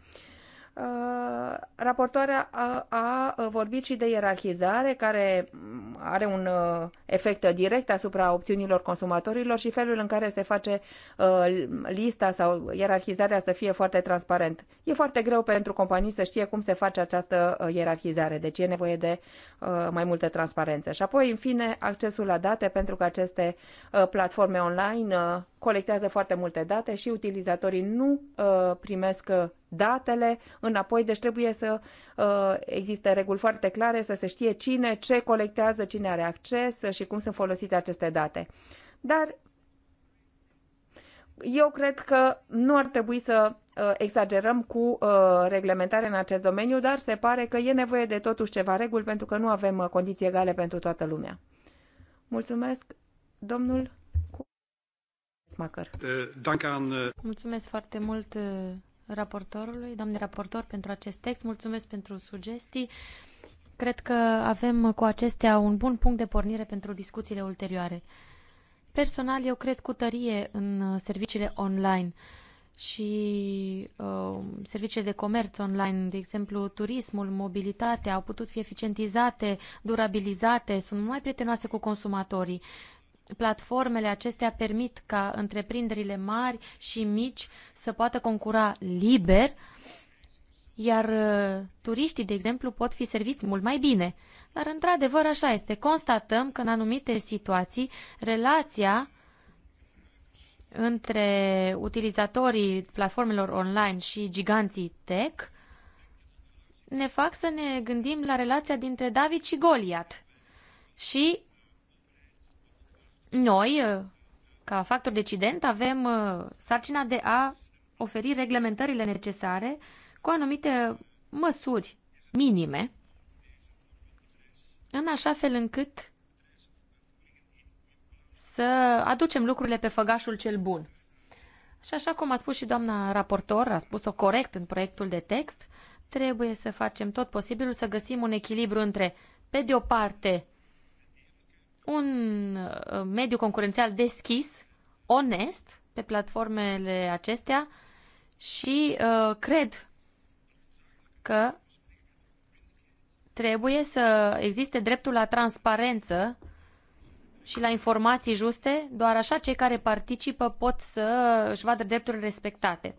Uh, raportoarea a, a vorbit și de ierarhizare, care mm, are un uh, efect direct asupra opțiunilor consumatorilor și felul în care se face uh, lista sau ierarhizarea să fie foarte transparent. E foarte greu pentru companii să știe cum se face această ierarhizare, deci e nevoie de mai multă transparență. Și apoi, în fine, accesul la date, pentru că aceste platforme online colectează foarte multe date și utilizatorii nu uh, primesc uh, datele înapoi, deci trebuie să uh, existe reguli foarte clare, să se știe cine, ce colectează, cine are acces și cum sunt folosite aceste date. Dar eu cred că nu ar trebui să uh, exagerăm cu uh, reglementare în acest domeniu, dar se pare că e nevoie de totuși ceva reguli pentru că nu avem condiții egale pentru toată lumea. Mulțumesc, domnul Eh, eh, Mulțumesc foarte mult eh, raportorului, doamne raportor, pentru acest text. Mulțumesc pentru sugestii. Cred că avem cu acestea un bun punct de pornire pentru discuțiile ulterioare. Personal, eu cred cu tărie în serviciile online și uh, serviciile de comerț online, de exemplu turismul, mobilitatea, au putut fi eficientizate, durabilizate, sunt mai prietenoase cu consumatorii platformele acestea permit ca întreprinderile mari și mici să poată concura liber, iar uh, turiștii, de exemplu, pot fi serviți mult mai bine. Dar, într-adevăr, așa este. Constatăm că, în anumite situații, relația între utilizatorii platformelor online și giganții tech ne fac să ne gândim la relația dintre David și Goliat. Și noi, uh, ca factor decident, avem uh, sarcina de a oferi reglementările necesare cu anumite măsuri minime, în așa fel încât să aducem lucrurile pe făgașul cel bun. Și așa cum a spus și doamna raportor, a spus-o corect în proiectul de text, trebuie să facem tot posibilul să găsim un echilibru între, pe de o parte, un uh, mediu concurențial deschis, onest, pe platformele acestea și uh, cred că trebuie să existe dreptul la transparență și la informații juste, doar așa cei care participă pot să își vadă drepturile respectate.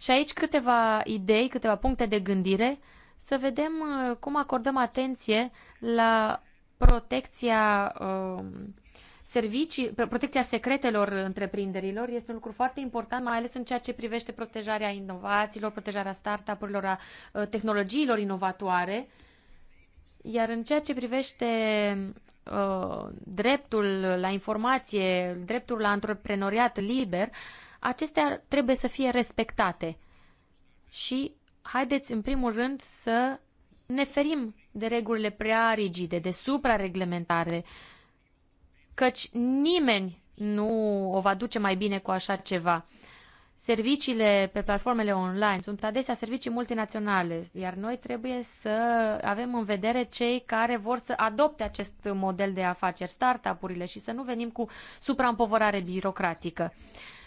Și aici câteva idei, câteva puncte de gândire, să vedem uh, cum acordăm atenție la protecția um, servicii, protecția secretelor întreprinderilor este un lucru foarte important, mai ales în ceea ce privește protejarea inovațiilor, protejarea startup-urilor, a uh, tehnologiilor inovatoare. Iar în ceea ce privește uh, dreptul la informație, dreptul la antreprenoriat liber, acestea trebuie să fie respectate. Și haideți, în primul rând, să ne ferim de regulile prea rigide, de suprareglementare, căci nimeni nu o va duce mai bine cu așa ceva. Serviciile pe platformele online sunt adesea servicii multinaționale, iar noi trebuie să avem în vedere cei care vor să adopte acest model de afaceri, startup-urile, și să nu venim cu supraîmpovărare birocratică.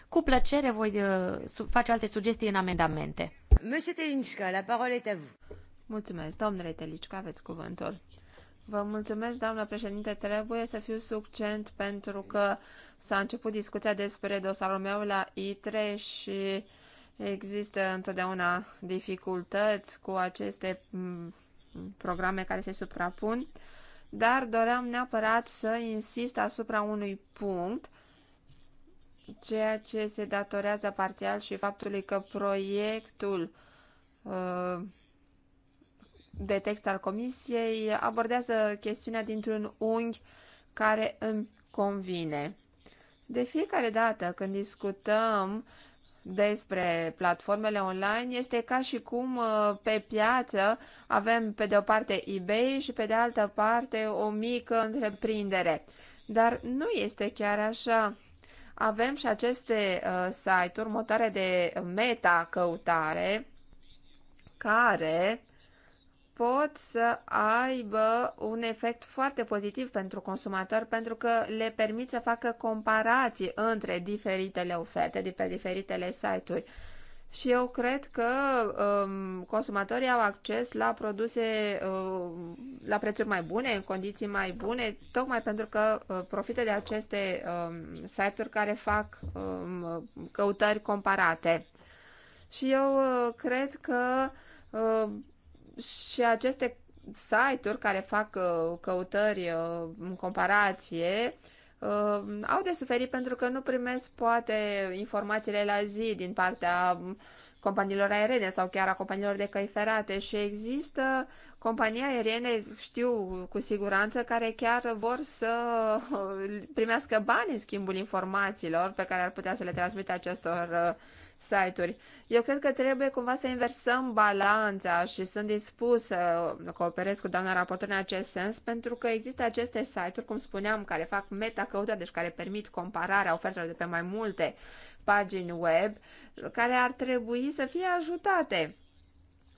Cu plăcere voi uh, face alte sugestii în amendamente. Monsieur Telinska, la parole est à vous. Mulțumesc, domnule Telici, că aveți cuvântul. Vă mulțumesc, doamnă președinte. Trebuie să fiu succent pentru că s-a început discuția despre dosarul meu la ITRE și există întotdeauna dificultăți cu aceste mm, programe care se suprapun, dar doream neapărat să insist asupra unui punct, ceea ce se datorează parțial și faptului că proiectul uh, de text al comisiei abordează chestiunea dintr-un unghi care îmi convine. De fiecare dată când discutăm despre platformele online, este ca și cum uh, pe piață avem pe de o parte eBay și pe de altă parte o mică întreprindere. Dar nu este chiar așa. Avem și aceste uh, site-uri, motoare de meta-căutare, care pot să aibă un efect foarte pozitiv pentru consumator pentru că le permit să facă comparații între diferitele oferte de pe diferitele site-uri. Și eu cred că um, consumatorii au acces la produse uh, la prețuri mai bune, în condiții mai bune, tocmai pentru că uh, profită de aceste um, site-uri care fac um, căutări comparate. Și eu uh, cred că uh, și aceste site-uri care fac uh, căutări uh, în comparație uh, au de suferit pentru că nu primesc poate informațiile la zi din partea um, companiilor aeriene sau chiar a companiilor de căi ferate și există companii aeriene, știu cu siguranță, care chiar vor să primească bani în schimbul informațiilor pe care ar putea să le transmite acestor site-uri. Eu cred că trebuie cumva să inversăm balanța și sunt dispus să cooperez cu doamna raportor în acest sens, pentru că există aceste site-uri, cum spuneam, care fac meta-căutări, deci care permit compararea ofertelor de pe mai multe pagini web, care ar trebui să fie ajutate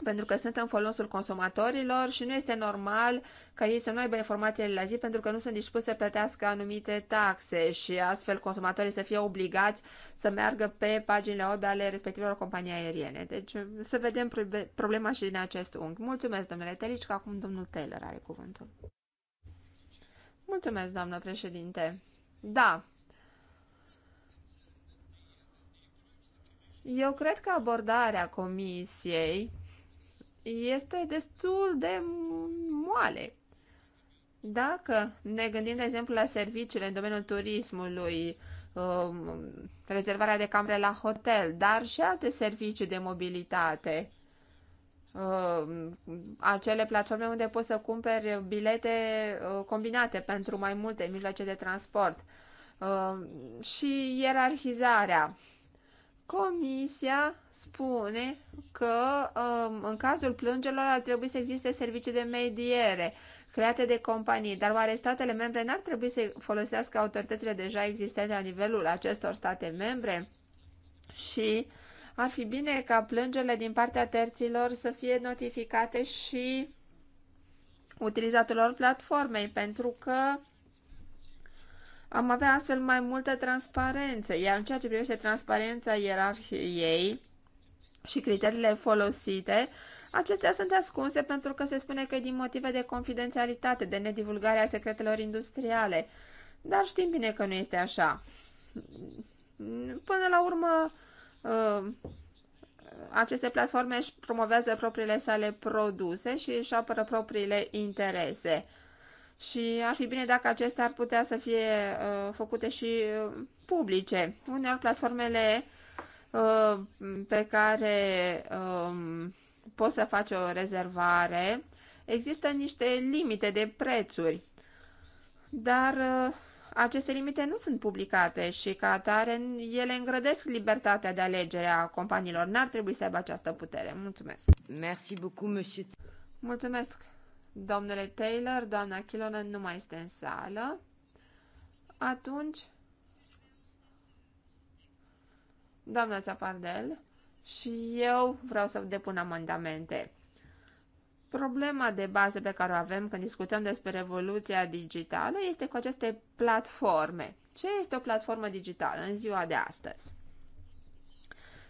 pentru că sunt în folosul consumatorilor și nu este normal ca ei să nu aibă informațiile la zi pentru că nu sunt dispuși să plătească anumite taxe și astfel consumatorii să fie obligați să meargă pe paginile web ale respectivelor companii aeriene. Deci să vedem problema și din acest unghi. Mulțumesc, domnule Telici, că acum domnul Taylor are cuvântul. Mulțumesc, doamnă președinte. Da, eu cred că abordarea comisiei este destul de moale. Dacă ne gândim, de exemplu, la serviciile în domeniul turismului, um, rezervarea de camere la hotel, dar și alte servicii de mobilitate, um, acele platforme unde poți să cumperi bilete uh, combinate pentru mai multe mijloace de transport um, și ierarhizarea Comisia spune că um, în cazul plângerilor ar trebui să existe servicii de mediere create de companii, dar oare statele membre n-ar trebui să folosească autoritățile deja existente la nivelul acestor state membre? Și ar fi bine ca plângerile din partea terților să fie notificate și utilizatorilor platformei, pentru că am avea astfel mai multă transparență, iar în ceea ce privește transparența ierarhiei și criteriile folosite, acestea sunt ascunse pentru că se spune că e din motive de confidențialitate, de nedivulgare a secretelor industriale. Dar știm bine că nu este așa. Până la urmă, uh, aceste platforme își promovează propriile sale produse și își apără propriile interese și ar fi bine dacă acestea ar putea să fie uh, făcute și uh, publice. Uneori platformele uh, pe care uh, poți să faci o rezervare, există niște limite de prețuri, dar uh, aceste limite nu sunt publicate și ca atare ele îngrădesc libertatea de alegere a companiilor. N-ar trebui să aibă această putere. Mulțumesc! Merci beaucoup, monsieur. Mulțumesc! Domnule Taylor, doamna Kilonen nu mai este în sală. Atunci, doamna Zapardel și eu vreau să depun amendamente. Problema de bază pe care o avem când discutăm despre revoluția digitală este cu aceste platforme. Ce este o platformă digitală în ziua de astăzi?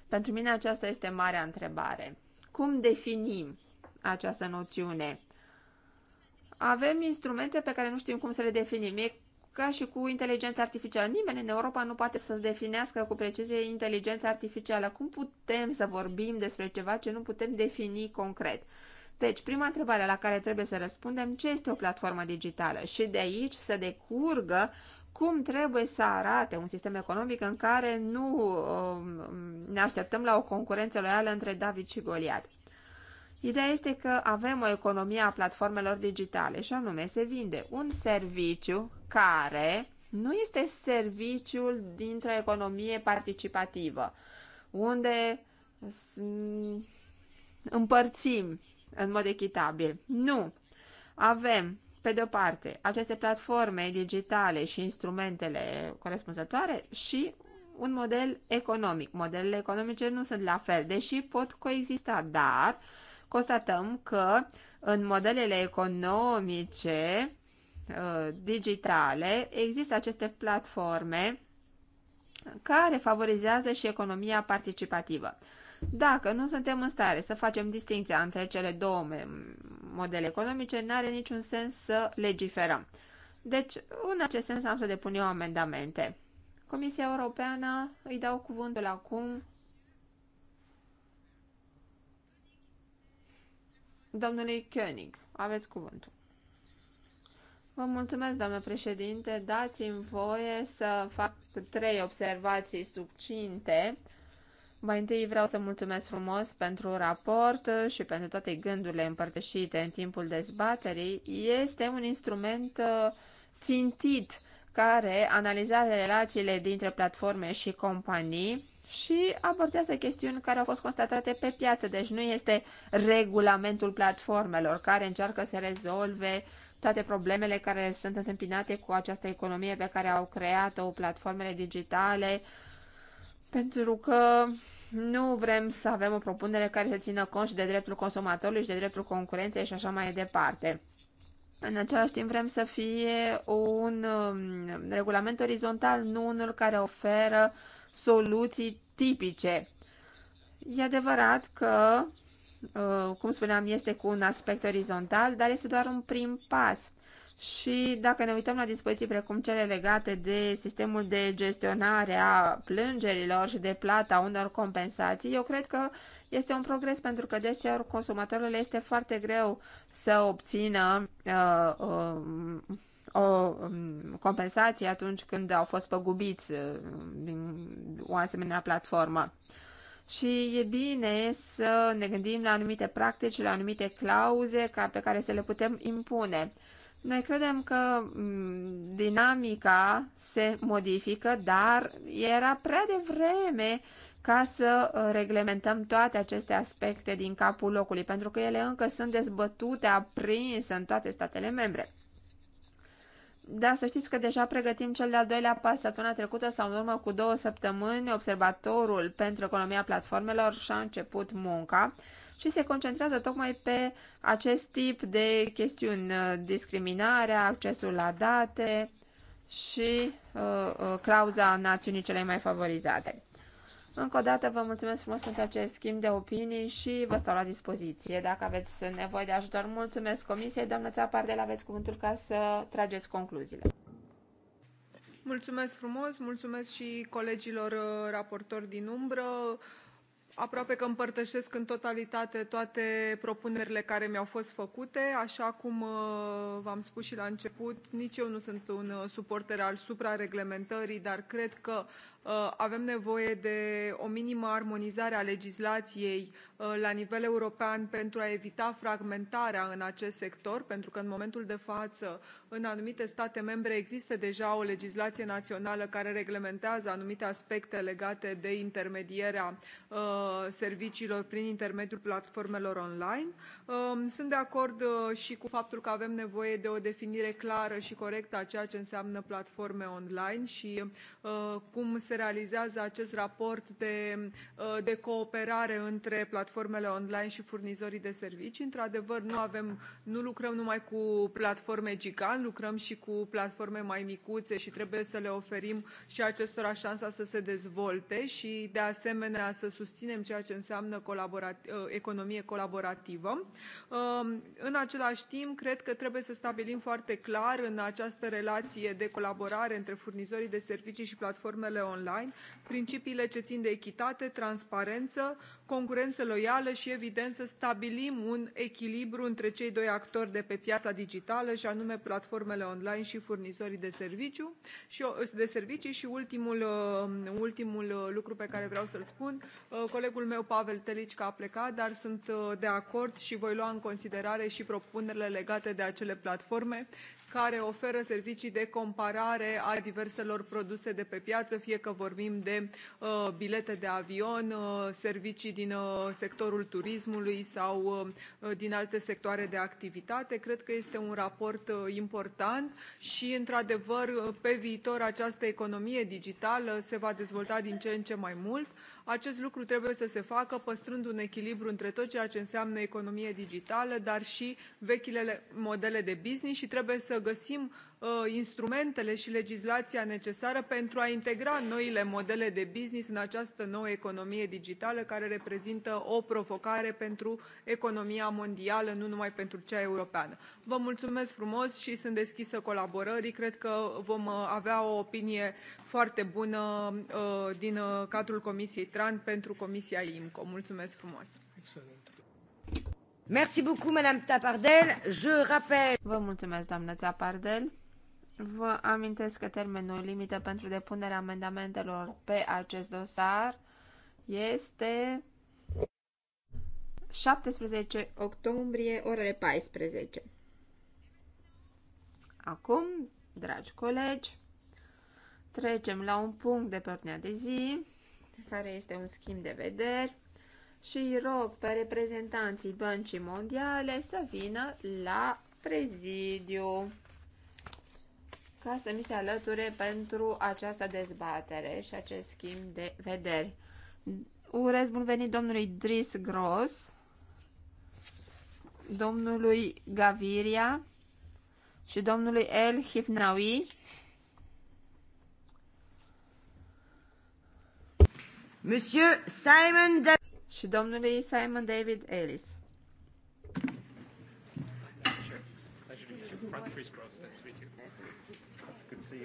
Pentru mine aceasta este marea întrebare. Cum definim această noțiune? avem instrumente pe care nu știm cum să le definim. E ca și cu inteligența artificială. Nimeni în Europa nu poate să-ți definească cu precizie inteligența artificială. Cum putem să vorbim despre ceva ce nu putem defini concret? Deci, prima întrebare la care trebuie să răspundem, ce este o platformă digitală? Și de aici să decurgă cum trebuie să arate un sistem economic în care nu uh, ne așteptăm la o concurență loială între David și Goliat. Ideea este că avem o economie a platformelor digitale și anume se vinde un serviciu care nu este serviciul dintr-o economie participativă, unde împărțim în mod echitabil. Nu! Avem, pe de-o parte, aceste platforme digitale și instrumentele corespunzătoare și un model economic. Modelele economice nu sunt la fel, deși pot coexista, dar constatăm că în modelele economice uh, digitale există aceste platforme care favorizează și economia participativă. Dacă nu suntem în stare să facem distinția între cele două modele economice, nu are niciun sens să legiferăm. Deci, în acest sens am să depun eu amendamente. Comisia Europeană îi dau cuvântul acum Domnului König, aveți cuvântul. Vă mulțumesc, doamnă președinte. Dați-mi voie să fac trei observații succinte. Mai întâi vreau să mulțumesc frumos pentru raport și pentru toate gândurile împărtășite în timpul dezbaterii. Este un instrument uh, țintit care analizează relațiile dintre platforme și companii și abordează chestiuni care au fost constatate pe piață, deci nu este regulamentul platformelor care încearcă să rezolve toate problemele care sunt întâmpinate cu această economie pe care au creat-o platformele digitale, pentru că nu vrem să avem o propunere care să țină cont și de dreptul consumatorului și de dreptul concurenței și așa mai departe. În același timp vrem să fie un um, regulament orizontal, nu unul care oferă uh, soluții tipice. E adevărat că, uh, cum spuneam, este cu un aspect orizontal, dar este doar un prim pas. Și dacă ne uităm la dispoziții precum cele legate de sistemul de gestionare a plângerilor și de plata unor compensații, eu cred că este un progres pentru că deseori consumatorul este foarte greu să obțină uh, uh, o um, compensație atunci când au fost păgubiți uh, din o asemenea platformă. Și e bine să ne gândim la anumite practici, la anumite clauze ca pe care să le putem impune. Noi credem că um, dinamica se modifică, dar era prea devreme ca să uh, reglementăm toate aceste aspecte din capul locului, pentru că ele încă sunt dezbătute, aprinse în toate statele membre. Da, să știți că deja pregătim cel de-al doilea pas. Săptămâna trecută sau în urmă cu două săptămâni, Observatorul pentru Economia Platformelor și-a început munca și se concentrează tocmai pe acest tip de chestiuni, uh, discriminarea, accesul la date și uh, uh clauza națiunii cele mai favorizate. Încă o dată vă mulțumesc frumos pentru acest schimb de opinii și vă stau la dispoziție. Dacă aveți nevoie de ajutor, mulțumesc Comisiei. de la aveți cuvântul ca să trageți concluziile. Mulțumesc frumos, mulțumesc și colegilor uh, raportori din umbră. Aproape că împărtășesc în totalitate toate propunerile care mi-au fost făcute. Așa cum uh, v-am spus și la început, nici eu nu sunt un uh, suporter al suprareglementării, dar cred că Uh, avem nevoie de o minimă armonizare a legislației uh, la nivel european pentru a evita fragmentarea în acest sector pentru că în momentul de față în anumite state membre există deja o legislație națională care reglementează anumite aspecte legate de intermedierea uh, serviciilor prin intermediul platformelor online. Um, sunt de acord și cu faptul că avem nevoie de o definire clară și corectă a ceea ce înseamnă platforme online și cum se realizează acest raport de, uh, de cooperare între platformele online și furnizorii de servicii. Într-adevăr, nu, avem, nu lucrăm numai cu platforme gigant, lucrăm și cu platforme mai micuțe și trebuie să le oferim și acestora șansa să se dezvolte și, de asemenea, să susținem ceea ce înseamnă colaborat uh, economie colaborativă. Um, în același timp, cred că trebuie să stabilim foarte clar în această relație de colaborare între furnizorii de servicii și platformele online online principiile ce țin de echitate transparență concurență loială și evident să stabilim un echilibru între cei doi actori de pe piața digitală și anume platformele online și furnizorii de, serviciu, și, de servicii. Și ultimul, um, ultimul uh, lucru pe care vreau să-l spun, uh, colegul meu Pavel Telicica a plecat, dar sunt uh, de acord și voi lua în considerare și propunerile legate de acele platforme care oferă servicii de comparare a diverselor produse de pe piață, fie că vorbim de uh, bilete de avion, uh, servicii din uh, sectorul turismului sau uh, uh, din alte sectoare de activitate. Cred că este un raport uh, important și, într-adevăr, pe viitor această economie digitală se va dezvolta din ce în ce mai mult acest lucru trebuie să se facă păstrând un echilibru între tot ceea ce înseamnă economie digitală dar și vechile modele de business și trebuie să găsim Uh, instrumentele și legislația necesară pentru a integra noile modele de business în această nouă economie digitală care reprezintă o provocare pentru economia mondială, nu numai pentru cea europeană. Vă mulțumesc frumos și sunt deschisă colaborării. Cred că vom uh, avea o opinie foarte bună uh, din cadrul Comisiei TRAN pentru Comisia IMCO. Mulțumesc frumos! Excelent. Merci beaucoup, Madame Tapardel. Je rappelle... Vă mulțumesc, doamnă Tapardel. Vă amintesc că termenul limită pentru depunerea amendamentelor pe acest dosar este 17 octombrie, orele 14. Acum, dragi colegi, trecem la un punct de pe ordinea de zi, care este un schimb de vederi, și rog pe reprezentanții Băncii Mondiale să vină la prezidiu ca să mi se alăture pentru această dezbatere și acest schimb de vederi. Urez bun venit domnului Dris Gross, domnului Gaviria și domnului El Hifnaui. Monsieur Simon De și domnului Simon David Ellis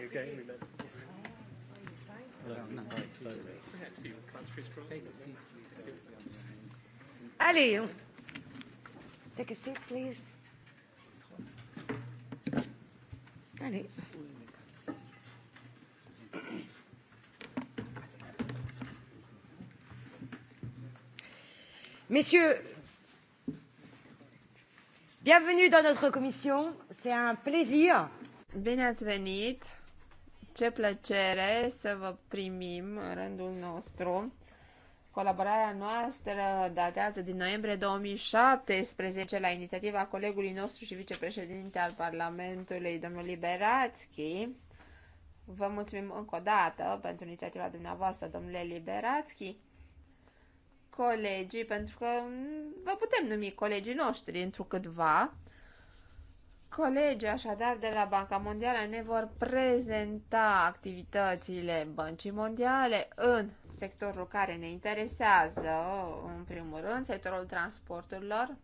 new game we made. Allez, on... take a seat, please. Allez. Messieurs, bienvenue dans notre commission. C'est un plaisir. Bien ați venit ce plăcere să vă primim în rândul nostru. Colaborarea noastră datează din noiembrie 2017 la inițiativa colegului nostru și vicepreședinte al Parlamentului, domnul Liberațchi. Vă mulțumim încă o dată pentru inițiativa dumneavoastră, domnule Liberațchi. Colegii, pentru că vă putem numi colegii noștri întrucâtva, câtva, Colegii, așadar, de la Banca Mondială ne vor prezenta activitățile Băncii Mondiale în sectorul care ne interesează, în primul rând, sectorul transporturilor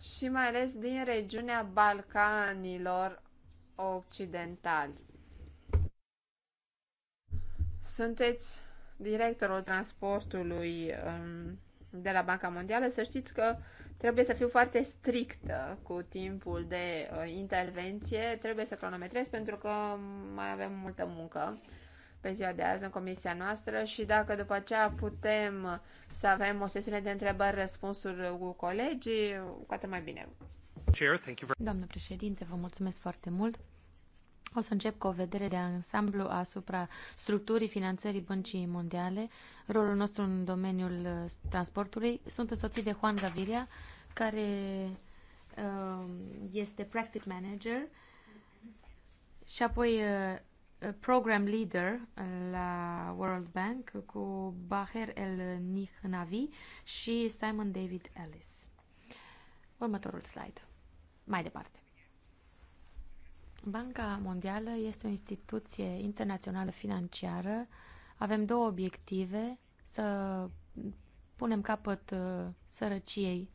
și mai ales din regiunea Balcanilor Occidentali. Sunteți directorul transportului um, de la Banca Mondială, să știți că Trebuie să fiu foarte strictă cu timpul de uh, intervenție, trebuie să cronometrez pentru că mai avem multă muncă pe ziua de azi în comisia noastră și dacă după aceea putem să avem o sesiune de întrebări-răspunsuri cu colegii, cu atât mai bine. Doamnă președinte, vă mulțumesc foarte mult. O să încep cu o vedere de ansamblu asupra structurii finanțării băncii mondiale, rolul nostru în domeniul uh, transportului. Sunt însoțit de Juan Gaviria, care uh, este practice manager și apoi uh, program leader la World Bank cu Baher El Nihnavi și Simon David Ellis. Următorul slide. Mai departe. Banca Mondială este o instituție internațională financiară. Avem două obiective, să punem capăt uh, sărăciei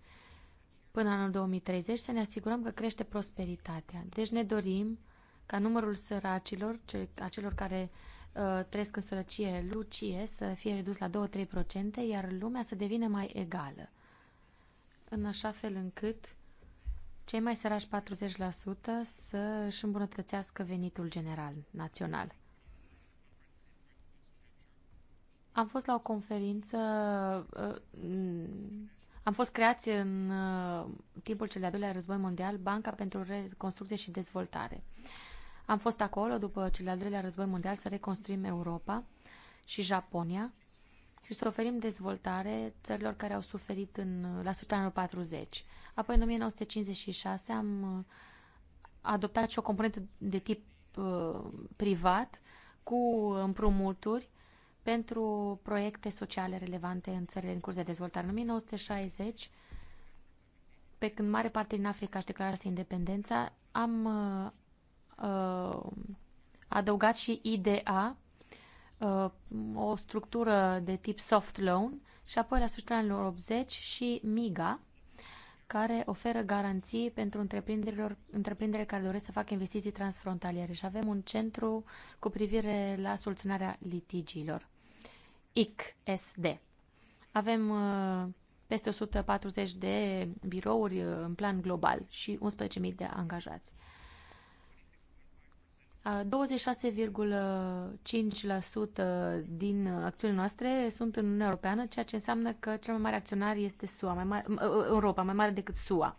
până anul 2030, să ne asigurăm că crește prosperitatea. Deci ne dorim ca numărul săracilor, acelor care uh, trăiesc în sărăcie lucie, să fie redus la 2-3%, iar lumea să devină mai egală. În așa fel încât cei mai sărași 40% să își îmbunătățească venitul general, național. Am fost la o conferință, uh, am fost creați în uh, timpul cel de-al doilea război mondial Banca pentru Reconstrucție și Dezvoltare. Am fost acolo după cel de-al doilea război mondial să reconstruim Europa și Japonia și să oferim dezvoltare țărilor care au suferit în, la sfârșitul anului 40. Apoi, în 1956, am uh, adoptat și o componentă de tip uh, privat cu împrumuturi pentru proiecte sociale relevante în țările în curs de dezvoltare. În 1960, pe când mare parte din Africa își declarase independența, am uh, uh adăugat și IDA, Uh, o structură de tip soft loan și apoi la sfârșitul anilor 80 și MIGA, care oferă garanții pentru întreprinderile care doresc să facă investiții transfrontaliere și avem un centru cu privire la soluționarea litigiilor, ICSD. Avem uh, peste 140 de birouri uh, în plan global și 11.000 de angajați. 26,5% din acțiunile noastre sunt în Uniunea Europeană, ceea ce înseamnă că cel mai mare acționar este SUA, mai mare, Europa, mai mare decât SUA.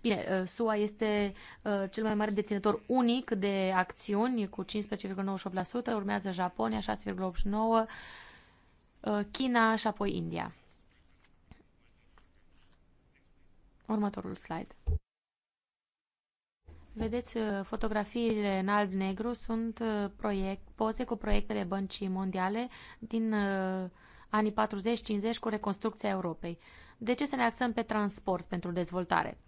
Bine, uh, SUA este uh, cel mai mare deținător unic de acțiuni cu 15,98%, urmează Japonia 6,89%, uh, China și apoi India. Următorul slide. Vedeți, uh, fotografiile în alb-negru sunt uh, proiect, poze cu proiectele băncii mondiale din uh, anii 40-50 cu reconstrucția Europei. De ce să ne axăm pe transport pentru dezvoltare?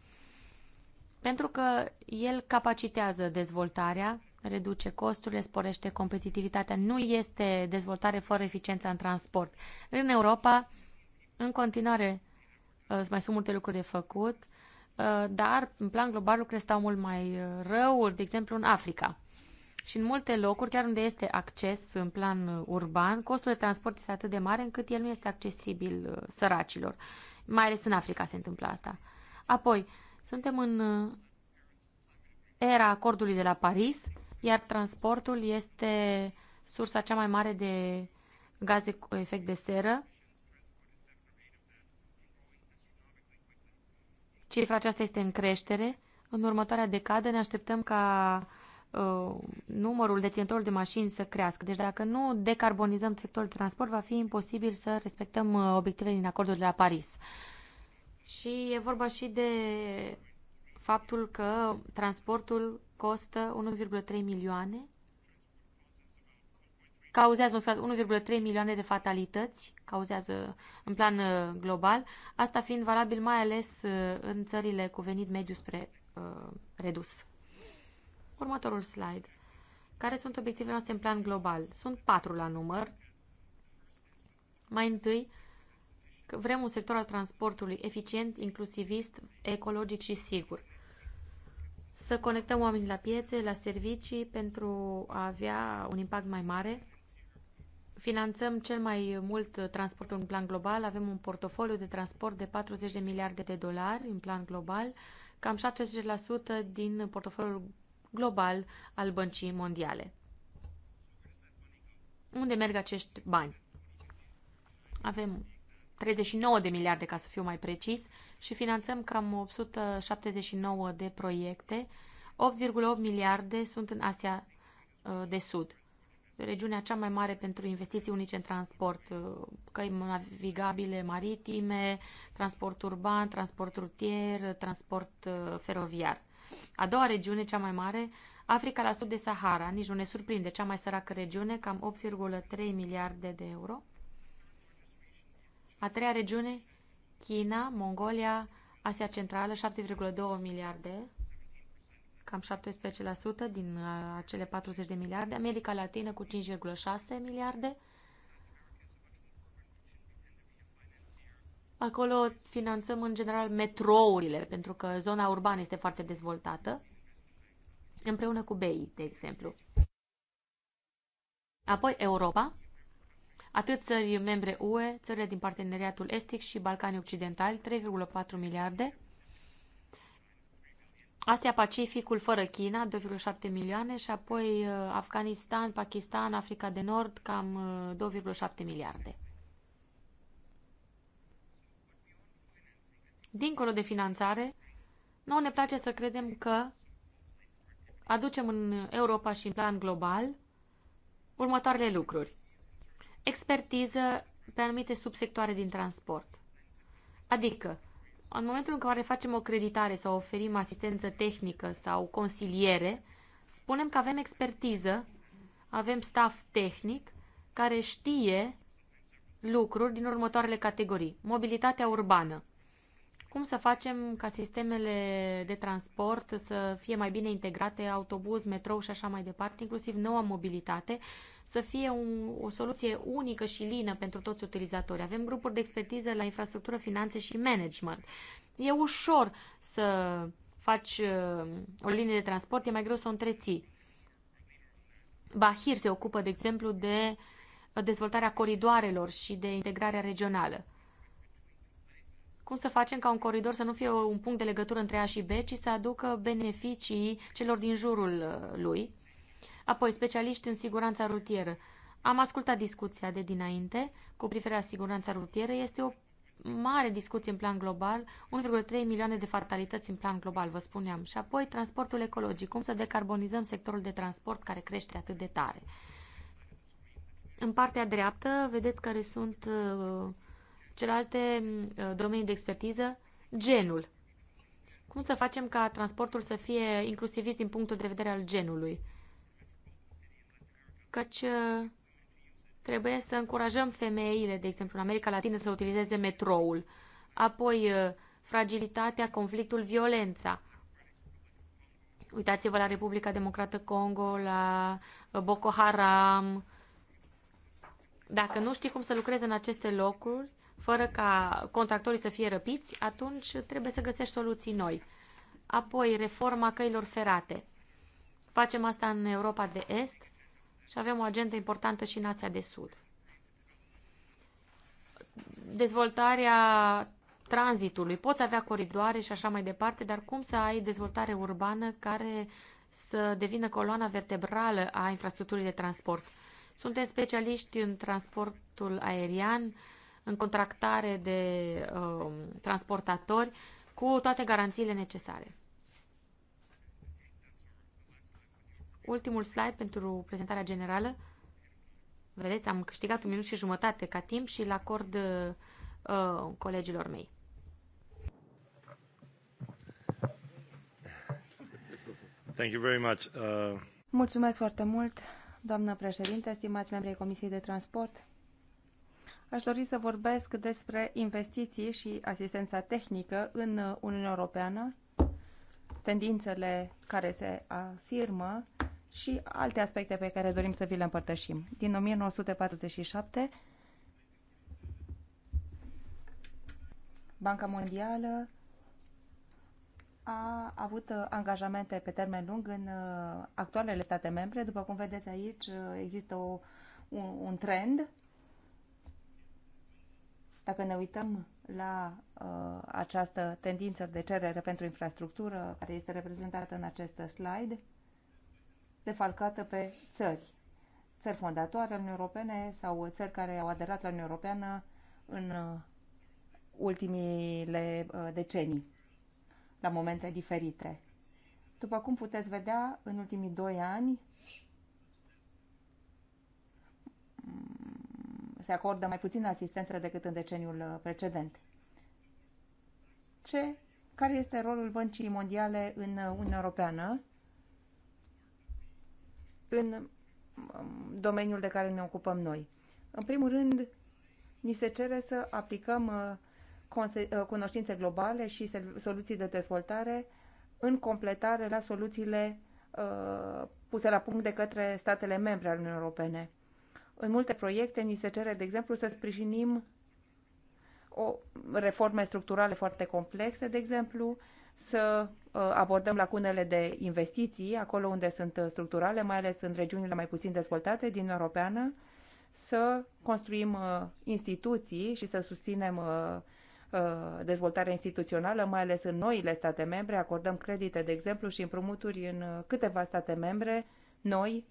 Pentru că el capacitează dezvoltarea, reduce costurile, sporește competitivitatea. Nu este dezvoltare fără eficiența în transport. În Europa, în continuare, mai sunt multe lucruri de făcut. Uh, dar în plan global lucrurile stau mult mai uh, rău, de exemplu în Africa. Și în multe locuri, chiar unde este acces în plan uh, urban, costul de transport este atât de mare încât el nu este accesibil săracilor. Mai ales în Africa se întâmplă asta. Apoi, suntem în era acordului de la Paris, iar transportul este sursa cea mai mare de gaze cu efect de seră Cifra aceasta este în creștere. În următoarea decadă ne așteptăm ca uh, numărul deținătorilor de mașini să crească. Deci dacă nu decarbonizăm sectorul de transport, va fi imposibil să respectăm uh, obiectivele din acordul de la Paris. Și e vorba și de faptul că transportul costă 1,3 milioane cauzează, mă 1,3 milioane de fatalități, cauzează în plan uh, global, asta fiind valabil mai ales uh, în țările cu venit mediu spre uh, redus. Următorul slide. Care sunt obiectivele noastre în plan global? Sunt patru la număr. Mai întâi, că vrem un sector al transportului eficient, inclusivist, ecologic și sigur. Să conectăm oamenii la piețe, la servicii, pentru a avea un impact mai mare. Finanțăm cel mai mult transportul în plan global, avem un portofoliu de transport de 40 de miliarde de dolari în plan global, cam 70% din portofoliul global al băncii mondiale. Unde merg acești bani? Avem 39 de miliarde, ca să fiu mai precis, și finanțăm cam 179 de proiecte. 8,8 miliarde sunt în Asia uh, de Sud regiunea cea mai mare pentru investiții unice în transport, uh, căi navigabile maritime, transport urban, transport rutier, transport uh, feroviar. A doua regiune, cea mai mare, Africa la sud de Sahara, nici nu ne surprinde, cea mai săracă regiune, cam 8,3 miliarde de euro. A treia regiune, China, Mongolia, Asia Centrală, 7,2 miliarde cam 17% din uh, acele 40 de miliarde, America Latină cu 5,6 miliarde. Acolo finanțăm în general metrourile, pentru că zona urbană este foarte dezvoltată, împreună cu BI, de exemplu. Apoi Europa, atât țări membre UE, țările din parteneriatul estic și Balcanii Occidentali, 3,4 miliarde, Asia-Pacificul fără China, 2,7 milioane, și apoi uh, Afganistan, Pakistan, Africa de Nord, cam 2,7 uh, miliarde. Dincolo de finanțare, nouă ne place să credem că aducem în Europa și în plan global următoarele lucruri. Expertiză pe anumite subsectoare din transport. Adică, în momentul în care facem o creditare sau oferim asistență tehnică sau consiliere, spunem că avem expertiză, avem staff tehnic care știe lucruri din următoarele categorii. Mobilitatea urbană. Cum să facem ca sistemele de transport să fie mai bine integrate, autobuz, metrou și așa mai departe, inclusiv noua mobilitate, să fie un, o soluție unică și lină pentru toți utilizatorii. Avem grupuri de expertiză la infrastructură, finanțe și management. E ușor să faci uh, o linie de transport, e mai greu să o întreții. Bahir se ocupă, de exemplu, de dezvoltarea coridoarelor și de integrarea regională cum să facem ca un coridor să nu fie un punct de legătură între A și B, ci să aducă beneficii celor din jurul uh, lui. Apoi, specialiști în siguranța rutieră. Am ascultat discuția de dinainte cu privire la siguranța rutieră. Este o mare discuție în plan global, 1,3 milioane de fatalități în plan global, vă spuneam. Și apoi, transportul ecologic. Cum să decarbonizăm sectorul de transport care crește atât de tare? În partea dreaptă, vedeți care sunt uh, Celelalte uh, domenii de expertiză, genul. Cum să facem ca transportul să fie inclusivist din punctul de vedere al genului? Căci uh, trebuie să încurajăm femeile, de exemplu, în America Latină să utilizeze metroul. Apoi, uh, fragilitatea, conflictul, violența. Uitați-vă la Republica Democrată Congo, la Boko Haram. Dacă nu știi cum să lucrezi în aceste locuri, fără ca contractorii să fie răpiți, atunci trebuie să găsești soluții noi. Apoi, reforma căilor ferate. Facem asta în Europa de Est și avem o agendă importantă și în Asia de Sud. Dezvoltarea tranzitului. Poți avea coridoare și așa mai departe, dar cum să ai dezvoltare urbană care să devină coloana vertebrală a infrastructurii de transport? Suntem specialiști în transportul aerian, în contractare de uh, transportatori cu toate garanțiile necesare. Ultimul slide pentru prezentarea generală. Vedeți, am câștigat un minut și jumătate ca timp și îl acord uh, colegilor mei. Thank you very much. Uh... Mulțumesc foarte mult, doamnă președinte, stimați membrii Comisiei de Transport. Aș dori să vorbesc despre investiții și asistența tehnică în Uniunea Europeană, tendințele care se afirmă și alte aspecte pe care dorim să vi le împărtășim. Din 1947, Banca Mondială a avut angajamente pe termen lung în uh, actualele state membre. După cum vedeți aici, uh, există o, un, un trend dacă ne uităm la uh, această tendință de cerere pentru infrastructură, care este reprezentată în acest slide, defalcată pe țări. Țări fondatoare Uniunii Europene sau țări care au aderat la Uniunea Europeană în uh, ultimile uh, decenii, la momente diferite. După cum puteți vedea, în ultimii doi ani, se acordă mai puțină asistență decât în deceniul uh, precedent. Ce? Care este rolul băncii mondiale în uh, Uniunea Europeană? În um, domeniul de care ne ocupăm noi. În primul rând, ni se cere să aplicăm uh, cunoștințe globale și soluții de dezvoltare în completare la soluțiile puse la punct de către statele membre ale Uniunii Europene. În multe proiecte ni se cere, de exemplu, să sprijinim o reforme structurale foarte complexe, de exemplu, să uh, abordăm lacunele de investiții, acolo unde sunt structurale, mai ales în regiunile mai puțin dezvoltate din Europeană, să construim uh, instituții și să susținem uh, dezvoltarea instituțională, mai ales în noile state membre. Acordăm credite, de exemplu, și împrumuturi în câteva state membre noi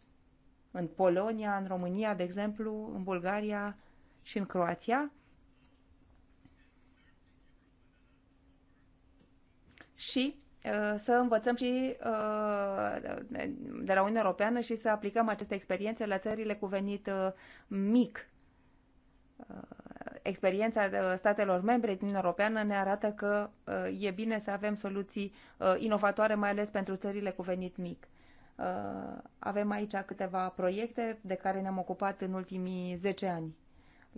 în Polonia, în România, de exemplu, în Bulgaria și în Croația. Și uh, să învățăm și uh, de la Uniunea Europeană și să aplicăm aceste experiențe la țările cu venit uh, mic. Experiența statelor membre din Uniunea Europeană ne arată că e bine să avem soluții inovatoare, mai ales pentru țările cu venit mic. Uh, avem aici câteva proiecte de care ne-am ocupat în ultimii 10 ani.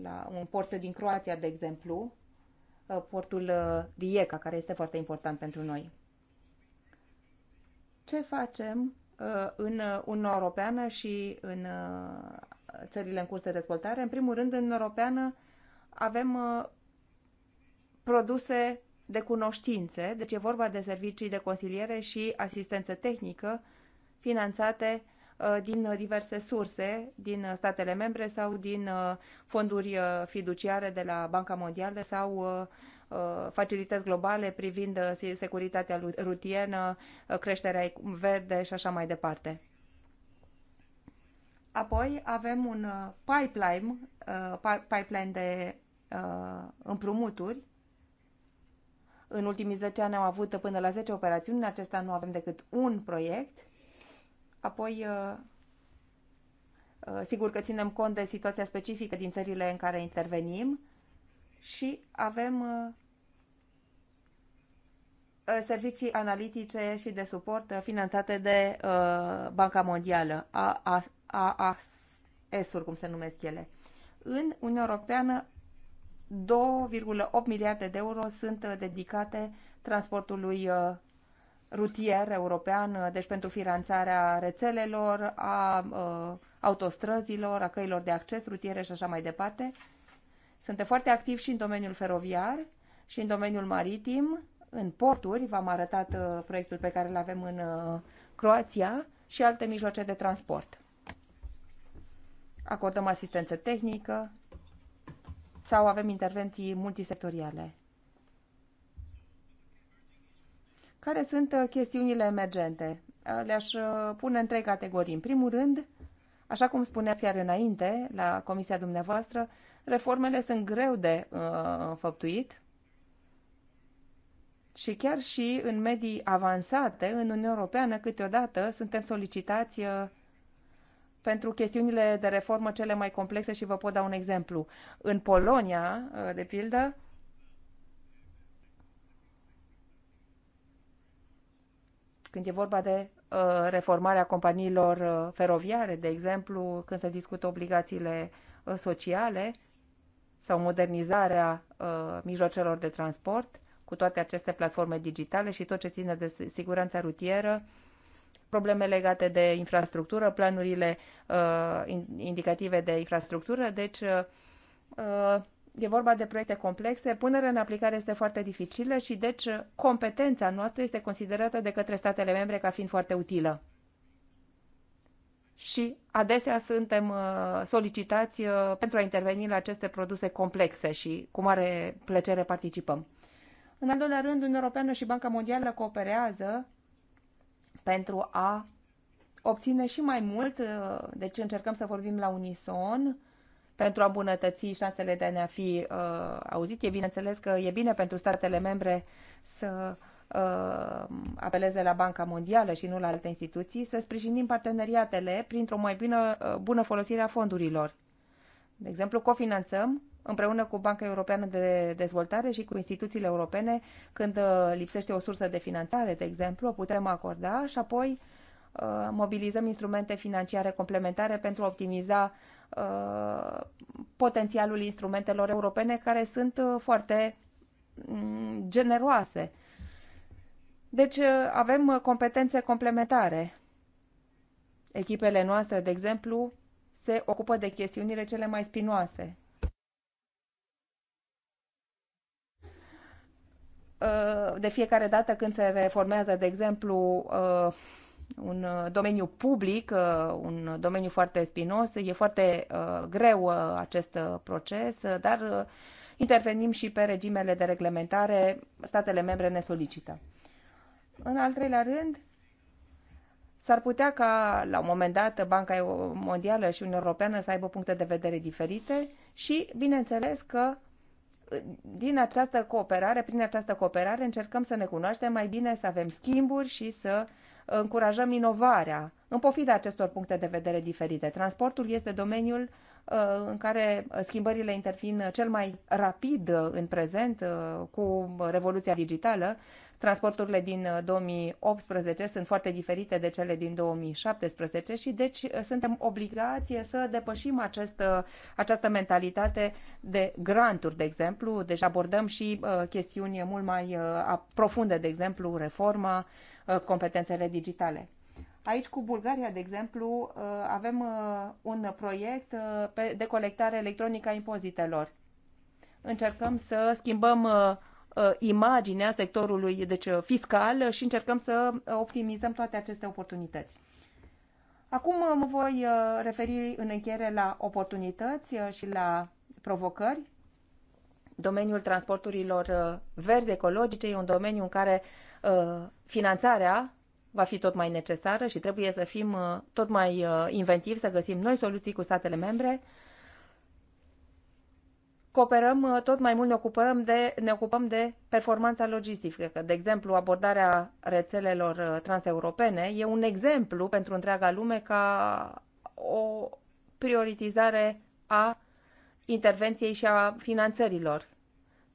La un port din Croația, de exemplu, uh, portul uh, Rijeka, care este foarte important pentru noi. Ce facem în Uniunea Europeană și în țările în curs de dezvoltare? În primul rând, în Europeană avem produse de cunoștințe, deci e vorba de servicii de consiliere și asistență tehnică finanțate uh, din uh, diverse surse, din uh, statele membre sau din fonduri fiduciare de la Banca Mondială sau facilități globale privind securitatea rutienă, creșterea verde și așa mai departe. Apoi avem un pipeline, pipeline de împrumuturi. În ultimii 10 ani am avut până la 10 operațiuni, în acesta nu avem decât un proiect – Apoi, uh, uh, sigur că ținem cont de situația specifică din țările în care intervenim și avem uh, servicii analitice și de suport finanțate de Banca Mondială, AAS-uri, cum se numesc ele. În Uniunea Europeană, 2,8 miliarde de euro sunt dedicate transportului rutier european, uh, deci pentru finanțarea rețelelor, a uh, autostrăzilor, a căilor de acces rutiere și așa mai departe. Suntem foarte activi și în domeniul feroviar și în domeniul maritim, în porturi, v-am arătat uh, proiectul pe care îl avem în Croația și alte mijloace de transport. Acordăm asistență tehnică sau avem intervenții multisectoriale. Care sunt uh, chestiunile emergente? Uh, le-aș uh, pune în trei categorii. În primul rând, așa cum spuneați chiar înainte, la comisia dumneavoastră, reformele sunt greu de uh, făptuit și chiar și în medii avansate, în Uniunea Europeană, câteodată suntem solicitați uh, pentru chestiunile de reformă cele mai complexe și vă pot da un exemplu. În Polonia, de pildă, când e vorba de uh, reformarea companiilor uh, feroviare, de exemplu, când se discută obligațiile uh, sociale sau modernizarea mijloacelor de transport, cu toate aceste platforme digitale și tot ce ține de siguranța rutieră, probleme legate de infrastructură, planurile indicative de infrastructură, deci e vorba de proiecte complexe, punerea în aplicare este foarte dificilă și deci competența noastră este considerată de către statele membre ca fiind foarte utilă. Și adesea suntem uh, solicitați uh, pentru a interveni la aceste produse complexe și cu mare plăcere participăm. În al doilea rând, Uniunea Europeană și Banca Mondială cooperează pentru a obține și mai mult, uh, deci încercăm să vorbim la unison, pentru a îmbunătăți șansele de a ne fi uh, auzit. E bineînțeles că e bine pentru statele membre să uh, apeleze la Banca Mondială și nu la alte instituții, să sprijinim parteneriatele printr-o mai bună, uh, bună folosire a fondurilor. De exemplu, cofinanțăm împreună cu Banca Europeană de Dezvoltare și cu instituțiile europene, când uh, lipsește o sursă de finanțare, de exemplu, o putem acorda și apoi uh, mobilizăm instrumente financiare complementare pentru a optimiza Uh, potențialul instrumentelor europene care sunt uh, foarte mm, generoase. Deci uh, avem competențe complementare. Echipele noastre, de exemplu, se ocupă de chestiunile cele mai spinoase. De fiecare dată când se reformează, de exemplu, un uh, domeniu public, uh, un domeniu foarte spinos. E foarte uh, greu acest proces, dar intervenim și pe regimele de reglementare, statele membre ne solicită. În al treilea rând, S-ar putea ca, la un moment dat, Banca Mondială și Uniunea Europeană să aibă puncte de vedere diferite și, bineînțeles, că din această cooperare, prin această cooperare, încercăm să ne cunoaștem mai bine, să avem schimburi și să încurajăm inovarea. În pofida acestor puncte de vedere diferite, transportul este domeniul uh, în care schimbările intervin cel mai rapid în prezent uh, cu revoluția digitală. Transporturile din 2018 uh, sunt foarte diferite de cele din 2017 și deci suntem obligați să depășim acest, această mentalitate de granturi, de exemplu. Deci abordăm și chestiuni mult mai profunde, de exemplu, reforma Uh, competențele digitale. Aici cu Bulgaria, de exemplu, uh, avem uh, un proiect de colectare electronică a impozitelor. Încercăm să schimbăm imaginea sectorului deci, fiscal și încercăm să optimizăm toate aceste oportunități. Acum mă voi referi în încheiere la oportunități și la provocări. Domeniul transporturilor verzi ecologice e un domeniu în care uh, Uh, finanțarea va fi tot mai necesară și trebuie să fim uh, tot mai uh, inventivi, să găsim noi soluții cu statele membre. Cooperăm tot mai mult, ne ocupăm de, ne ocupăm de performanța logistică. De exemplu, abordarea rețelelor transeuropene e un exemplu pentru întreaga lume ca o prioritizare a intervenției și a finanțărilor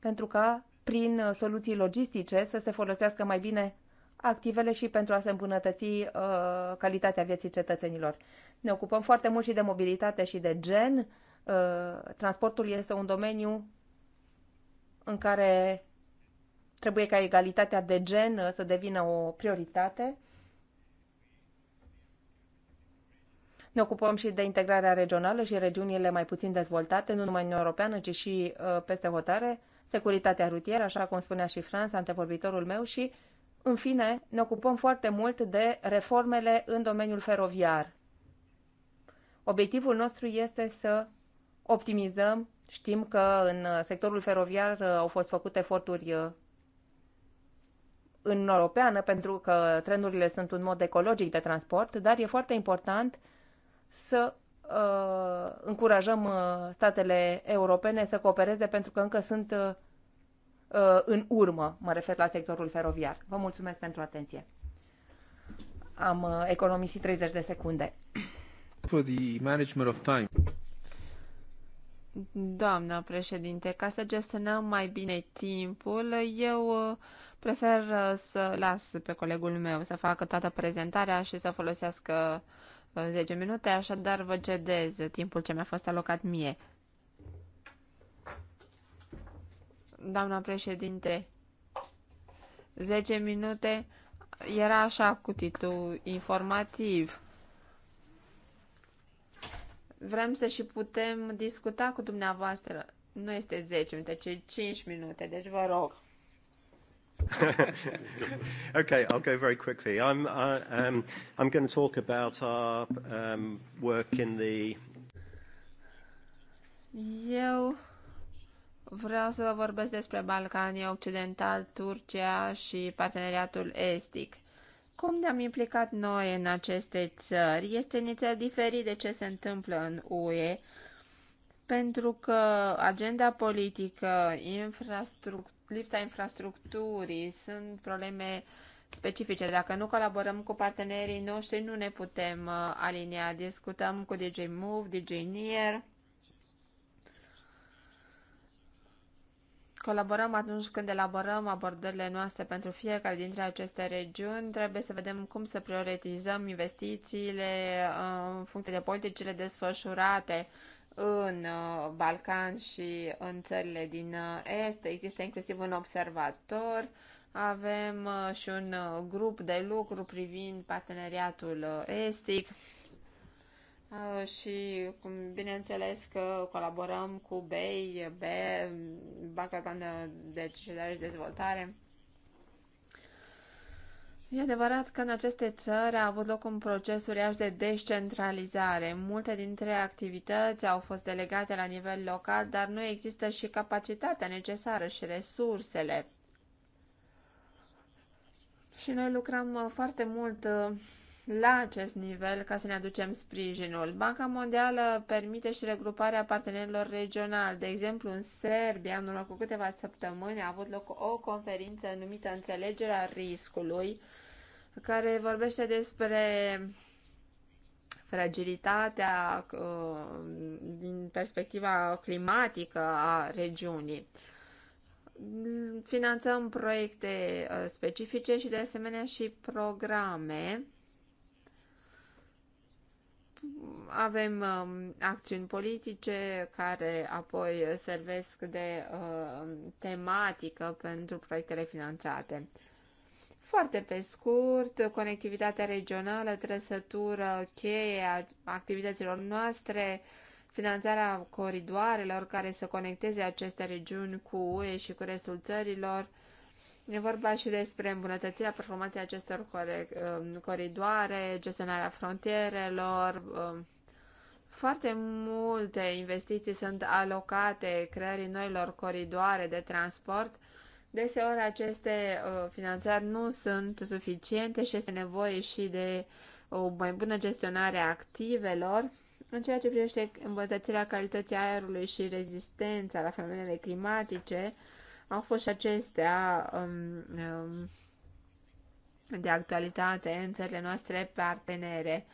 pentru ca prin uh, soluții logistice să se folosească mai bine activele și pentru a se îmbunătăți uh, calitatea vieții cetățenilor. Ne ocupăm foarte mult și de mobilitate și de gen. Uh, transportul este un domeniu în care trebuie ca egalitatea de gen uh, să devină o prioritate. Ne ocupăm și de integrarea regională și regiunile mai puțin dezvoltate, nu numai în Europeană, ci și uh, peste hotare. Uh, securitatea rutieră, așa cum spunea și Franța, antevorbitorul meu, și, în fine, ne ocupăm foarte mult de reformele în domeniul feroviar. Obiectivul nostru este să optimizăm. Știm că în sectorul feroviar uh, au fost făcute eforturi uh, în europeană pentru că trenurile sunt un mod ecologic de transport, dar e foarte important să Uh, încurajăm uh, statele europene să coopereze pentru că încă sunt uh, în urmă, mă refer la sectorul feroviar. Vă mulțumesc pentru atenție. Am economisit 30 de secunde. For the management of time. Doamna președinte, ca să gestionăm mai bine timpul, eu prefer să las pe colegul meu să facă toată prezentarea și să folosească 10 minute, așadar vă cedez timpul ce mi-a fost alocat mie. Doamna președinte, 10 minute era așa cu titlu informativ. Vrem să și putem discuta cu dumneavoastră. Nu este 10 minute, ci 5 minute, deci vă rog. Okay, I'll go very quickly. I'm, uh, um, I'm going to talk about our um, work in the... Eu vreau să vă vorbesc despre Balcanii Occidental, Turcia și parteneriatul estic. Cum ne-am implicat noi în aceste țări este nițel diferit de ce se întâmplă în UE, pentru că agenda politică, infrastructură, lipsa infrastructurii, sunt probleme specifice. Dacă nu colaborăm cu partenerii noștri, nu ne putem uh, alinia. Discutăm cu DJ Move, DJ Near. Colaborăm atunci când elaborăm abordările noastre pentru fiecare dintre aceste regiuni. Trebuie să vedem cum să prioritizăm investițiile uh, în funcție de politicile desfășurate în uh, Balcan și în țările din uh, Est. Există inclusiv un observator. Avem uh, și un grup de lucru privind parteneriatul estic și bineînțeles că colaborăm cu BEI, BE, Banca Europeană de Cercetare și Dezvoltare E adevărat că în aceste țări a avut loc un proces uriaș de descentralizare. Multe dintre activități au fost delegate la nivel local, dar nu există și capacitatea necesară și resursele. Și noi lucrăm uh, foarte mult uh, la acest nivel ca să ne aducem sprijinul. Banca Mondială permite și regruparea partenerilor regionali. De exemplu, în Serbia, în urmă cu câteva săptămâni, a avut loc o conferință numită Înțelegerea riscului, care vorbește despre fragilitatea uh, din perspectiva climatică a regiunii. Finanțăm proiecte uh, specifice și de asemenea și programe. Avem um, acțiuni politice care apoi servesc de uh, tematică pentru proiectele finanțate. Foarte pe scurt, conectivitatea regională, trăsătură, cheie a activităților noastre, finanțarea coridoarelor care să conecteze aceste regiuni cu UE și cu restul țărilor. E vorba și despre îmbunătățirea performanței acestor um, coridoare, gestionarea frontierelor. Um, foarte multe investiții sunt alocate creării noilor coridoare de transport Deseori aceste uh, finanțări nu sunt suficiente și este nevoie și de o mai bună gestionare a activelor. În ceea ce privește îmbunătățirea calității aerului și rezistența la fenomenele climatice, au fost și acestea um, um, de actualitate în țările noastre partenere.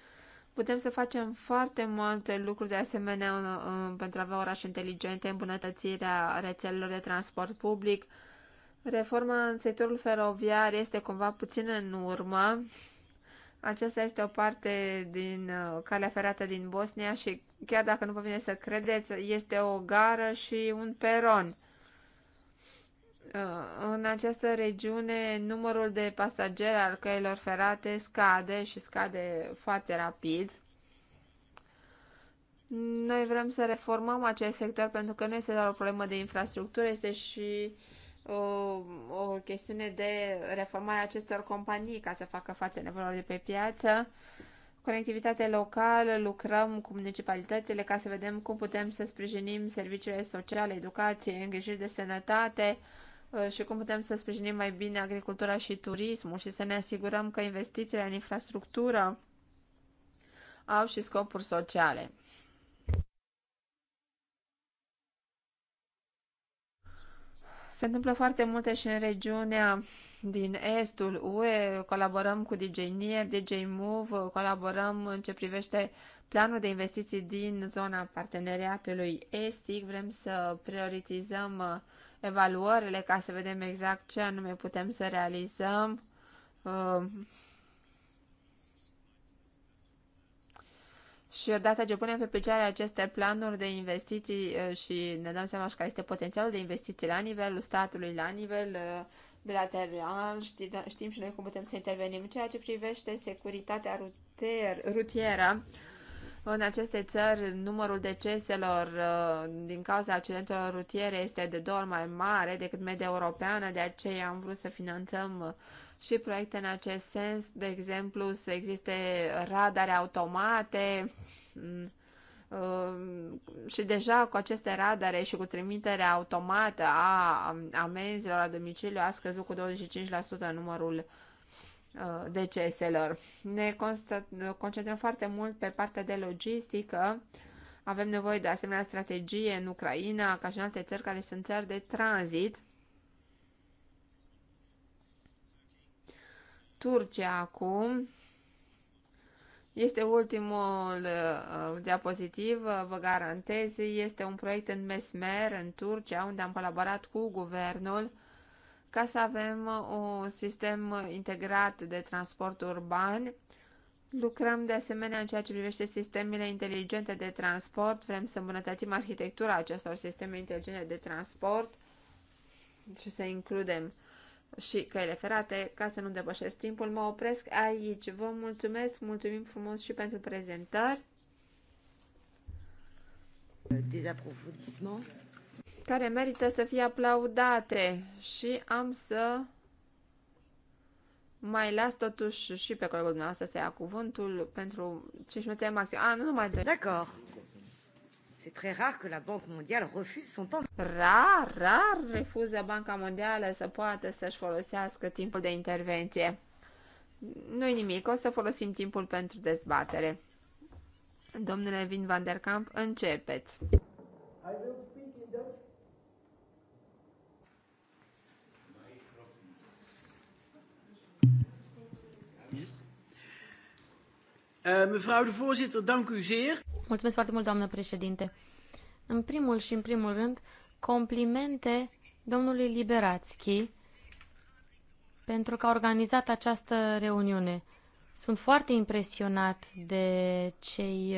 Putem să facem foarte multe lucruri de asemenea uh, uh, pentru a avea orașe inteligente, îmbunătățirea rețelelor de transport public, Reforma în sectorul feroviar este cumva puțin în urmă. Aceasta este o parte din uh, calea ferată din Bosnia și chiar dacă nu vă vine să credeți, este o gară și un peron. Uh, în această regiune, numărul de pasageri al căilor ferate scade și scade foarte rapid. Noi vrem să reformăm acest sector pentru că nu este doar o problemă de infrastructură, este și uh, o chestiune de reformare a acestor companii ca să facă față nevoilor de pe piață. Conectivitate locală, lucrăm cu municipalitățile ca să vedem cum putem să sprijinim serviciile sociale, educație, îngrijiri de sănătate ă, și cum putem să sprijinim mai bine agricultura și turismul și să ne asigurăm că investițiile în infrastructură au și scopuri sociale. Se întâmplă foarte multe și în regiunea din estul UE, colaborăm cu DJ Nier, DJ Move, colaborăm în ce privește planul de investiții din zona parteneriatului estic. Vrem să prioritizăm uh, evaluările ca să vedem exact ce anume putem să realizăm uh, Și odată ce punem pe picioare aceste planuri de investiții uh, și ne dăm seama și care este potențialul de investiții la nivelul statului, la nivel uh, bilateral, da, știm și noi cum putem să intervenim. Ceea ce privește securitatea rutieră, în aceste țări, numărul deceselor uh, din cauza accidentelor rutiere este de două ori mai mare decât media europeană, de aceea am vrut să finanțăm și proiecte în acest sens, de exemplu, să existe radare automate Uh, și deja cu aceste radare și cu trimiterea automată a amenzilor la domiciliu a scăzut cu 25% numărul uh, deceselor. Ne concentrăm foarte mult pe partea de logistică. Avem nevoie de asemenea strategie în Ucraina, ca și în alte țări care sunt țări de tranzit. Turcia acum este ultimul uh, diapozitiv, uh, vă garantez, este un proiect în Mesmer, în Turcia, unde am colaborat cu guvernul ca să avem uh, un sistem integrat de transport urban. Lucrăm de asemenea în ceea ce privește sistemele inteligente de transport. Vrem să îmbunătățim arhitectura acestor sisteme inteligente de transport și să includem și căile ferate, ca să nu depășesc timpul, mă opresc aici. Vă mulțumesc, mulțumim frumos și pentru prezentări. Care merită să fie aplaudate și am să mai las totuși și pe colegul dumneavoastră să ia cuvântul pentru 5 minute maxim. A, nu numai 2. D'accord. C'est très rare que la Banque mondiale refuse son temps. Rar, rar refuză Banca Mondială să poată să-și folosească timpul de intervenție. Nu-i nimic, o să folosim timpul pentru dezbatere. Domnule Vin van der Kamp, începeți. Eh, mevrouw de voorzitter, dank u zeer. Mulțumesc foarte mult, doamnă președinte. În primul și în primul rând, complimente domnului Liberațchi pentru că a organizat această reuniune. Sunt foarte impresionat de cei...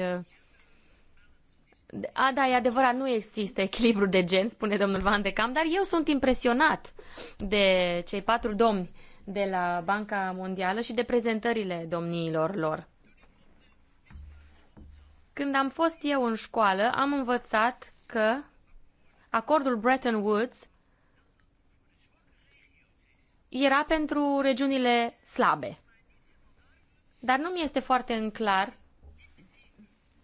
A, da, e adevărat, nu există echilibru de gen, spune domnul Van de Cam, dar eu sunt impresionat de cei patru domni de la Banca Mondială și de prezentările domniilor lor. Când am fost eu în școală, am învățat că acordul Bretton Woods era pentru regiunile slabe. Dar nu mi este foarte în clar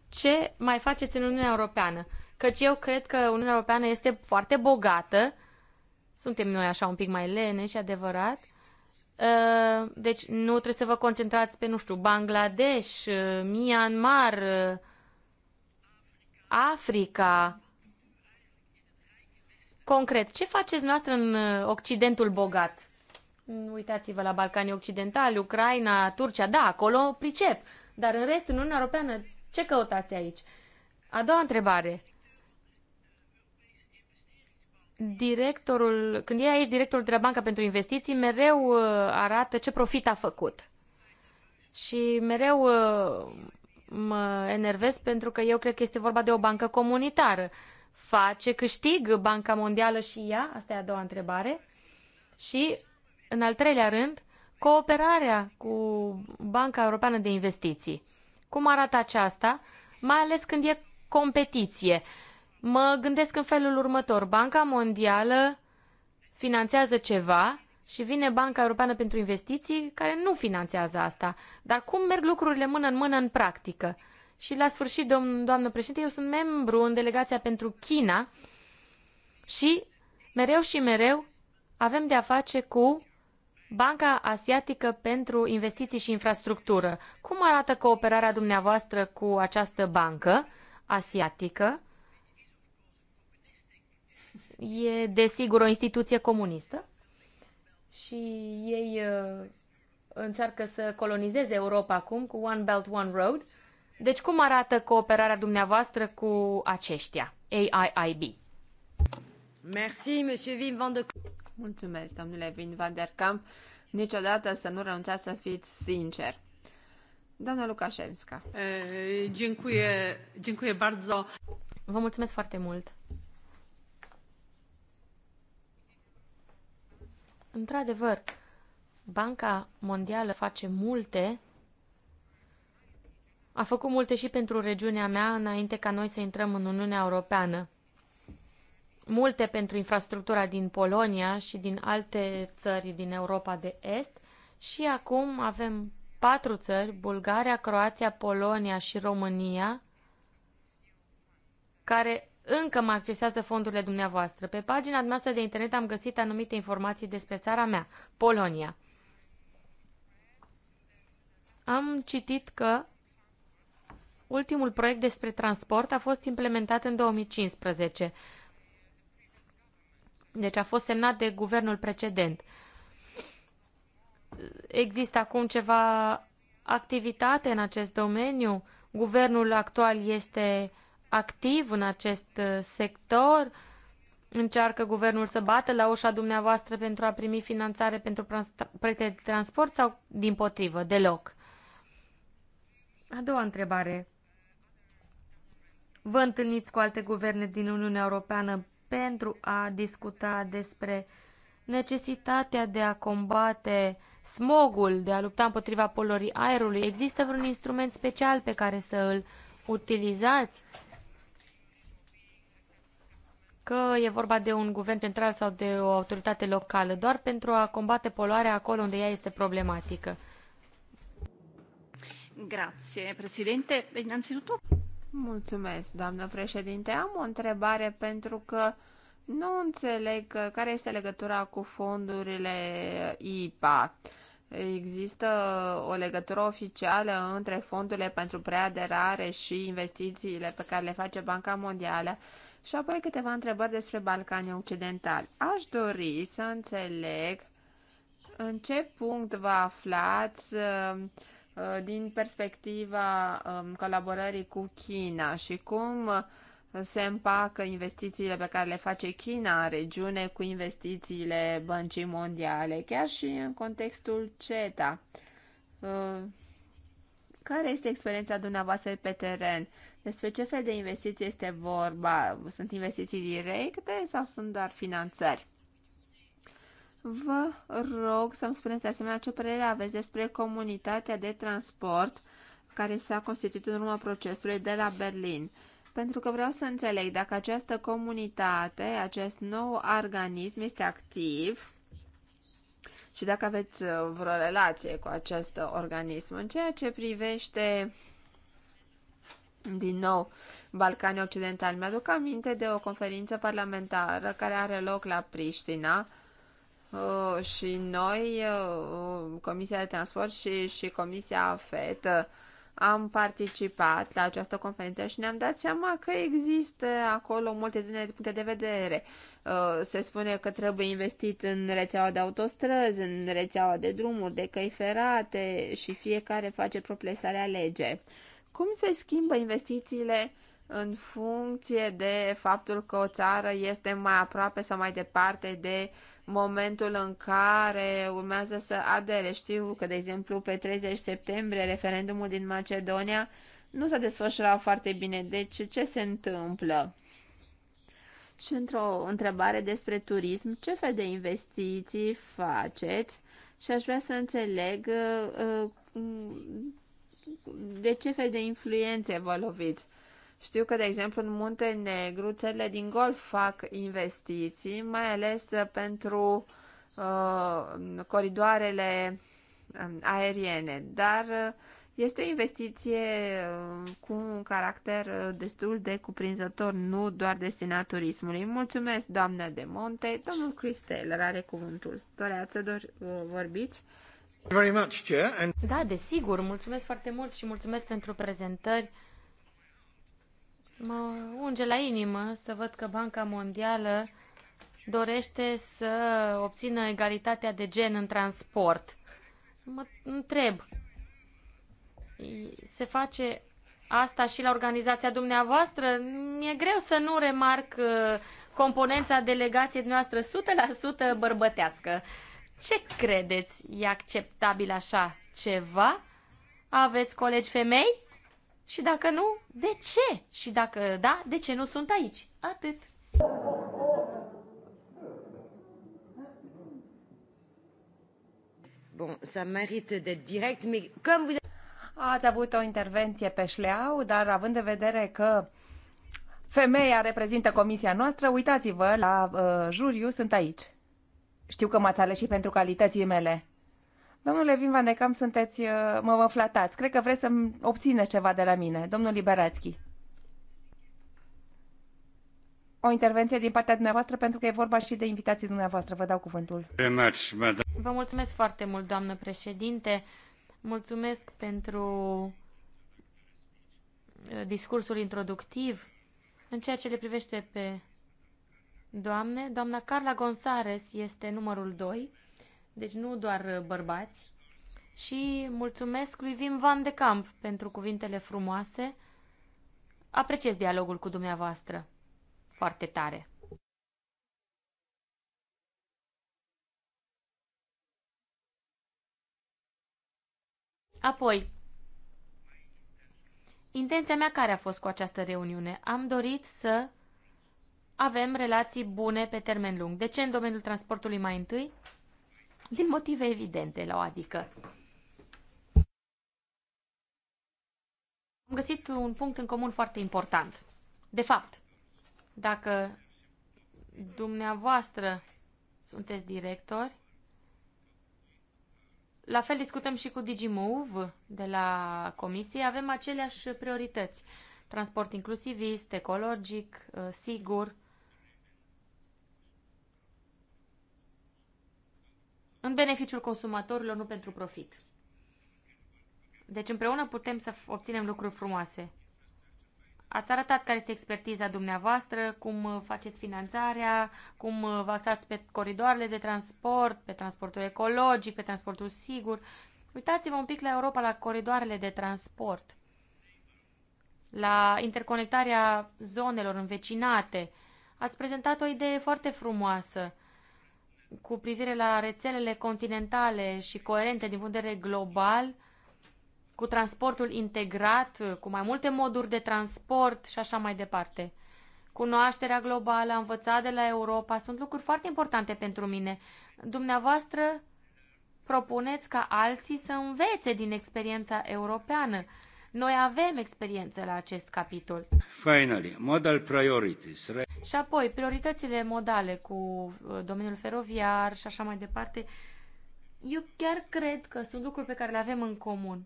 ce mai faceți în Uniunea Europeană. Căci eu cred că Uniunea Europeană este foarte bogată. Suntem noi așa un pic mai lene și adevărat. Uh, deci nu trebuie să vă concentrați pe, nu știu, Bangladesh, uh, Myanmar, uh, Africa. Concret, ce faceți noastră în uh, Occidentul bogat? Mm, uitați-vă la Balcanii Occidentali, Ucraina, Turcia, da, acolo pricep. Dar în rest, în Uniunea Europeană, ce căutați aici? A doua întrebare. Directorul, când e aici directorul de la Banca pentru Investiții, mereu uh, arată ce profit a făcut. Și mereu uh, mă enervez pentru că eu cred că este vorba de o bancă comunitară. Face câștig Banca Mondială și ea? Asta e a doua întrebare. Și, în al treilea rând, cooperarea cu Banca Europeană de Investiții. Cum arată aceasta? Mai ales când e competiție. Mă gândesc în felul următor. Banca Mondială finanțează ceva și vine Banca Europeană pentru Investiții care nu finanțează asta. Dar cum merg lucrurile mână în mână în practică? Și la sfârșit, domn, doamnă președinte, eu sunt membru în delegația pentru China și mereu și mereu avem de a face cu Banca Asiatică pentru Investiții și Infrastructură. Cum arată cooperarea dumneavoastră cu această bancă asiatică? E desigur o instituție comunistă? și ei uh, încearcă să colonizeze Europa acum cu One Belt, One Road. Deci cum arată cooperarea dumneavoastră cu aceștia, AIIB? Merci, monsieur Wim van der Mulțumesc, domnule Wim van der Kamp. Niciodată să nu renunțați să fiți sincer. Doamna Lukashenska. Eh, dziękuję, dziękuję bardzo. Vă mulțumesc foarte mult. Într-adevăr, Banca Mondială face multe, a făcut multe și pentru regiunea mea înainte ca noi să intrăm în Uniunea Europeană. Multe pentru infrastructura din Polonia și din alte țări din Europa de Est și acum avem patru țări, Bulgaria, Croația, Polonia și România, care încă mă accesează fondurile dumneavoastră. Pe pagina noastră de internet am găsit anumite informații despre țara mea, Polonia. Am citit că ultimul proiect despre transport a fost implementat în 2015. Deci a fost semnat de guvernul precedent. Există acum ceva activitate în acest domeniu? Guvernul actual este activ în acest uh, sector? Încearcă guvernul să bată la ușa dumneavoastră pentru a primi finanțare pentru proiecte de transport sau din potrivă, deloc? A doua întrebare. Vă întâlniți cu alte guverne din Uniunea Europeană pentru a discuta despre necesitatea de a combate smogul, de a lupta împotriva polorii aerului. Există vreun instrument special pe care să îl utilizați? că e vorba de un guvern central sau de o autoritate locală, doar pentru a combate poluarea acolo unde ea este problematică. Grazie, președinte. Innanzitutto... Mulțumesc, doamnă președinte. Am o întrebare pentru că nu înțeleg care este legătura cu fondurile IPA. Există o legătură oficială între fondurile pentru preaderare și investițiile pe care le face Banca Mondială și apoi câteva întrebări despre Balcanii Occidentali. Aș dori să înțeleg în ce punct vă aflați uh, uh, din perspectiva um, colaborării cu China și cum uh, se împacă investițiile pe care le face China în regiune cu investițiile băncii mondiale, chiar și în contextul CETA. Care este experiența dumneavoastră pe teren? Despre ce fel de investiții este vorba? Sunt investiții directe sau sunt doar finanțări? Vă rog să-mi spuneți de asemenea ce părere aveți despre comunitatea de transport care s-a constituit în urma procesului de la Berlin. Pentru că vreau să înțeleg dacă această comunitate, acest nou organism este activ și dacă aveți uh, vreo relație cu acest organism. În ceea ce privește din nou Balcanii Occidentali, mi-aduc aminte de o conferință parlamentară care are loc la Priștina uh, și noi, uh, Comisia de Transport și, și Comisia FET, am participat la această conferință și ne-am dat seama că există acolo multe de puncte de vedere Uh, se spune că trebuie investit în rețeaua de autostrăzi, în rețeaua de drumuri, de căi ferate și fiecare face propriile sale alegeri. Cum se schimbă investițiile în funcție de faptul că o țară este mai aproape sau mai departe de momentul în care urmează să adere? Știu că, de exemplu, pe 30 septembrie, referendumul din Macedonia nu s-a desfășurat foarte bine. Deci, ce se întâmplă? Și într-o întrebare despre turism, ce fel de investiții faceți? Și aș vrea să înțeleg uh, uh, de ce fel de influențe vă loviți. Știu că, de exemplu, în Negru, țările din Golf fac investiții, mai ales pentru uh, coridoarele um, aeriene, dar uh, este o investiție uh, cu un caracter uh, destul de cuprinzător, nu doar destinat turismului. Mulțumesc, doamna de Monte. Domnul Cristel are cuvântul. Doreați să uh, vorbiți? Very much, Chair, and... Da, desigur. Mulțumesc foarte mult și mulțumesc pentru prezentări. Mă unge la inimă să văd că Banca Mondială dorește să obțină egalitatea de gen în transport. Mă întreb, se face asta și la organizația dumneavoastră, mi-e greu să nu remarc uh, componența delegației noastre 100% bărbătească. Ce credeți? E acceptabil așa ceva? Aveți colegi femei? Și dacă nu, de ce? Și dacă da, de ce nu sunt aici? Atât. Bon, ça mérite d'être direct, mais comme vous Ați avut o intervenție pe șleau, dar având în vedere că femeia reprezintă comisia noastră, uitați-vă la uh, juriu, sunt aici. Știu că m-ați ales și pentru calității mele. Domnule Vin Van de Camp, sunteți, uh, mă, mă flatați. Cred că vreți să obțineți ceva de la mine. Domnul Liberațchi. O intervenție din partea dumneavoastră pentru că e vorba și de invitații dumneavoastră. Vă dau cuvântul. Vă mulțumesc foarte mult, doamnă președinte. Mulțumesc pentru uh, discursul introductiv. În ceea ce le privește pe doamne, doamna Carla Gonzales este numărul 2, deci nu doar uh, bărbați. Și mulțumesc lui Vim Van de Camp pentru cuvintele frumoase. Apreciez dialogul cu dumneavoastră foarte tare. Apoi, intenția mea care a fost cu această reuniune? Am dorit să avem relații bune pe termen lung. De ce în domeniul transportului mai întâi? Din motive evidente, la o adică. Am găsit un punct în comun foarte important. De fapt, dacă dumneavoastră sunteți directori, la fel discutăm și cu DigiMove de la Comisie. Avem aceleași priorități. Transport inclusivist, ecologic, uh, sigur. În beneficiul consumatorilor, nu pentru profit. Deci împreună putem să obținem lucruri frumoase. Ați arătat care este expertiza dumneavoastră, cum uh, faceți finanțarea, cum uh, vă axați pe coridoarele de transport, pe transportul ecologic, pe transportul sigur. Uitați-vă un pic la Europa, la coridoarele de transport, la interconectarea zonelor învecinate. Ați prezentat o idee foarte frumoasă cu privire la rețelele continentale și coerente din punct de vedere global cu transportul integrat, cu mai multe moduri de transport și așa mai departe. Cunoașterea globală, învățat de la Europa, sunt lucruri foarte importante pentru mine. Dumneavoastră propuneți ca alții să învețe din experiența europeană. Noi avem experiență la acest capitol. Finally, modal priorities. Și apoi, prioritățile modale cu uh, domeniul feroviar și așa mai departe. Eu chiar cred că sunt lucruri pe care le avem în comun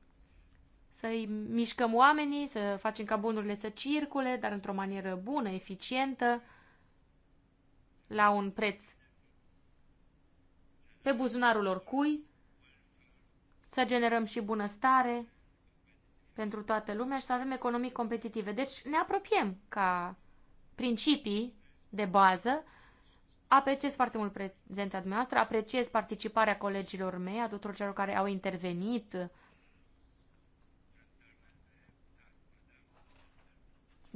să-i mișcăm oamenii, să facem ca bunurile să circule, dar într-o manieră bună, eficientă, la un preț pe buzunarul oricui, să generăm și bunăstare pentru toată lumea și să avem economii competitive. Deci ne apropiem ca principii de bază. Apreciez foarte mult prezența dumneavoastră, apreciez participarea colegilor mei, a tuturor celor care au intervenit,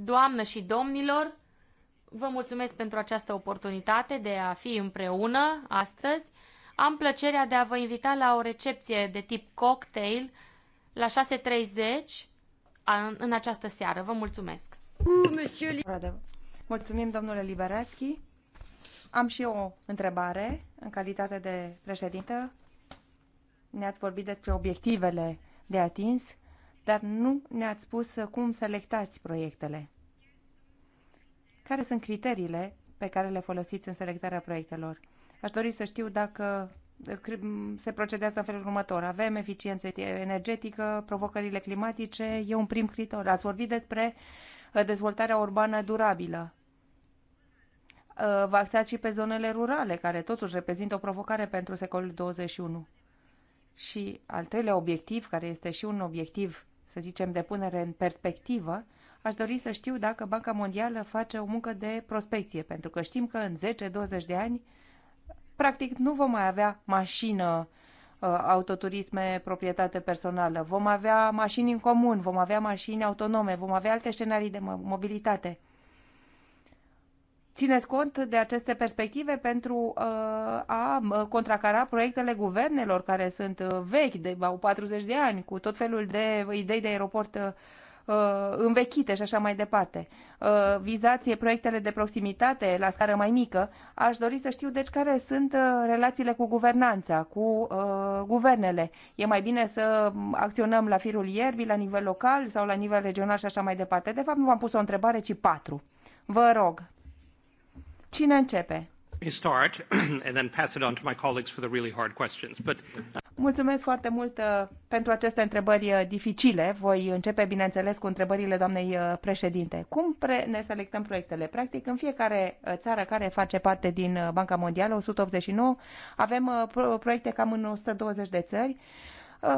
Doamnă și domnilor, vă mulțumesc pentru această oportunitate de a fi împreună astăzi. Am plăcerea de a vă invita la o recepție de tip cocktail la 6.30 în această seară. Vă mulțumesc! Mulțumim, domnule Liberaschi. Am și eu o întrebare în calitate de președintă. Ne-ați vorbit despre obiectivele de atins dar nu ne-ați spus uh, cum selectați proiectele. Care sunt criteriile pe care le folosiți în selectarea proiectelor? Aș dori să știu dacă uh, se procedează în felul următor. Avem eficiență energetică, provocările climatice, e un prim criteriu. Ați vorbit despre uh, dezvoltarea urbană durabilă. Vă axați și pe zonele rurale, care totuși reprezintă o provocare pentru secolul 21. Și al treilea obiectiv, care este și un obiectiv să zicem, de punere în perspectivă, aș dori să știu dacă Banca Mondială face o muncă de prospecție, pentru că știm că în 10-20 de ani, practic, nu vom mai avea mașină, uh, autoturisme, proprietate personală, vom avea mașini în comun, vom avea mașini autonome, vom avea alte scenarii de mobilitate – țineți cont de aceste perspective pentru uh, a uh, contracara proiectele guvernelor care sunt uh, vechi, de au 40 de ani, cu tot felul de idei de aeroport învechite și așa mai departe. Vizație proiectele de proximitate la scară mai mică. Aș dori să știu, deci, care sunt relațiile cu guvernanța, cu uh, guvernele. E mai bine să acționăm la firul ierbii, la nivel local sau la nivel regional și așa mai departe. De fapt, nu v-am pus o întrebare, ci patru. Vă rog. Cine începe? Start and then pass it on to my colleagues for the really hard questions. But uh, Mulțumesc foarte mult uh, pentru aceste întrebări uh, dificile. Voi începe, bineînțeles, cu întrebările doamnei președinte. Cum pre- ne selectăm proiectele? Practic, în fiecare țară care face parte din Banca Mondială, 189, avem proiecte cam în 120 de țări. Uh,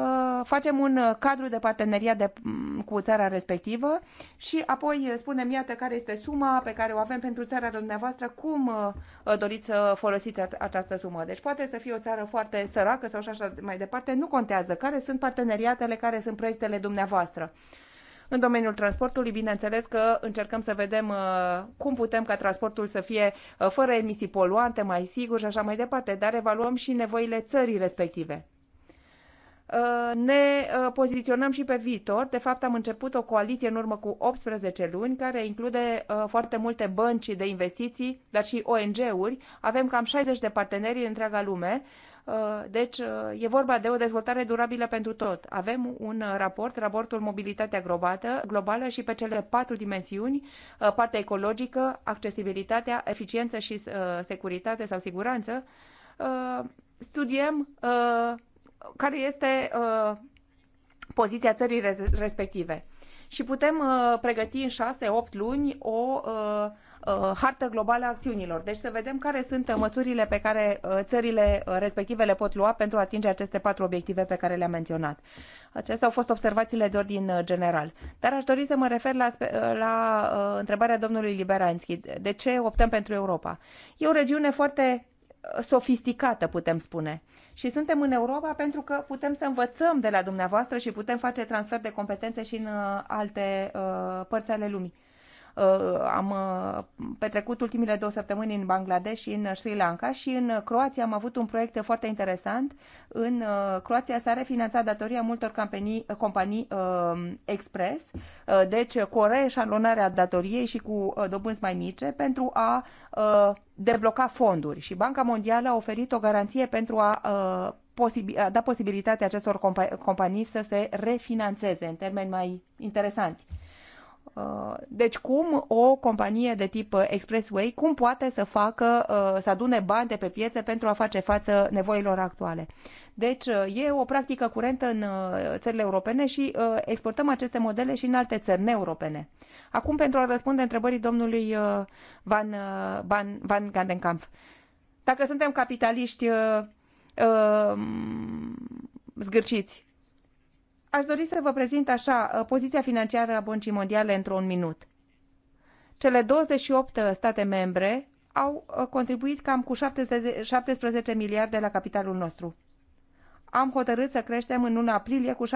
facem un uh, cadru de parteneriat de, mm, cu țara respectivă și apoi uh, spunem, iată, care este suma pe care o avem pentru țara dumneavoastră, cum doriți să folosiți această sumă. Deci poate să fie o țară foarte săracă sau și așa mai departe, nu contează care sunt parteneriatele, care sunt proiectele dumneavoastră. În domeniul transportului, bineînțeles că încercăm să vedem cum putem ca transportul să fie fără emisii poluante, mai sigur și așa mai departe, dar evaluăm și nevoile țării respective. Uh, ne uh, poziționăm și pe viitor. De fapt, am început o coaliție în urmă cu 18 luni, care include uh, foarte multe bănci de investiții, dar și ONG-uri. Avem cam 60 de parteneri în întreaga lume. Deci e vorba de o dezvoltare durabilă pentru tot. Avem un raport, raportul Mobilitatea Globală, globală și pe cele patru dimensiuni, partea ecologică, accesibilitatea, eficiență și securitate sau siguranță, studiem care este uh, poziția țării respective. Și putem uh, pregăti în 6-8 luni o uh, hartă globală a acțiunilor. Deci să vedem care sunt măsurile pe care țările respective le pot lua pentru a atinge aceste patru obiective pe care le-am menționat. Acestea au fost observațiile de ordin general. Dar aș dori să mă refer la, la întrebarea domnului Liberanski. De ce optăm pentru Europa? E o regiune foarte sofisticată, putem spune. Și suntem în Europa pentru că putem să învățăm de la dumneavoastră și putem face transfer de competențe și în uh, alte uh, părți ale lumii. Uh, am uh, petrecut ultimile două săptămâni în Bangladesh și în Sri Lanka și în Croația am avut un proiect foarte interesant. În uh, Croația s-a refinanțat datoria multor companii, companii uh, deci cu o reeșalonare a datoriei și cu dobânzi mai mici pentru a debloca fonduri și Banca Mondială a oferit o garanție pentru a, a da posibilitatea acestor compa companii să se refinanțeze în termeni mai interesanți. Uh, deci cum o companie de tip uh, Expressway, cum poate să facă, uh, să adune bani de pe piețe pentru a face față nevoilor actuale. Deci e o practică curentă în țările europene și exportăm aceste modele și în alte țări neeuropene. Acum pentru a răspunde întrebării domnului Van, Van, Van Gandenkamp. Dacă suntem capitaliști zgârciți, Aș dori să vă prezint așa uh, poziția financiară a Băncii Mondiale într-un minut. Cele 28 uh, state membre au uh, contribuit cam cu 17 miliarde la capitalul nostru. Am hotărât să creștem în 1 aprilie cu 7,5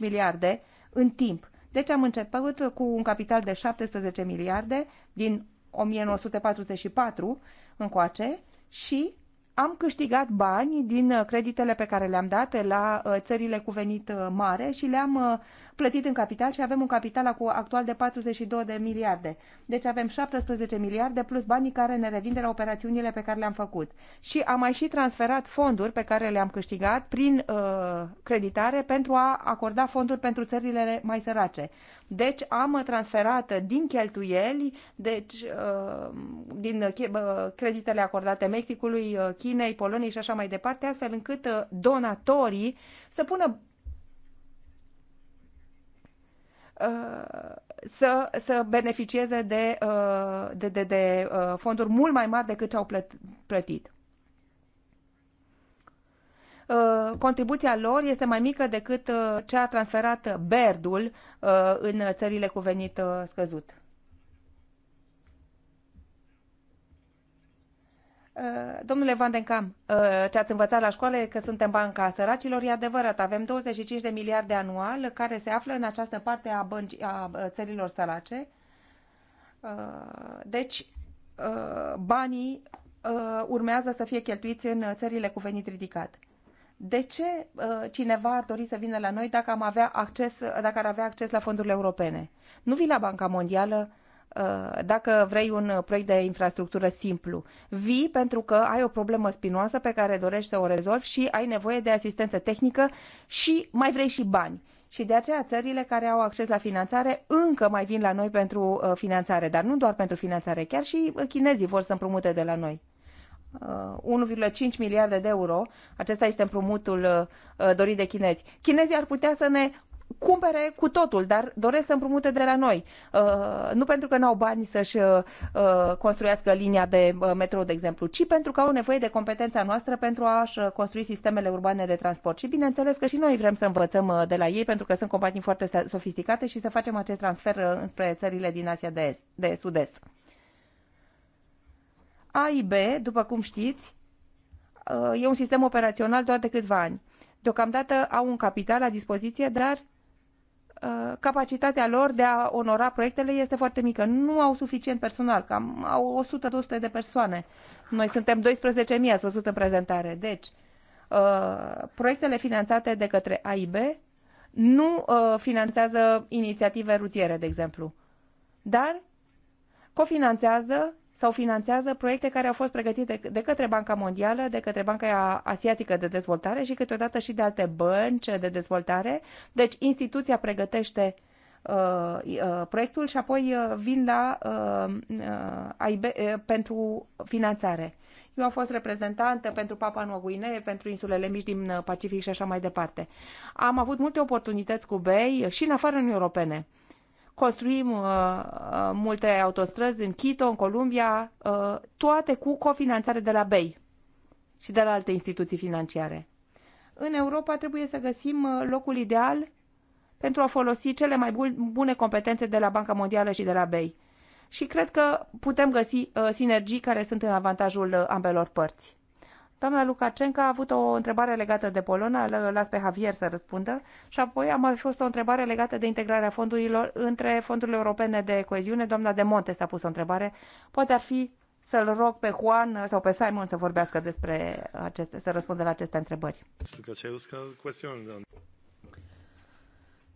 miliarde în timp. Deci am început cu un capital de 17 miliarde din 1944 încoace și am câștigat bani din uh, creditele pe care le-am dat la uh, țările cu venit uh, mare și le-am plătit în capital și avem un capital actual de 42 de miliarde. Deci avem 17 miliarde plus banii care ne revin de la operațiunile pe care le-am făcut. Și am mai și transferat fonduri pe care le-am câștigat prin uh, creditare pentru a acorda fonduri pentru țările mai sărace. Deci am transferat din cheltuieli, deci uh, din uh, creditele acordate Mexicului, uh, Chinei, Poloniei și așa mai departe, astfel încât uh, donatorii să pună Uh, să, să beneficieze de, uh, de, de, de uh, fonduri mult mai mari decât ce au plătit contribuția lor este mai mică decât cea transferată Berdul în țările cu venit scăzut. Eh, domnule Van den Kam, eh, ce ați învățat la școală că suntem banca săracilor e adevărat. Avem 25 de miliarde anual care se află în această parte a, bănci, a eh, țărilor sărace. Deci, banii urmează să fie cheltuiți în țările cu venit ridicat. De ce cineva ar dori să vină la noi dacă, am avea acces, dacă ar avea acces la fondurile europene? Nu vii la Banca Mondială Uh, dacă vrei un proiect de infrastructură simplu. Vii pentru că ai o problemă spinoasă pe care dorești să o rezolvi și ai nevoie de asistență tehnică și mai vrei și bani. Și de aceea țările care au acces la finanțare încă mai vin la noi pentru uh, finanțare, dar nu doar pentru finanțare, chiar și uh, chinezii vor să împrumute de la noi. 1,5 miliarde de euro. Acesta este împrumutul dorit de chinezi. Chinezii ar putea să ne cumpere cu totul, dar doresc să împrumute de la noi. Uh, nu pentru că nu au bani să-și uh, uh, construiască linia de metro, de exemplu, ci pentru că au nevoie de competența noastră pentru a-și construi sistemele urbane de transport. Și bineînțeles că și noi vrem să învățăm de la ei, pentru că sunt companii foarte sofisticate și să facem acest transfer înspre țările din Asia de, est, de Sud-Est. AIB, după cum știți, e un sistem operațional doar de câțiva ani. Deocamdată au un capital la dispoziție, dar Uh, capacitatea lor de a onora proiectele este foarte mică. Nu au suficient personal, cam au 100-200 de persoane. Noi suntem 12.000, ați văzut în prezentare. Deci, uh, proiectele finanțate de către AIB nu uh, finanțează inițiative rutiere, de exemplu, dar cofinanțează sau finanțează proiecte care au fost pregătite de către Banca Mondială, de către Banca Asiatică de Dezvoltare și câteodată și de alte bănci de dezvoltare. Deci instituția pregătește uh, uh, proiectul și apoi uh, vin la uh, uh, uh, pentru finanțare. Eu am fost reprezentantă pentru Papua Noua Guinee, pentru insulele mici din uh, Pacific și așa mai departe. Am avut multe oportunități cu BEI și în afara în Europene. Construim uh, uh, multe autostrăzi în Quito, în Columbia, uh, toate cu cofinanțare de la BEI și de la alte instituții financiare. În Europa trebuie să găsim uh, locul ideal pentru a folosi cele mai bune competențe de la Banca Mondială și de la BEI. Și cred că putem găsi uh, sinergii care sunt în avantajul uh, ambelor părți. Doamna Lucacenca a avut o întrebare legată de Polona, îl las pe Javier să răspundă, și apoi a mai fost o întrebare legată de integrarea fondurilor între fondurile europene de coeziune. Doamna de Monte s-a pus o întrebare. Poate ar fi să-l rog pe Juan sau pe Simon să vorbească despre aceste, să răspundă la aceste întrebări.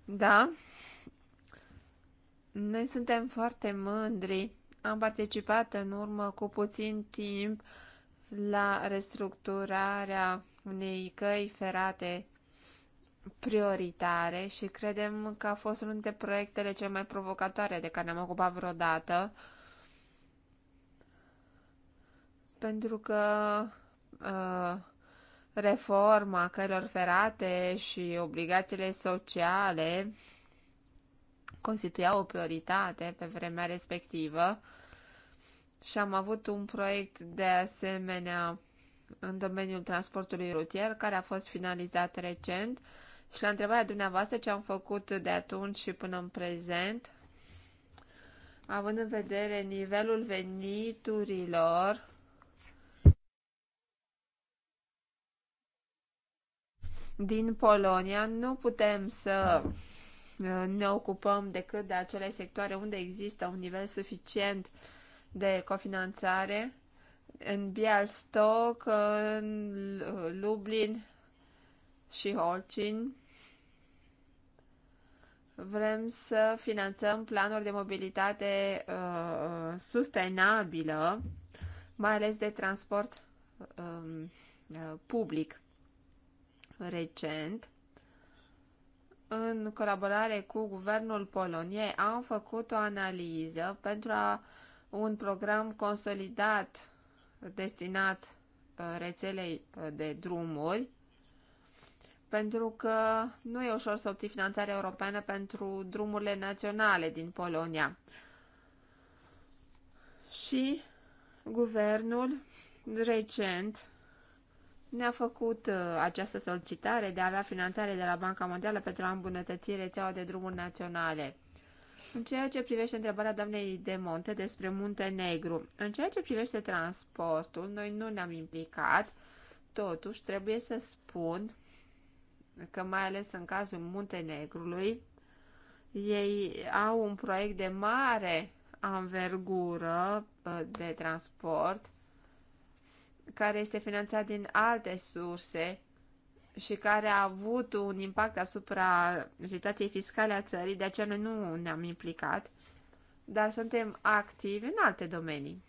Da. Noi suntem foarte mândri. Am participat în urmă cu puțin timp la restructurarea unei căi ferate prioritare și credem că a fost unul dintre proiectele cele mai provocatoare de care ne-am ocupat vreodată, pentru că uh, reforma căilor ferate și obligațiile sociale constituiau o prioritate pe vremea respectivă și am avut un proiect de asemenea în domeniul transportului rutier care a fost finalizat recent și la întrebarea dumneavoastră ce am făcut de atunci și până în prezent, având în vedere nivelul veniturilor din Polonia, nu putem să uh, ne ocupăm decât de acele sectoare unde există un nivel suficient uh, de cofinanțare în Bialstok, în Lublin și Holcin. Vrem să finanțăm planuri de mobilitate uh, uh sustenabilă, mai ales de transport um, uh, public recent în colaborare cu guvernul Poloniei, am făcut o analiză pentru a un program consolidat destinat uh, rețelei uh, de drumuri, pentru că nu e ușor să obții finanțare europeană pentru drumurile naționale din Polonia. Și guvernul recent ne-a făcut uh, această solicitare de a avea finanțare de la Banca Mondială pentru a îmbunătăți rețeaua de drumuri naționale. În ceea ce privește întrebarea doamnei de Monte despre Muntenegru, în ceea ce privește transportul, noi nu ne-am implicat, totuși trebuie să spun că mai ales în cazul Muntenegrului, ei au un proiect de mare anvergură uh, de transport care este finanțat din alte surse și care a avut un impact asupra situației fiscale a țării, de aceea noi nu ne-am implicat, dar suntem activi în alte domenii.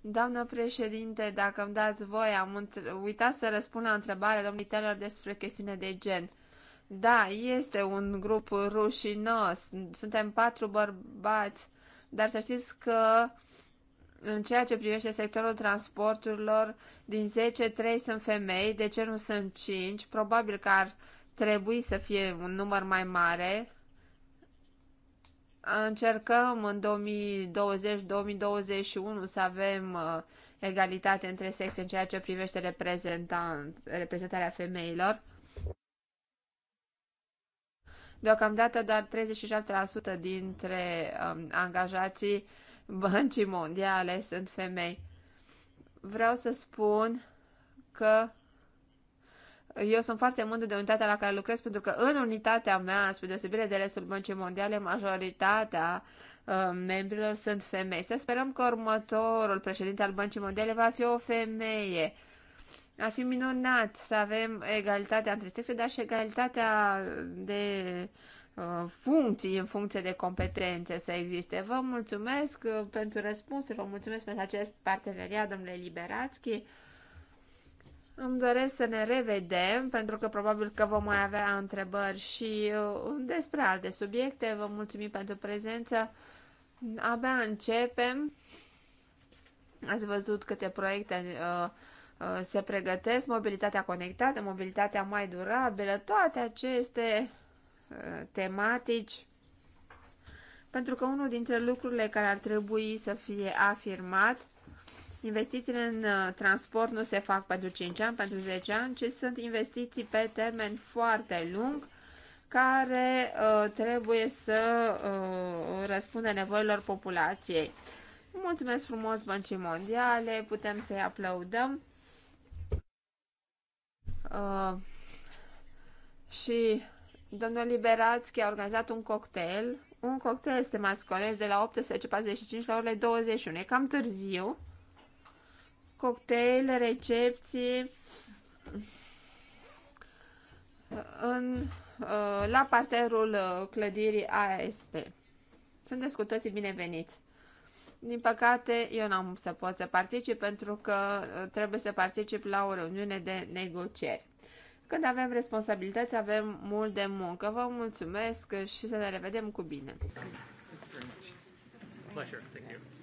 Doamnă președinte, dacă îmi dați voie, am uitat să răspund la întrebarea domnului Teller despre chestiune de gen. Da, este un grup rușinos, suntem patru bărbați, dar să știți că în ceea ce privește sectorul transporturilor, din 10, 3 sunt femei, de ce nu sunt 5? Probabil că ar trebui să fie un număr mai mare. Încercăm în 2020-2021 să avem uh, egalitate între sexe în ceea ce privește reprezentarea femeilor. Deocamdată doar 37% dintre um, angajații uh, Băncii Mondiale sunt femei. Vreau să spun că eu sunt foarte mândru de unitatea la care lucrez, pentru că în unitatea mea, spre deosebire de restul Băncii Mondiale, majoritatea uh, membrilor sunt femei. Să sperăm că următorul președinte al Băncii Mondiale va fi o femeie. Ar fi minunat să avem egalitatea între sexe, dar și egalitatea de Uh, funcții în funcție de competențe să existe. Vă mulțumesc uh, pentru răspunsuri, vă mulțumesc pentru acest parteneriat, domnule Liberațchi. Îmi doresc să ne revedem, pentru că probabil că vom mai avea întrebări și uh, despre alte subiecte. Vă mulțumim pentru prezență. Abia începem. Ați văzut câte proiecte se pregătesc, mobilitatea conectată, mobilitatea mai durabilă, toate aceste tematici, pentru că unul dintre lucrurile care ar trebui să fie afirmat, investițiile în uh, transport nu se fac pentru 5 ani, pentru 10 ani, ci sunt investiții pe termen foarte lung, care uh, trebuie să uh, răspundă nevoilor populației. Mulțumesc frumos Băncii Mondiale, putem să-i aplaudăm. Uh, și Domnul Liberațchi a organizat un cocktail, un cocktail, este masculin de la 18.45 la orele 21. E cam târziu. Cocktail, recepții, în, uh, la parterul uh, clădirii ASP. Sunteți cu toții bineveniți. Din păcate, eu n-am să pot să particip pentru că uh, trebuie să particip la o reuniune de negocieri. Când avem responsabilități, avem mult de muncă. Vă mulțumesc și să ne revedem cu bine! Pleasure. Thank you.